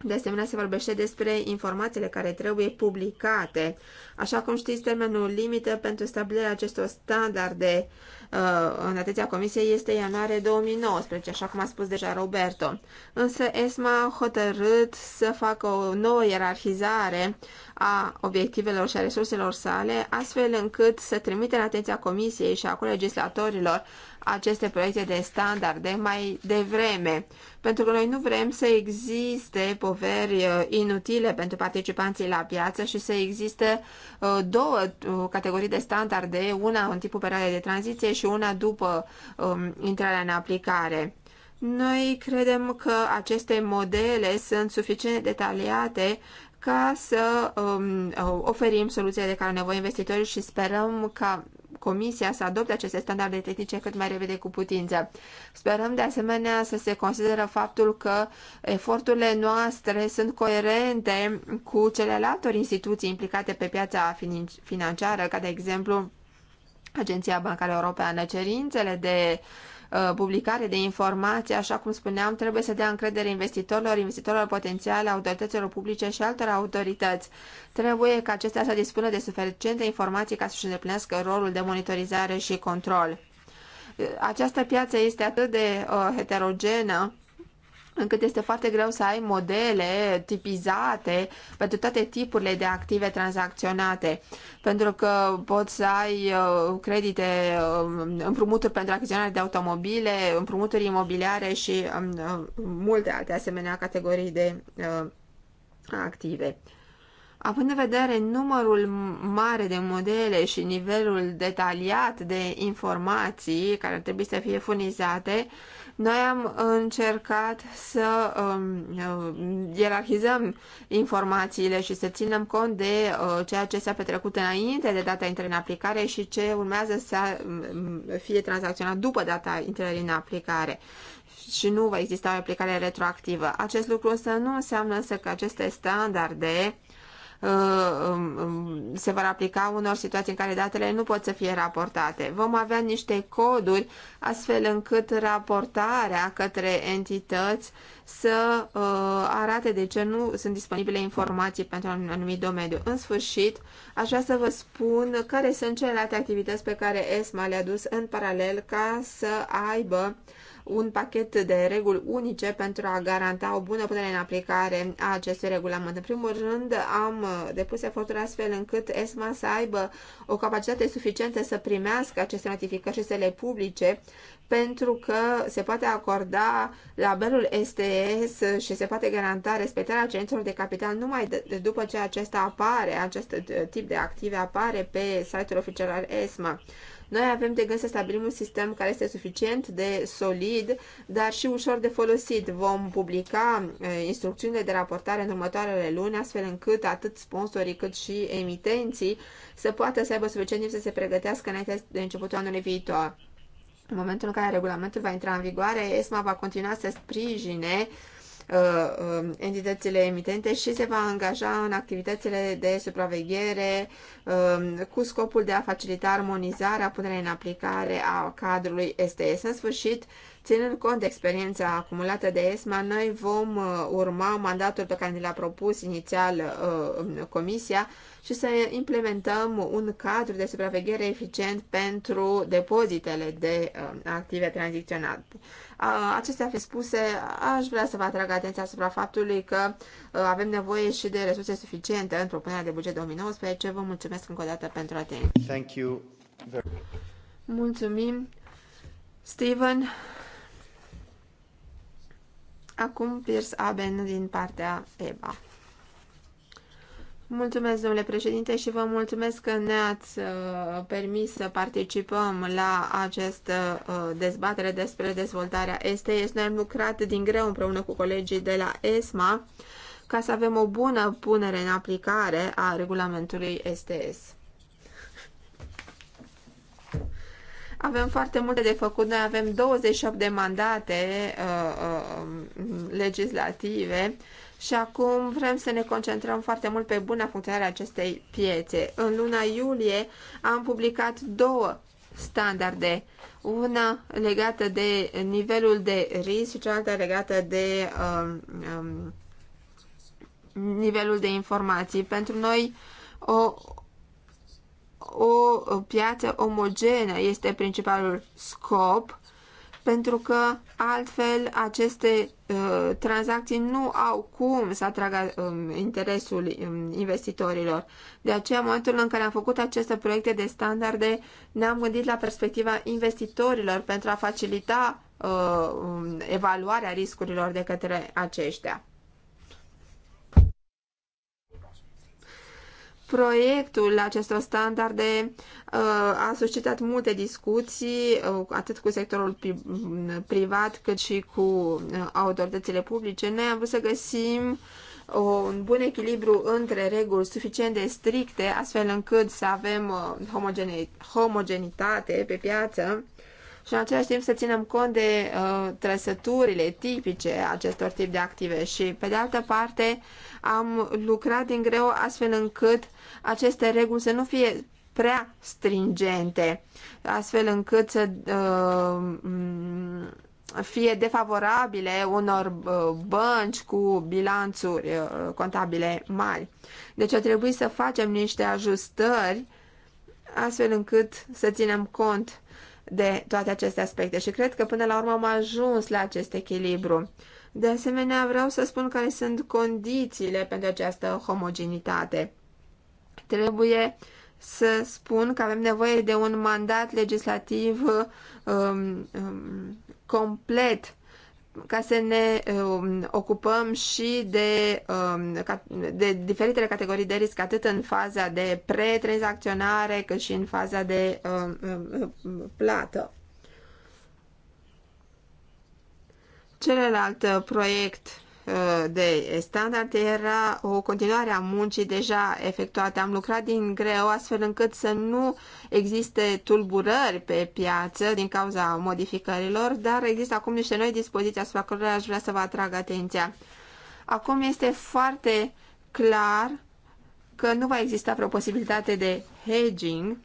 De asemenea, se vorbește despre informațiile care trebuie publicate. Așa cum știți, termenul limită pentru stabilirea acestor standarde uh, Uh, în atenția Comisiei este ianuarie 2019, așa cum a spus deja Roberto. Însă ESMA a hotărât să facă o nouă ierarhizare a obiectivelor și a resurselor sale, astfel încât să trimite în atenția Comisiei și a colegislatorilor aceste proiecte de standarde mai devreme, pentru că noi nu vrem să existe poveri uh, inutile pentru participanții la piață și să existe uh, două uh, categorii de standarde, una în timpul perioadei de tranziție și una după um, intrarea în aplicare. Noi credem că aceste modele sunt suficient detaliate ca să um, oferim soluția de care au nevoie investitorii și sperăm ca Comisia să adopte aceste standarde tehnice cât mai repede cu putință. Sperăm de asemenea să se consideră faptul că eforturile noastre sunt coerente cu celelalte instituții implicate pe piața financiară, ca de exemplu Agenția Bancară Europeană. Cerințele de Uh, publicare de informații, așa cum spuneam, trebuie să dea încredere investitorilor, investitorilor potențiale, autorităților publice și altor autorități. Trebuie ca acestea să dispună de suficiente informații ca să-și îndeplinească rolul de monitorizare și control. Uh, această piață este atât de uh, heterogenă încât este foarte greu să ai modele tipizate pentru toate tipurile de active tranzacționate, pentru că poți să ai uh, credite, uh, împrumuturi pentru achiziționare de automobile, împrumuturi imobiliare și um, uh, multe alte asemenea categorii de active. Având în vedere numărul mare de modele și nivelul detaliat de informații care trebuie să fie furnizate, noi am încercat să um, uh, ierarhizăm informațiile și să ținem cont de uh, ceea ce s-a petrecut înainte de data intrării în aplicare și ce urmează să um, fie tranzacționat după data intrării în aplicare și nu va exista o aplicare retroactivă. Acest lucru să nu înseamnă să că aceste standarde Uh, um, um, se vor aplica unor situații în care datele nu pot să fie raportate. Vom avea niște coduri astfel încât raportarea către entități să uh, arate de ce nu sunt disponibile informații pentru un anumit domeniu. În sfârșit, aș vrea să vă spun care sunt celelalte activități pe care ESMA le-a dus în paralel ca să aibă uh, un pachet de reguli unice pentru a garanta o bună punere în aplicare a acestui regulament. În primul rând, am depus eforturi astfel încât ESMA să aibă o capacitate suficientă să primească aceste notificări și să le publice pentru că se poate acorda labelul STS și se poate garanta respectarea cerințelor de capital numai de, după ce acesta apare, acest tip de active apare pe site-ul oficial al ESMA. Noi avem de gând să stabilim un sistem care este suficient de solid, dar și ușor de folosit. Vom publica instrucțiunile de raportare în următoarele luni, astfel încât atât sponsorii cât și emitenții să poată să aibă suficient timp să se pregătească înainte de începutul anului viitor. În momentul în care regulamentul va intra în vigoare, ESMA va continua să sprijine uh, Uh, um, entitățile emitente și se va angaja în activitățile de supraveghere um, cu scopul de a facilita armonizarea, punerea în aplicare a cadrului STS. În sfârșit, ținând cont de experiența acumulată de ESMA, noi vom uh, urma mandatul pe care ne l-a propus inițial uh, um, Comisia și să implementăm un cadru de supraveghere eficient pentru depozitele de active tranzicționate. Acestea fi spuse, aș vrea să vă atrag atenția asupra faptului că avem nevoie și de resurse suficiente în propunerea de buget 2019. Vă mulțumesc încă o dată pentru atenție. Thank you. Mulțumim, Steven. Acum Piers Aben din partea EBA. Mulțumesc, domnule președinte, și vă mulțumesc că ne-ați uh, permis să participăm la această uh, dezbatere despre dezvoltarea STS. Noi am lucrat din greu împreună cu colegii de la ESMA ca să avem o bună punere în aplicare a regulamentului STS. Avem foarte multe de făcut. Noi avem 28 de mandate uh, uh, um, legislative și acum vrem să ne concentrăm foarte mult pe buna funcționare a acestei piețe. În luna iulie am publicat două standarde, una legată de nivelul de risc și cealaltă legată de um, um, nivelul de informații. Pentru noi o, o piață omogenă este principalul scop, pentru că altfel aceste Uh, tranzacții nu au cum să atragă um, interesul um, investitorilor. De aceea, în momentul în care am făcut aceste proiecte de standarde, ne-am gândit la perspectiva investitorilor pentru a facilita uh, um, evaluarea riscurilor de către aceștia. Proiectul acestor standarde uh, a suscitat multe discuții, uh, atât cu sectorul privat, cât și cu uh, autoritățile publice. Noi am vrut să găsim un bun echilibru între reguli suficient de stricte, astfel încât să avem homogenitate pe piață, și în același timp să ținem cont de uh, trăsăturile tipice acestor tip de active și pe de altă parte am lucrat din greu astfel încât aceste reguli să nu fie prea stringente, astfel încât să uh, fie defavorabile unor uh, bănci cu bilanțuri uh, contabile mari. Deci a trebuit să facem niște ajustări astfel încât să ținem cont de toate aceste aspecte și cred că până la urmă am ajuns la acest echilibru. De asemenea, vreau să spun care sunt condițiile pentru această homogenitate. Trebuie să spun că avem nevoie de un mandat legislativ um, um, complet ca să ne um, ocupăm și de, um, de diferitele categorii de risc, atât în faza de pretransacționare, cât și în faza de um, plată. Celălalt uh, proiect Uh, de standard era o continuare a muncii deja efectuate. Am lucrat din greu astfel încât să nu existe tulburări pe piață din cauza modificărilor, dar există acum niște noi dispoziții asupra cărora aș vrea să vă atrag atenția. Acum este foarte clar că nu va exista vreo posibilitate de hedging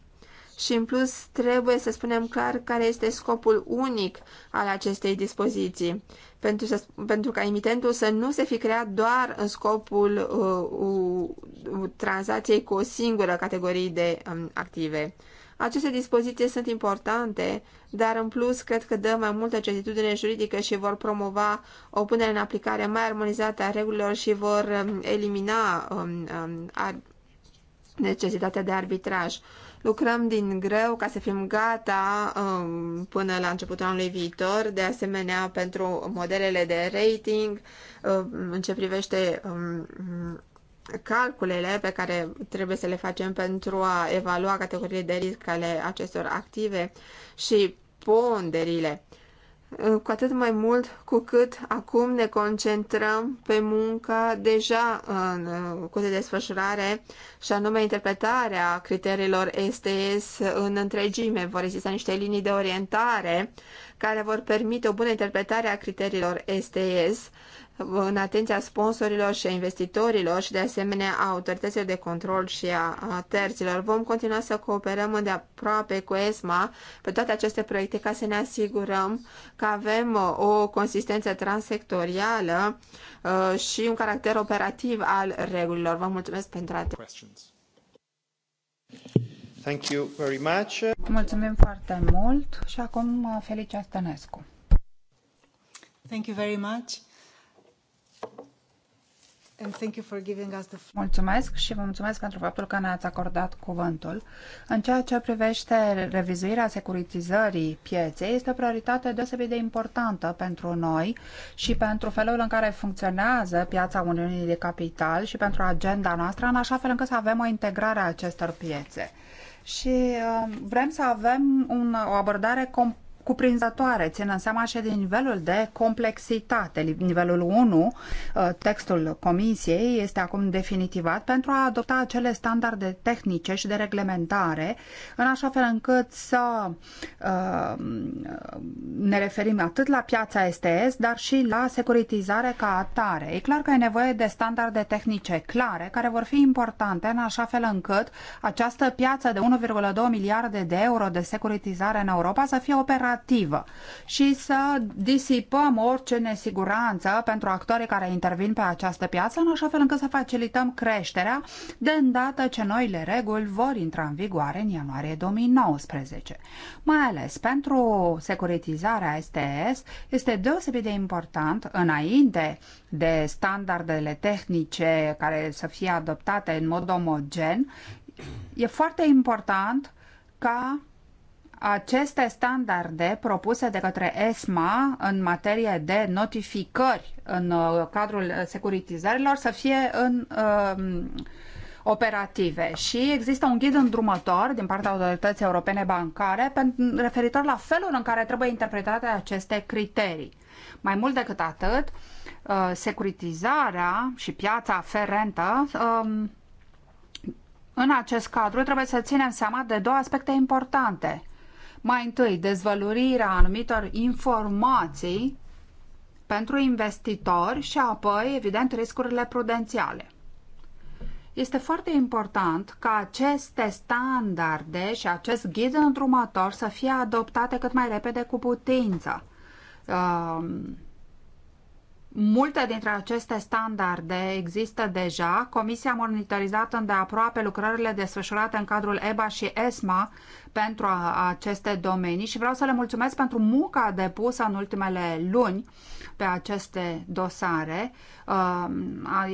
și în plus trebuie să spunem clar care este scopul unic al acestei dispoziții pentru, să, pentru ca emitentul să nu se fi creat doar în scopul uh, uh, tranzacției cu o singură categorie de um, active. Aceste dispoziții sunt importante, dar în plus cred că dă mai multă certitudine juridică și vor promova o punere în aplicare mai armonizată a regulilor și vor um, elimina um, um, necesitatea de arbitraj. Uh, Lucrăm din greu ca să fim gata um, până la începutul anului viitor, de asemenea pentru modelele de rating, um, în ce privește um, calculele pe care trebuie să le facem pentru a evalua categoriile de risc ale acestor active și ponderile. Uh, cu atât mai mult cu cât acum ne concentrăm pe munca deja în uh, curs de desfășurare și anume interpretarea criteriilor STS în întregime. Vor exista niște linii de orientare care vor permite o bună interpretare a criteriilor STS în atenția sponsorilor și a investitorilor și de asemenea a autorităților de control și a terților. Vom continua să cooperăm îndeaproape cu ESMA pe toate aceste proiecte ca să ne asigurăm că avem uh, o consistență transsectorială uh, și un caracter operativ al regulilor. Vă mulțumesc pentru atenție. Thank you very much. Mulțumim foarte mult și acum uh, Felicia Stănescu. Thank you very much. Mulțumesc și vă mulțumesc pentru faptul că ne-ați acordat cuvântul. În ceea ce privește revizuirea securitizării pieței, este o prioritate deosebit de importantă pentru noi și pentru felul în care funcționează piața Uniunii de Capital și pentru agenda noastră, în așa fel încât să avem o integrare a acestor piețe. Și uh, vrem să avem un, o abordare complexă cuprinzătoare, în seama și de nivelul de complexitate. Nivelul 1, uh, textul Comisiei, este acum definitivat pentru a adopta acele standarde tehnice și de reglementare, în așa fel încât să uh, ne referim atât la piața STS, dar și la securitizare ca atare. E clar că e nevoie de standarde tehnice clare, care vor fi importante în așa fel încât această piață de 1,2 miliarde de euro de securitizare în Europa să fie operată creativă și să disipăm orice nesiguranță pentru actorii care intervin pe această piață, în așa fel încât să facilităm creșterea de îndată ce noile reguli vor intra în vigoare în ianuarie 2019. Mai ales pentru securitizarea STS este deosebit de important înainte de standardele tehnice care să fie adoptate în mod omogen, e foarte important ca aceste standarde propuse de către ESMA în materie de notificări în uh, cadrul securitizărilor să fie în um, operative și există un ghid îndrumător din partea autorității europene bancare referitor la felul în care trebuie interpretate aceste criterii. Mai mult decât atât, uh, securitizarea și piața aferentă um, în acest cadru trebuie să ținem seama de două aspecte importante. Mai întâi, dezvăluirea anumitor informații pentru investitori și apoi, evident, riscurile prudențiale. Este foarte important ca aceste standarde și acest ghid îndrumător să fie adoptate cât mai repede cu putință. Uh, Multe dintre aceste standarde există deja. Comisia monitorizată îndeaproape lucrările desfășurate în cadrul EBA și ESMA pentru aceste domenii și vreau să le mulțumesc pentru munca depusă în ultimele luni pe aceste dosare. Um,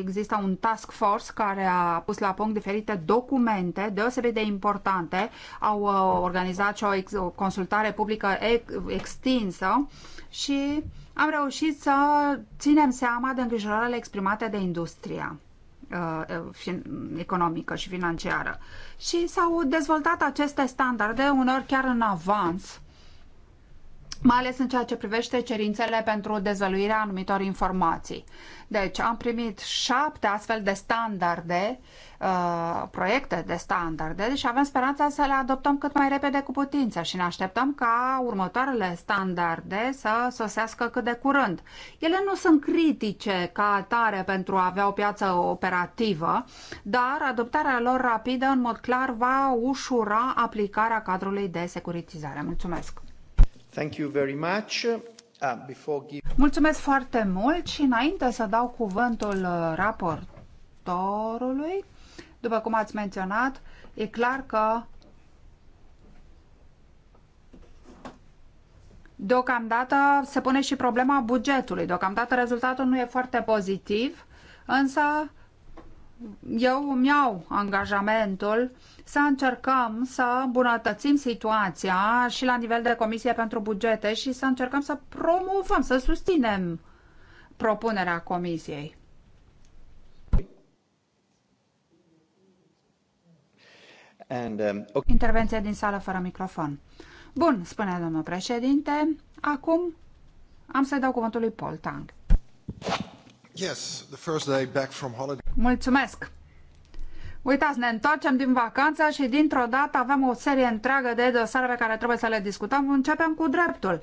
există un task force care a pus la punct diferite documente deosebit de importante, au uh, organizat și o, consultare publică extinsă și am reușit să ținem seama de îngrijorările exprimate de industria. Uh, economică și financiară. Și s-au dezvoltat aceste standarde, uneori chiar în avans, mai ales în ceea ce privește cerințele pentru dezvăluirea anumitor informații. Deci am primit șapte astfel de standarde, uh, proiecte de standarde și avem speranța să le adoptăm cât mai repede cu putință și ne așteptăm ca următoarele standarde să sosească cât de curând. Ele nu sunt critice ca atare pentru a avea o piață operativă, dar adoptarea lor rapidă în mod clar va ușura aplicarea cadrului de securitizare. Mulțumesc! Thank you very much. Ah, Mulțumesc foarte mult și înainte să dau cuvântul uh, raportorului, după cum ați menționat, e clar că deocamdată se pune și problema bugetului. Deocamdată rezultatul nu e foarte pozitiv, însă eu îmi iau angajamentul să încercăm să îmbunătățim situația și la nivel de Comisie pentru Bugete și să încercăm să promovăm, să susținem propunerea Comisiei. And, um, okay. Intervenție din sală fără microfon. Bun, spune domnul președinte, acum am să-i dau cuvântul lui Paul Tang. Yes, the first day back from holiday. Mulțumesc! Uitați, ne întoarcem din vacanță și dintr-o dată avem o serie întreagă de dosare pe care trebuie să le discutăm. Începem cu dreptul.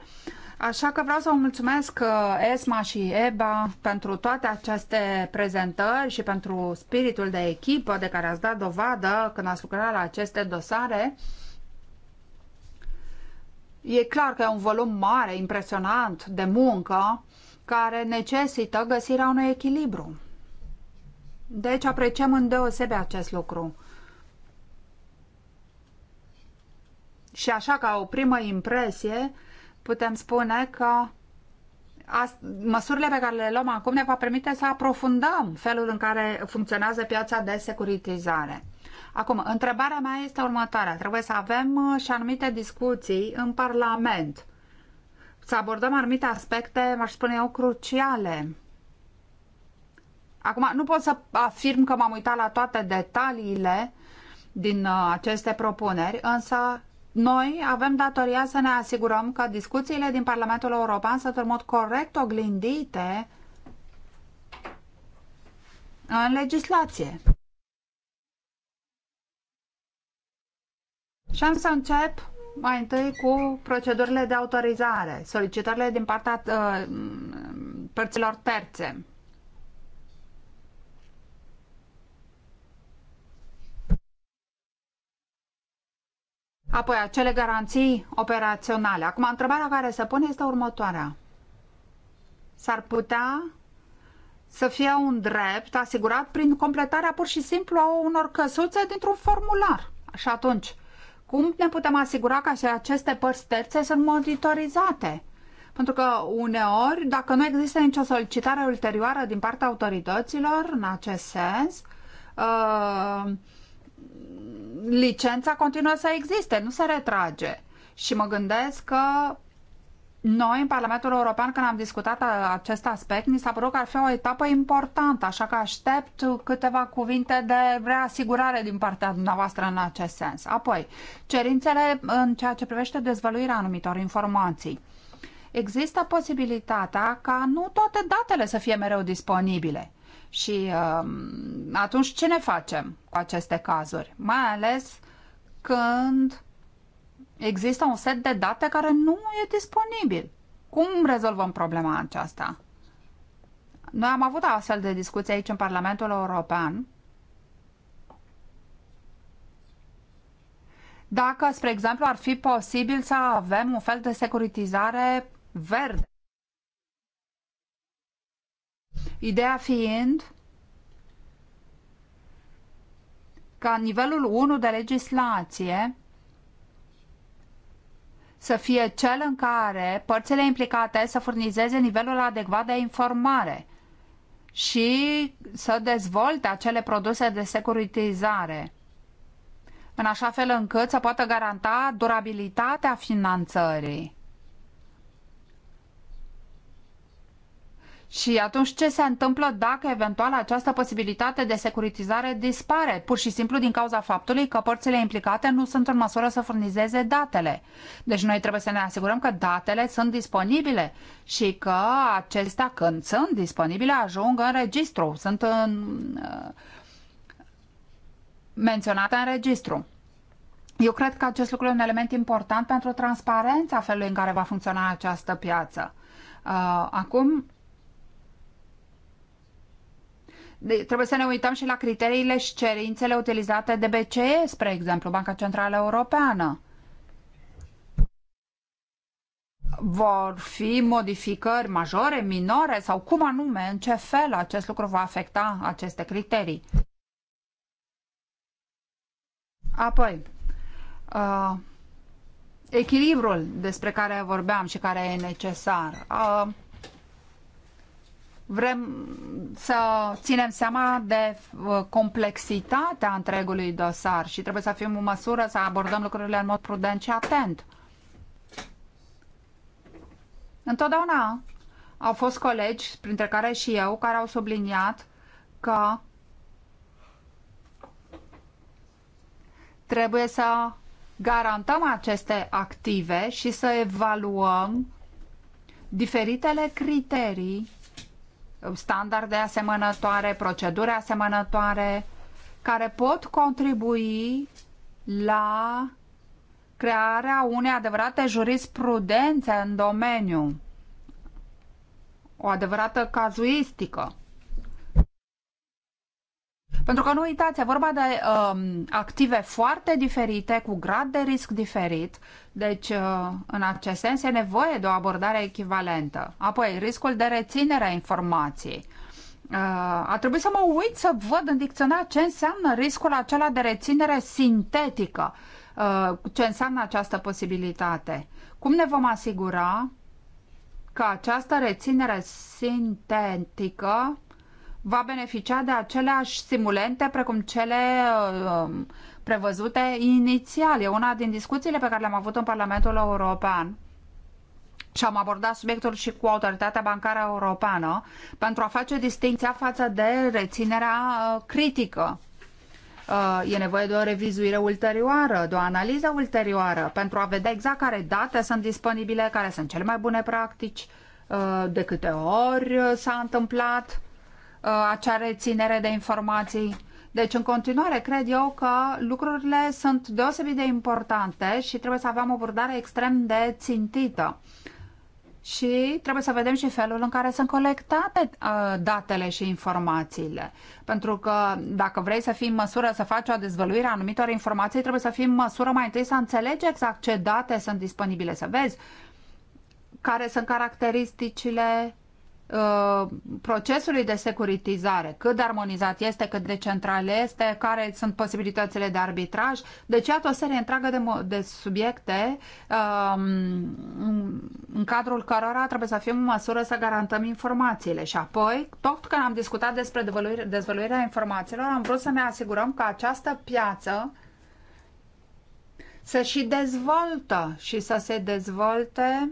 Așa că vreau să vă mulțumesc uh, ESMA și EBA pentru toate aceste prezentări și pentru spiritul de echipă de care ați dat dovadă când ați lucrat la aceste dosare. E clar că e un volum mare, impresionant de muncă, care necesită găsirea unui echilibru. Deci apreciem îndeosebe acest lucru. Și așa ca o primă impresie, putem spune că măsurile pe care le luăm acum ne va permite să aprofundăm felul în care funcționează piața de securitizare. Acum, întrebarea mea este următoarea. Trebuie să avem uh, și anumite discuții în Parlament. Să abordăm anumite aspecte, m-aș spune eu, cruciale Acum, nu pot să afirm că m-am uitat la toate detaliile din uh, aceste propuneri, însă noi avem datoria să ne asigurăm că discuțiile din Parlamentul European sunt în mod corect oglindite în legislație. Și am să încep mai întâi cu procedurile de autorizare, solicitările din partea uh, părților terțe. Apoi, acele garanții operaționale. Acum, întrebarea care se pune este următoarea. S-ar putea să fie un drept asigurat prin completarea pur și simplu a unor căsuțe dintr-un formular. Și atunci, cum ne putem asigura că aceste părți terțe sunt monitorizate? Pentru că uneori, dacă nu există nicio solicitare ulterioară din partea autorităților în acest sens, uh, licența continuă să existe, nu se retrage. Și mă gândesc că noi, în Parlamentul European, când am discutat acest aspect, ni s-a părut că ar fi o etapă importantă, așa că aștept câteva cuvinte de reasigurare din partea dumneavoastră în acest sens. Apoi, cerințele în ceea ce privește dezvăluirea anumitor informații. Există posibilitatea ca nu toate datele să fie mereu disponibile. Și uh, atunci ce ne facem cu aceste cazuri? Mai ales când există un set de date care nu e disponibil. Cum rezolvăm problema aceasta? Noi am avut astfel de discuții aici în Parlamentul European. Dacă, spre exemplu, ar fi posibil să avem un fel de securitizare verde Ideea fiind ca nivelul 1 de legislație să fie cel în care părțile implicate să furnizeze nivelul adecvat de informare și să dezvolte acele produse de securitizare, în așa fel încât să poată garanta durabilitatea finanțării. Și atunci ce se întâmplă dacă eventual această posibilitate de securitizare dispare, pur și simplu din cauza faptului că părțile implicate nu sunt în măsură să furnizeze datele. Deci noi trebuie să ne asigurăm că datele sunt disponibile și că acestea când sunt disponibile ajung în registru, sunt în, uh, menționate în registru. Eu cred că acest lucru e un element important pentru transparența felului în care va funcționa această piață. Uh, acum, trebuie să ne uităm și la criteriile și cerințele utilizate de BCE, spre exemplu, Banca Centrală Europeană. Vor fi modificări majore, minore sau cum anume, în ce fel acest lucru va afecta aceste criterii? Apoi, uh, echilibrul despre care vorbeam și care e necesar. Uh, Vrem să ținem seama de uh, complexitatea întregului dosar și trebuie să fim în măsură să abordăm lucrurile în mod prudent și atent. Întotdeauna au fost colegi, printre care și eu, care au subliniat că trebuie să garantăm aceste active și să evaluăm diferitele criterii standarde asemănătoare, proceduri asemănătoare, care pot contribui la crearea unei adevărate jurisprudențe în domeniu, o adevărată cazuistică. Pentru că nu uitați, e vorba de um, active foarte diferite, cu grad de risc diferit, deci uh, în acest sens e nevoie de o abordare echivalentă. Apoi, riscul de reținere a informației. Uh, a trebuit să mă uit să văd în dicționar ce înseamnă riscul acela de reținere sintetică, uh, ce înseamnă această posibilitate. Cum ne vom asigura că această reținere sintetică va beneficia de aceleași stimulente precum cele uh, prevăzute inițial. E una din discuțiile pe care le-am avut în Parlamentul European și am abordat subiectul și cu Autoritatea Bancară Europeană pentru a face distinția față de reținerea uh, critică. Uh, e nevoie de o revizuire ulterioară, de o analiză ulterioară pentru a vedea exact care date sunt disponibile, care sunt cele mai bune practici, de câte ori s-a întâmplat Uh, acea reținere de informații. Deci, în continuare, cred eu că lucrurile sunt deosebit de importante și trebuie să avem o abordare extrem de țintită. Și trebuie să vedem și felul în care sunt colectate uh, datele și informațiile. Pentru că dacă vrei să fii în măsură să faci o dezvăluire a anumitor informații, trebuie să fii în măsură mai întâi să înțelegi exact ce date sunt disponibile, să vezi care sunt caracteristicile Uh, procesului de securitizare, cât de armonizat este, cât de central este, care sunt posibilitățile de arbitraj. Deci, iată o serie întreagă de, de subiecte um, în cadrul cărora trebuie să fim în măsură să garantăm informațiile. Și apoi, tot când am discutat despre dezvăluire, dezvăluirea informațiilor, am vrut să ne asigurăm că această piață să și dezvoltă și să se dezvolte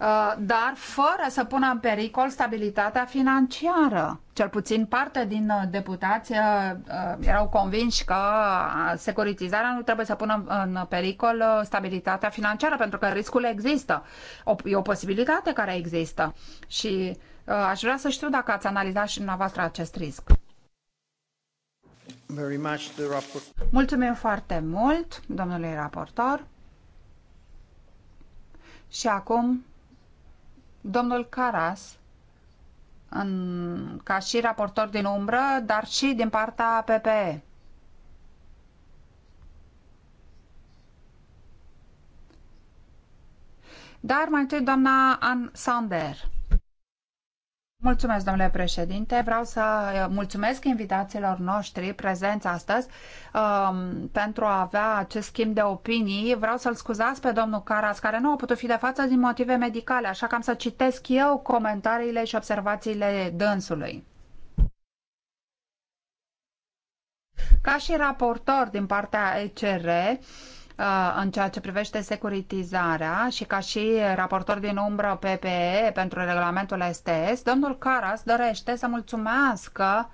Uh, dar fără să pună în pericol stabilitatea financiară. Cel puțin parte din uh, deputați uh, erau convinși că securitizarea nu trebuie să pună în pericol stabilitatea financiară, pentru că riscul există. E o posibilitate care există. Și aș vrea să știu dacă ați analizat și dumneavoastră acest risc. Mulțumim foarte mult, domnului raportor. Și acum domnul Caras, în, ca și raportor din umbră, dar și din partea PPE. Dar mai întâi doamna Ann Sander. Mulțumesc, domnule președinte. Vreau să eh, mulțumesc invitațiilor noștri prezenți astăzi um, pentru a avea acest schimb de opinii. Vreau să-l scuzați pe domnul Caras, care nu a putut fi de față din motive medicale, așa că am să citesc eu comentariile și observațiile dânsului. Ca și raportor din partea ECR, Uh, în ceea ce privește securitizarea și ca și raportor din umbră PPE pentru regulamentul STS, domnul Caras dorește să mulțumească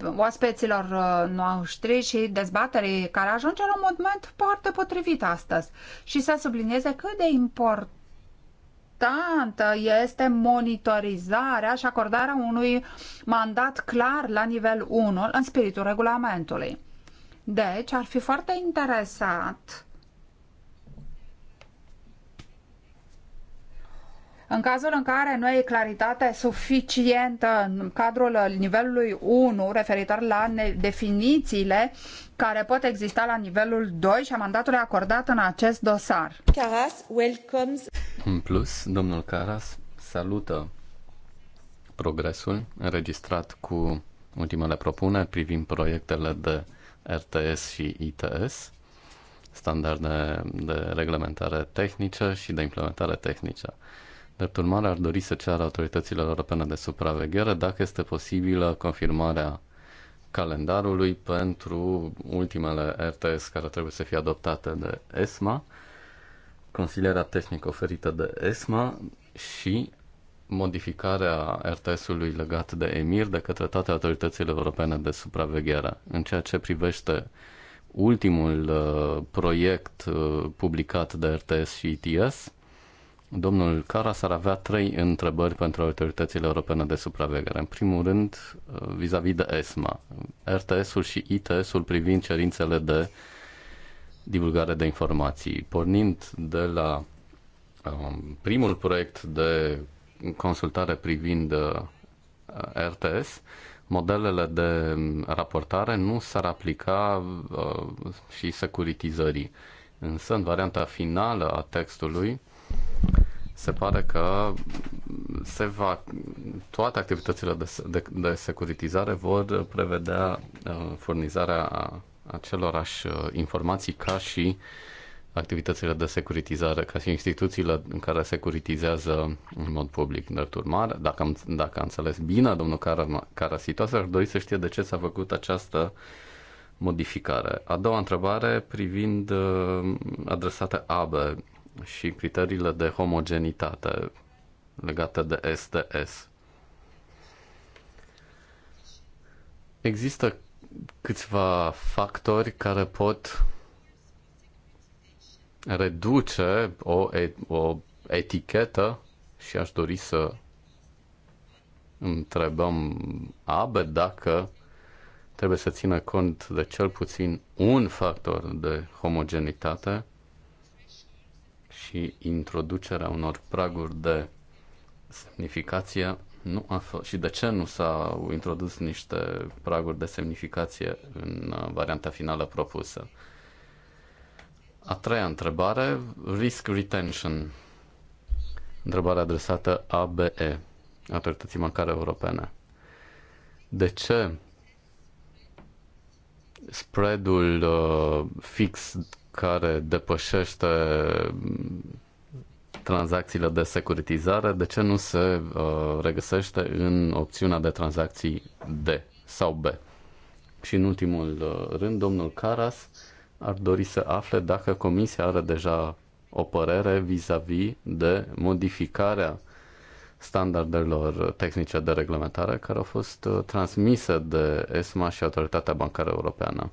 uh, oaspeților uh, noștri și dezbaterii care ajunge la un moment foarte potrivit astăzi și să sublinieze cât de important importantă este monitorizarea și acordarea unui mandat clar la nivel 1 în spiritul regulamentului. Deci, ar fi foarte interesat În cazul în care nu e claritate suficientă în cadrul nivelului 1 referitor la definițiile care pot exista la nivelul 2 și a mandatului acordat în acest dosar. Caras welcomes. În plus, domnul Caras salută progresul înregistrat cu ultimele propuneri privind proiectele de RTS și ITS, standarde de reglementare tehnice și de implementare tehnică. Drept urmare, ar dori să ceară autorităților europene de supraveghere dacă este posibilă confirmarea calendarului pentru ultimele RTS care trebuie să fie adoptate de ESMA, consilierea tehnică oferită de ESMA și modificarea RTS-ului legat de EMIR de către toate autoritățile europene de supraveghere. În ceea ce privește ultimul uh, proiect uh, publicat de RTS și ITS, domnul Caras ar avea trei întrebări pentru autoritățile europene de supraveghere. În primul rând, uh, vis-a-vis -vis de ESMA, RTS-ul și ITS-ul privind cerințele de divulgare de informații. Pornind de la um, primul proiect de consultare privind uh, RTS, modelele de raportare nu s-ar aplica uh, și securitizării. Însă, în varianta finală a textului, se pare că se va, toate activitățile de, de, de securitizare vor prevedea uh, furnizarea acelorași uh, informații ca și uh, activitățile de securitizare, ca și instituțiile în care securitizează în mod public. Drept urmare, dacă am, dacă am înțeles bine, domnul Carasitos, ar dori să știe de ce s-a făcut această modificare. A doua întrebare privind uh, adresate ABE și criteriile de homogenitate legate de STS. Există câțiva factori care pot reduce o, o etichetă și aș dori să întrebăm abe dacă trebuie să țină cont de cel puțin un factor de homogenitate și introducerea unor praguri de semnificație nu a f- și de ce nu s-au introdus niște praguri de semnificație în uh, varianta finală propusă. A treia întrebare, risk retention. Întrebare adresată ABE, Autorității Bancare Europene. De ce spreadul uh, fix care depășește mm, tranzacțiile de securitizare, de ce nu se uh, regăsește în opțiunea de tranzacții D sau B? Și în ultimul uh, rând, domnul Caras ar dori să afle dacă Comisia are deja o părere vis-a-vis -vis de modificarea standardelor tehnice de reglementare care au fost uh, transmise de ESMA și Autoritatea Bancară Europeană.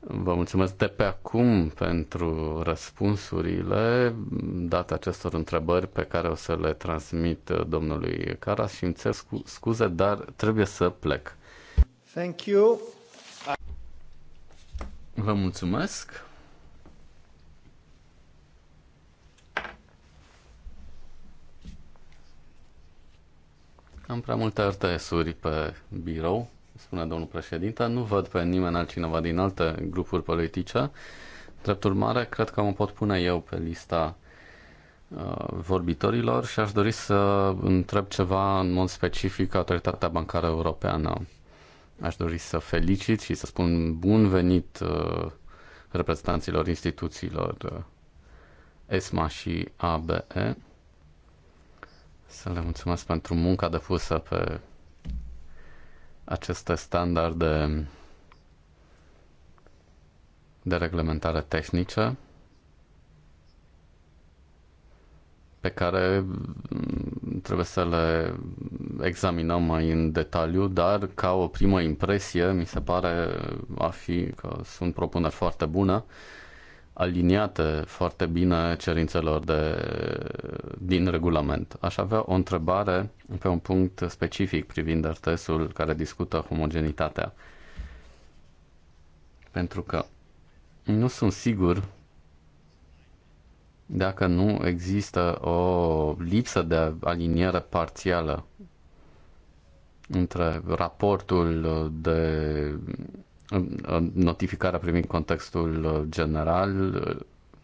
Vă mulțumesc de pe acum pentru răspunsurile date acestor întrebări pe care o să le transmit uh, domnului Caras și îmi cer scuze, dar trebuie să plec. Thank you. Vă mulțumesc. Am prea multe RTS-uri pe birou, spune domnul președinte. Nu văd pe nimeni altcineva din alte grupuri politice. Drept urmare, cred că mă pot pune eu pe lista uh, vorbitorilor și aș dori să întreb ceva în mod specific autoritatea bancară europeană. Aș dori să felicit și să spun bun venit uh, reprezentanților instituțiilor uh, ESMA și ABE. Să le mulțumesc pentru munca depusă pe aceste standarde de reglementare tehnice pe care mm, trebuie să le examinăm mai în detaliu, dar ca o primă impresie mi se pare a fi că sunt propuneri foarte bune, aliniate foarte bine cerințelor de, din regulament. Aș avea o întrebare pe un punct specific privind RTS-ul care discută homogenitatea. Pentru că nu sunt sigur dacă nu există o lipsă de aliniere parțială între raportul de notificarea privind contextul general,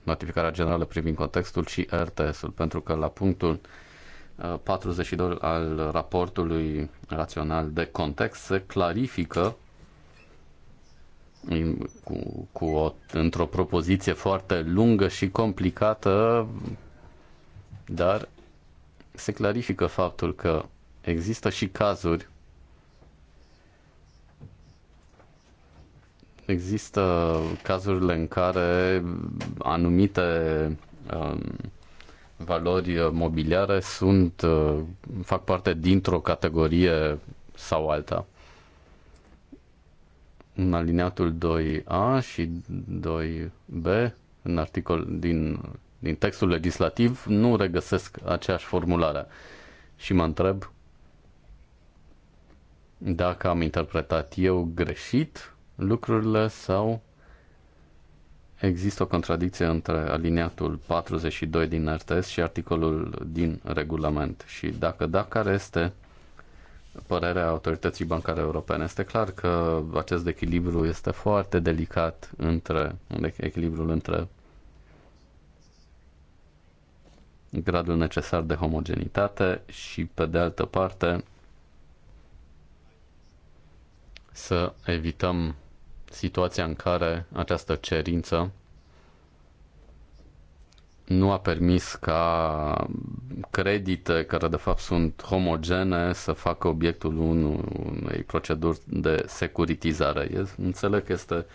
notificarea generală privind contextul și RTS-ul, pentru că la punctul 42 uh, al raportului rațional de context se clarifică cu, cu o, într-o propoziție foarte lungă și complicată, dar se clarifică faptul că există și cazuri există cazurile în care anumite um, valori mobiliare sunt uh, fac parte dintr-o categorie sau alta în alineatul 2A și 2B în articol din, din textul legislativ nu regăsesc aceeași formulare și mă întreb dacă am interpretat eu greșit lucrurile sau există o contradicție între alineatul 42 din RTS și articolul din regulament și dacă da, care este părerea autorității bancare europene. Este clar că acest echilibru este foarte delicat între echilibrul între gradul necesar de homogenitate și pe de altă parte să evităm situația în care această cerință nu a permis ca credite care de fapt sunt homogene să facă obiectul unei proceduri de securitizare. Eu înțeleg că este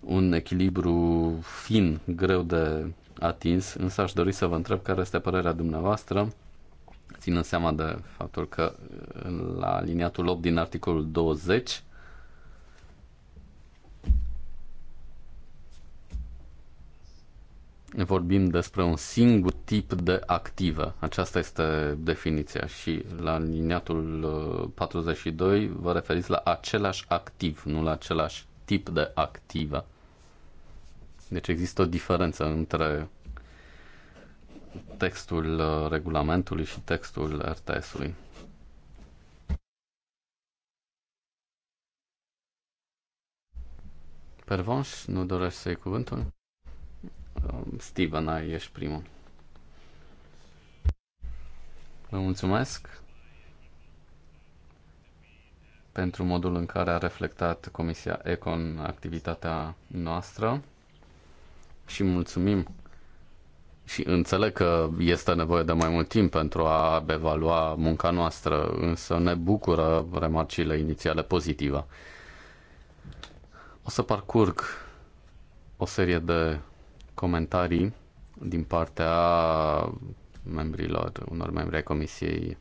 un echilibru fin, greu de atins, însă aș dori să vă întreb care este părerea dumneavoastră, ținând seama de faptul că la liniatul 8 din articolul 20 vorbim despre un singur tip de activă. Aceasta este definiția și la liniatul 42 uh, vă referiți la același activ, nu la același tip de activă. Deci există o diferență între textul uh, regulamentului și textul RTS-ului. Pervanș, nu dorești să iei cuvântul? Um, Steven, ai, ești primul. Vă mulțumesc pentru modul în care a reflectat Comisia Econ activitatea noastră și mulțumim și înțeleg că este nevoie de mai mult timp pentru a evalua munca noastră, însă ne bucură remarcile inițiale pozitive. O să parcurg o serie de comentarii din partea membrilor, unor membri ai Comisiei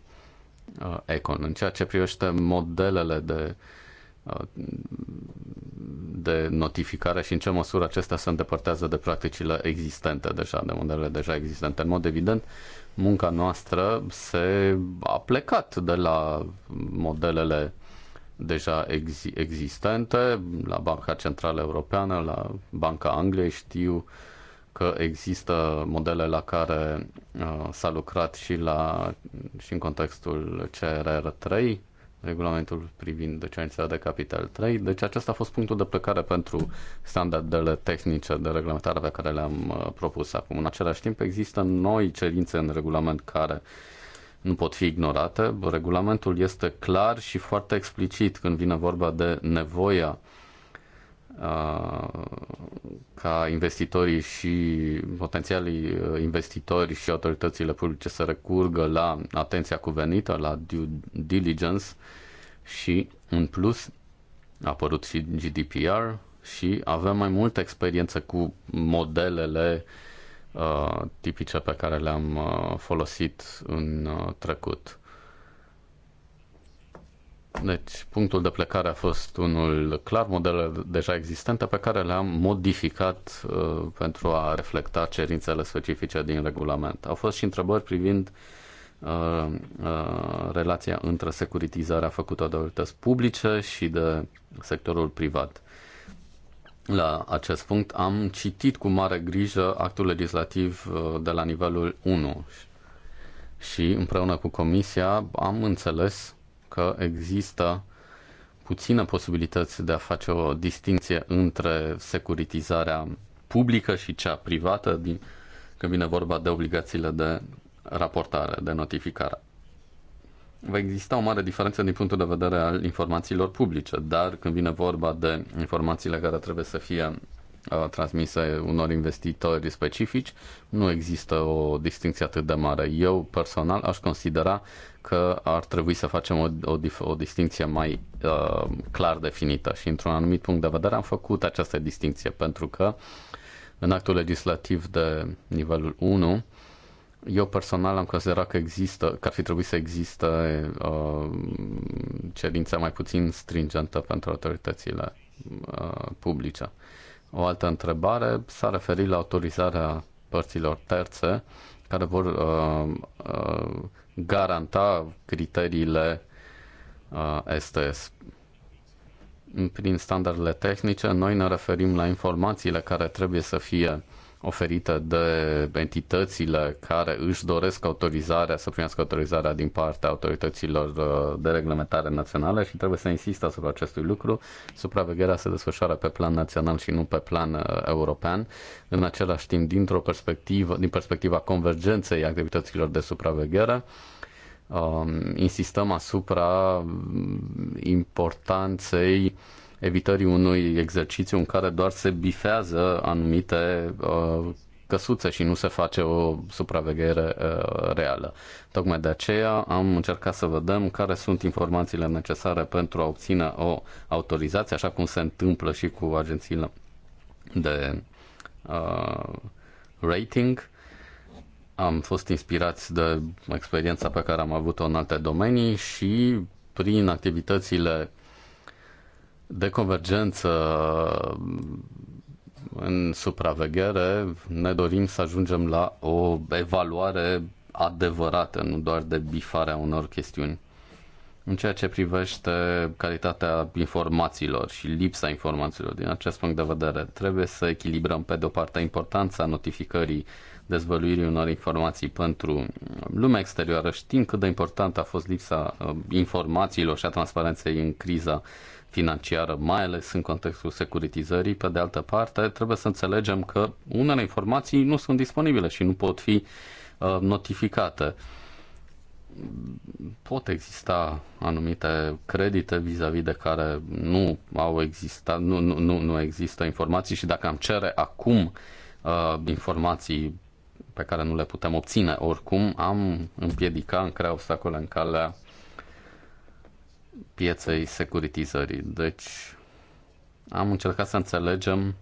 uh, Econ. În ceea ce privește modelele de uh, de notificare și în ce măsură acestea se îndepărtează de practicile existente deja, de modelele deja existente. În mod evident, munca noastră se a plecat de la modelele deja ex- existente, la Banca Centrală Europeană, la Banca Angliei, știu uh, că există modele la care uh, s-a lucrat și, la, și în contextul CRR3, regulamentul privind decenția de capital 3. Deci acesta a fost punctul de plecare pentru standardele tehnice de reglementare pe care le-am uh, propus acum. În același timp există noi cerințe în regulament care nu pot fi ignorate. Regulamentul este clar și foarte explicit când vine vorba de nevoia ca investitorii și potențialii uh, investitori și autoritățile publice să recurgă la atenția cuvenită, la due diligence și, în plus, a apărut și GDPR și avem mai multă experiență cu modelele uh, tipice pe care le-am uh, folosit în uh, trecut. Deci, punctul de plecare a fost unul clar, modelele deja existente pe care le-am modificat uh, pentru a reflecta cerințele specifice din regulament. Au fost și întrebări privind uh, uh, relația între securitizarea făcută de autorități publice și de sectorul privat. La acest punct am citit cu mare grijă actul legislativ uh, de la nivelul 1 și împreună cu Comisia am înțeles că există puține posibilități de a face o distinție între securitizarea publică și cea privată, din, când vine vorba de obligațiile de raportare, de notificare. Va exista o mare diferență din punctul de vedere al informațiilor publice, dar când vine vorba de informațiile care trebuie să fie uh, transmise unor investitori specifici, nu există o distinție atât de mare. Eu personal aș considera că ar trebui să facem o, o, o distinție mai uh, clar definită și într-un anumit punct de vedere am făcut această distinție pentru că în actul legislativ de nivelul 1 eu personal am considerat că există, că ar fi trebuit să existe uh, cerința mai puțin stringentă pentru autoritățile uh, publice. O altă întrebare s-a referit la autorizarea părților terțe care vor uh, uh, garanta criteriile STS. Uh, Prin standardele tehnice, noi ne referim la informațiile care trebuie să fie oferită de entitățile care își doresc autorizarea, să primească autorizarea din partea autorităților uh, de reglementare naționale și trebuie să insist asupra acestui lucru. Supravegherea se desfășoară pe plan național și nu pe plan uh, european. În același timp, dintr-o perspectivă, din perspectiva convergenței activităților de supraveghere, um, insistăm asupra mm, importanței evitării unui exercițiu în care doar se bifează anumite uh, căsuțe și nu se face o supraveghere uh, reală. Tocmai de aceea am încercat să vedem care sunt informațiile necesare pentru a obține o autorizație, așa cum se întâmplă și cu agențiile de uh, rating. Am fost inspirați de experiența pe care am avut-o în alte domenii și prin activitățile uh, de convergență în supraveghere, ne dorim să ajungem la o evaluare adevărată, nu doar de bifarea unor chestiuni. În ceea ce privește calitatea informațiilor și lipsa informațiilor, din acest punct de vedere, trebuie să echilibrăm pe de o parte importanța notificării dezvăluirii unor informații pentru lumea exterioară. Știm cât de importantă a fost lipsa uh, informațiilor și a transparenței în criza financiară, mai ales în contextul securitizării. Pe de altă parte, trebuie să înțelegem că unele informații nu sunt disponibile și nu pot fi uh, notificate. Pot exista anumite credite vis-a-vis -vis de care nu au existat, nu, nu, nu, nu există informații și dacă am cere acum uh, informații pe care nu le putem obține oricum, am împiedica în crea obstacole în calea pieței securitizării. Deci am încercat să înțelegem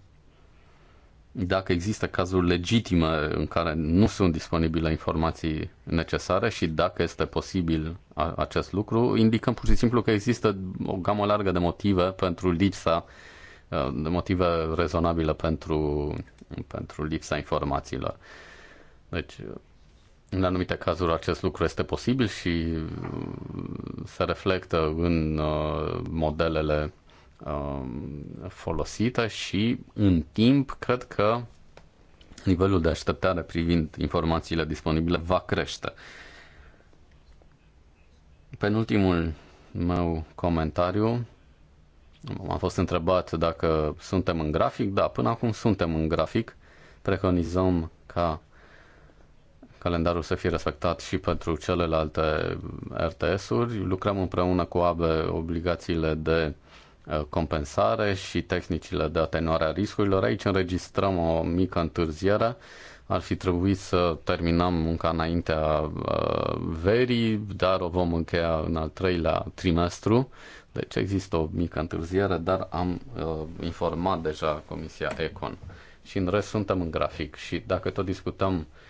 dacă există cazuri legitime în care nu sunt disponibile informații necesare și dacă este posibil acest lucru, indicăm pur și simplu că există o gamă largă de motive pentru lipsa, de motive rezonabile pentru, pentru lipsa informațiilor. Deci în anumite cazuri acest lucru este posibil și mm, se reflectă în uh, modelele um, folosite și în timp cred că nivelul de așteptare privind informațiile disponibile va crește. Penultimul meu comentariu am fost întrebat dacă suntem în grafic. Da, până acum suntem în grafic. Preconizăm ca calendarul să fie respectat și pentru celelalte RTS-uri. Lucrăm împreună cu ABE obligațiile de uh, compensare și tehnicile de atenuare a riscurilor. Aici înregistrăm o mică întârziere. Ar fi trebuit să terminăm munca înaintea uh, verii, dar o vom încheia în al treilea trimestru. Deci există o mică întârziere, dar am uh, informat deja Comisia Econ. Și în rest suntem în grafic și dacă tot discutăm uh,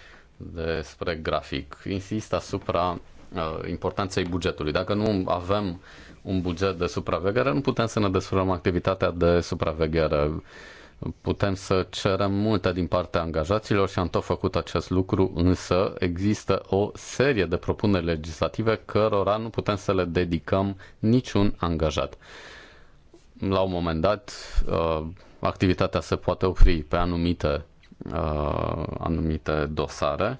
despre grafic. Insist asupra uh, importanței bugetului. Dacă nu avem un buget de supraveghere, nu putem să ne desfășurăm activitatea de supraveghere. Putem să cerem multe din partea angajaților și am tot făcut acest lucru, însă există o serie de propuneri legislative cărora nu putem să le dedicăm niciun angajat. La un moment dat, uh, activitatea se poate opri pe anumite uh, anumite dosare.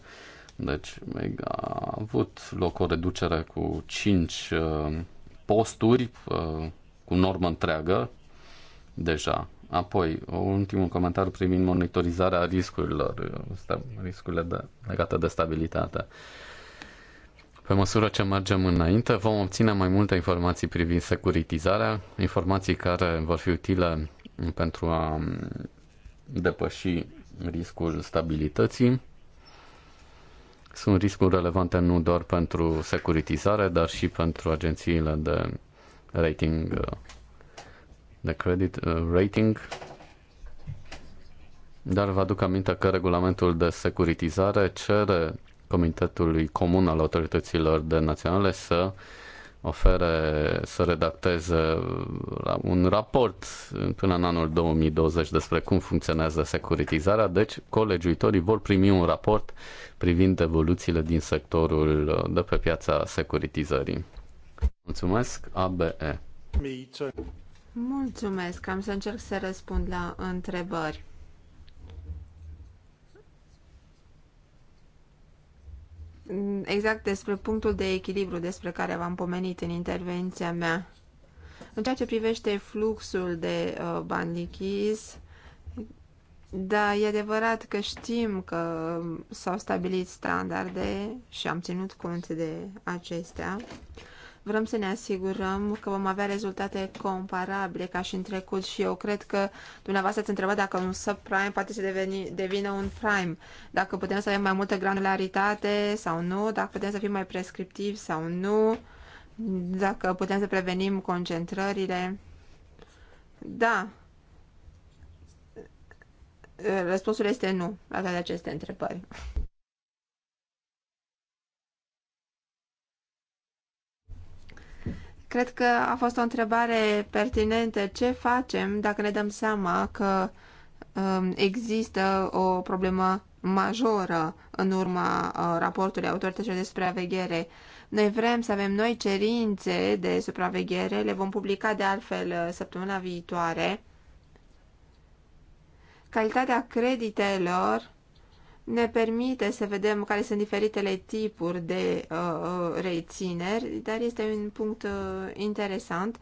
Deci a avut loc o reducere cu 5 uh, posturi uh, cu normă întreagă deja. Apoi, ultimul comentariu privind monitorizarea riscurilor, riscurile de, legate de stabilitate. Pe măsură ce mergem înainte, vom obține mai multe informații privind securitizarea, informații care vor fi utile pentru a depăși riscul stabilității. Sunt riscuri relevante nu doar pentru securitizare, dar și pentru agențiile de rating de credit uh, rating. Dar vă aduc aminte că regulamentul de securitizare cere Comitetului Comun al Autorităților de Naționale să uh, ofere, să redacteze un raport până în anul 2020 despre cum funcționează securitizarea, deci colegiuitorii vor primi un raport privind evoluțiile din sectorul de pe piața securitizării. Mulțumesc, ABE. Mulțumesc, am să încerc să răspund la întrebări. exact despre punctul de echilibru despre care v-am pomenit în intervenția mea. În ceea ce privește fluxul de uh, bani lichizi, da, e adevărat că știm că s-au stabilit standarde și am ținut cont de acestea. Vrem să ne asigurăm că vom avea rezultate comparabile ca și în trecut și eu cred că dumneavoastră ați întrebat dacă un subprime poate să deveni, devină un prime, dacă putem să avem mai multă granularitate sau nu, dacă putem să fim mai prescriptivi sau nu, dacă putem să prevenim concentrările. Da, răspunsul este nu la toate aceste întrebări. Cred că a fost o întrebare pertinentă. Ce facem dacă ne dăm seama că um, există o problemă majoră în urma uh, raportului autorităților de supraveghere? Noi vrem să avem noi cerințe de supraveghere, le vom publica de altfel uh, săptămâna viitoare. Calitatea creditelor ne permite să vedem care sunt diferitele tipuri de uh, uh, rețineri, dar este un punct uh, interesant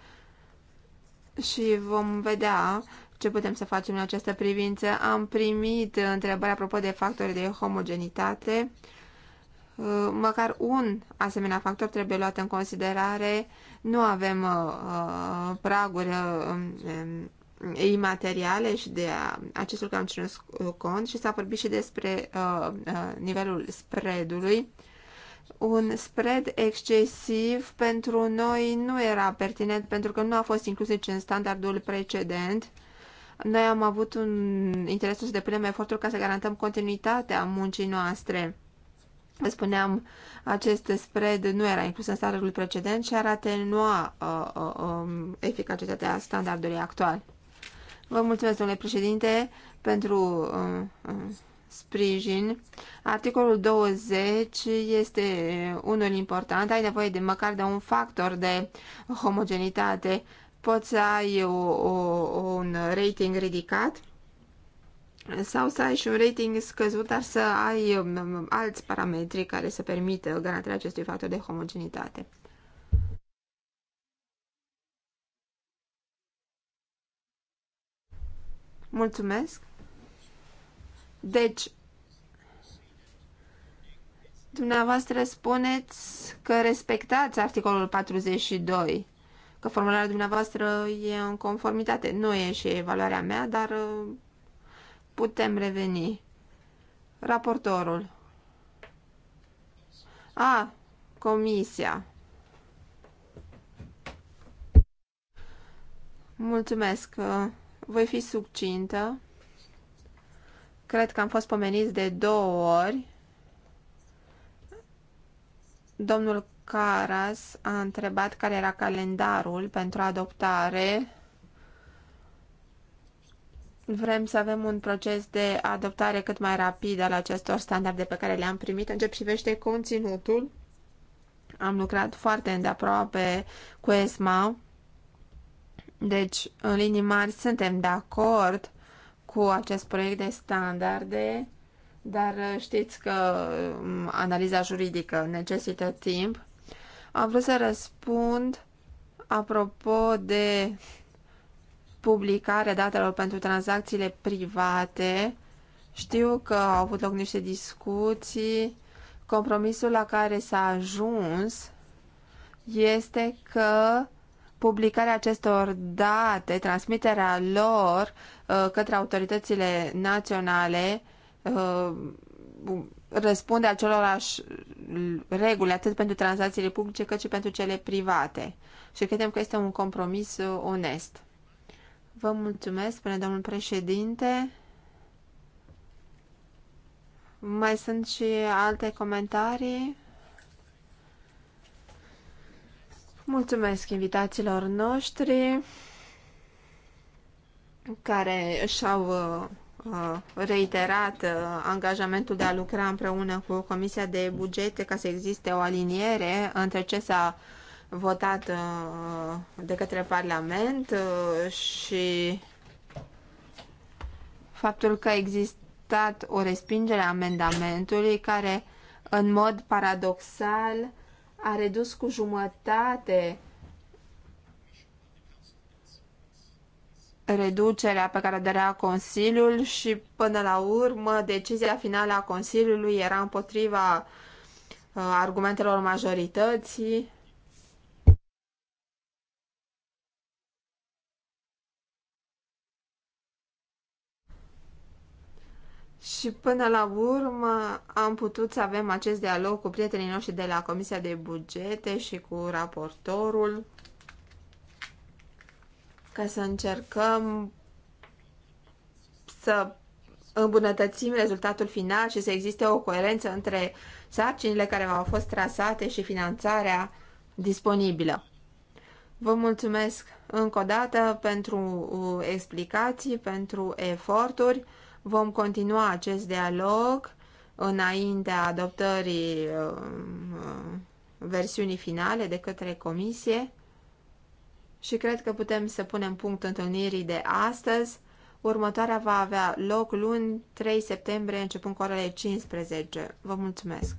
și vom vedea ce putem să facem în această privință. Am primit întrebarea apropo de factori de homogenitate. Uh, măcar un asemenea factor trebuie luat în considerare. Nu avem uh, uh praguri uh, um, imateriale și de acest lucru am ținut cont și s-a vorbit și despre uh, uh, nivelul spreadului. Un spread excesiv pentru noi nu era pertinent pentru că nu a fost inclus nici în standardul precedent. Noi am avut un interes să depunem efortul ca să garantăm continuitatea muncii noastre. Spuneam, acest spread nu era inclus în standardul precedent și ar atenua uh, uh, um, eficacitatea standardului actual. Vă mulțumesc, domnule președinte, pentru uh, uh, sprijin. Articolul 20 este unul important. Ai nevoie de măcar de un factor de homogenitate. Poți să ai o, o, un rating ridicat sau să ai și un rating scăzut, dar să ai um, alți parametri care să permită garantarea acestui factor de homogenitate. Mulțumesc. Deci, dumneavoastră spuneți că respectați articolul 42, că formularea dumneavoastră e în conformitate. Nu e și evaluarea mea, dar uh, putem reveni. Raportorul. A, comisia. Mulțumesc. Uh, voi fi succintă. Cred că am fost pomeniți de două ori. Domnul Caras a întrebat care era calendarul pentru adoptare. Vrem să avem un proces de adoptare cât mai rapid al acestor standarde pe care le-am primit. În ce privește conținutul, am lucrat foarte îndeaproape cu ESMA deci, în linii mari, suntem de acord cu acest proiect de standarde, dar uh, știți că um, analiza juridică necesită timp. Am vrut să răspund apropo de publicarea datelor pentru tranzacțiile private. Știu că au avut loc niște discuții. Compromisul la care s-a ajuns este că publicarea acestor date, transmiterea lor uh, către autoritățile naționale uh, răspunde acelorași reguli atât pentru tranzacțiile publice cât și pentru cele private. Și credem că este un compromis uh, onest. Vă mulțumesc, spune domnul președinte. Mai sunt și alte comentarii? Mulțumesc invitațiilor noștri care și-au uh, reiterat uh, angajamentul de a lucra împreună cu Comisia de Bugete ca să existe o aliniere între ce s-a votat uh, de către Parlament și faptul că a existat o respingere a amendamentului care, în mod paradoxal, a redus cu jumătate reducerea pe care dărea Consiliul și până la urmă decizia finală a Consiliului era împotriva uh, argumentelor majorității Și până la urmă am putut să avem acest dialog cu prietenii noștri de la Comisia de Bugete și cu raportorul ca să încercăm să îmbunătățim rezultatul final și să existe o coerență între sarcinile care au fost trasate și finanțarea disponibilă. Vă mulțumesc încă o dată pentru uh, explicații, pentru eforturi. Vom continua acest dialog înaintea adoptării uh, versiunii finale de către comisie și cred că putem să punem punct întâlnirii de astăzi. Următoarea va avea loc luni 3 septembrie, începând cu orele 15. Vă mulțumesc!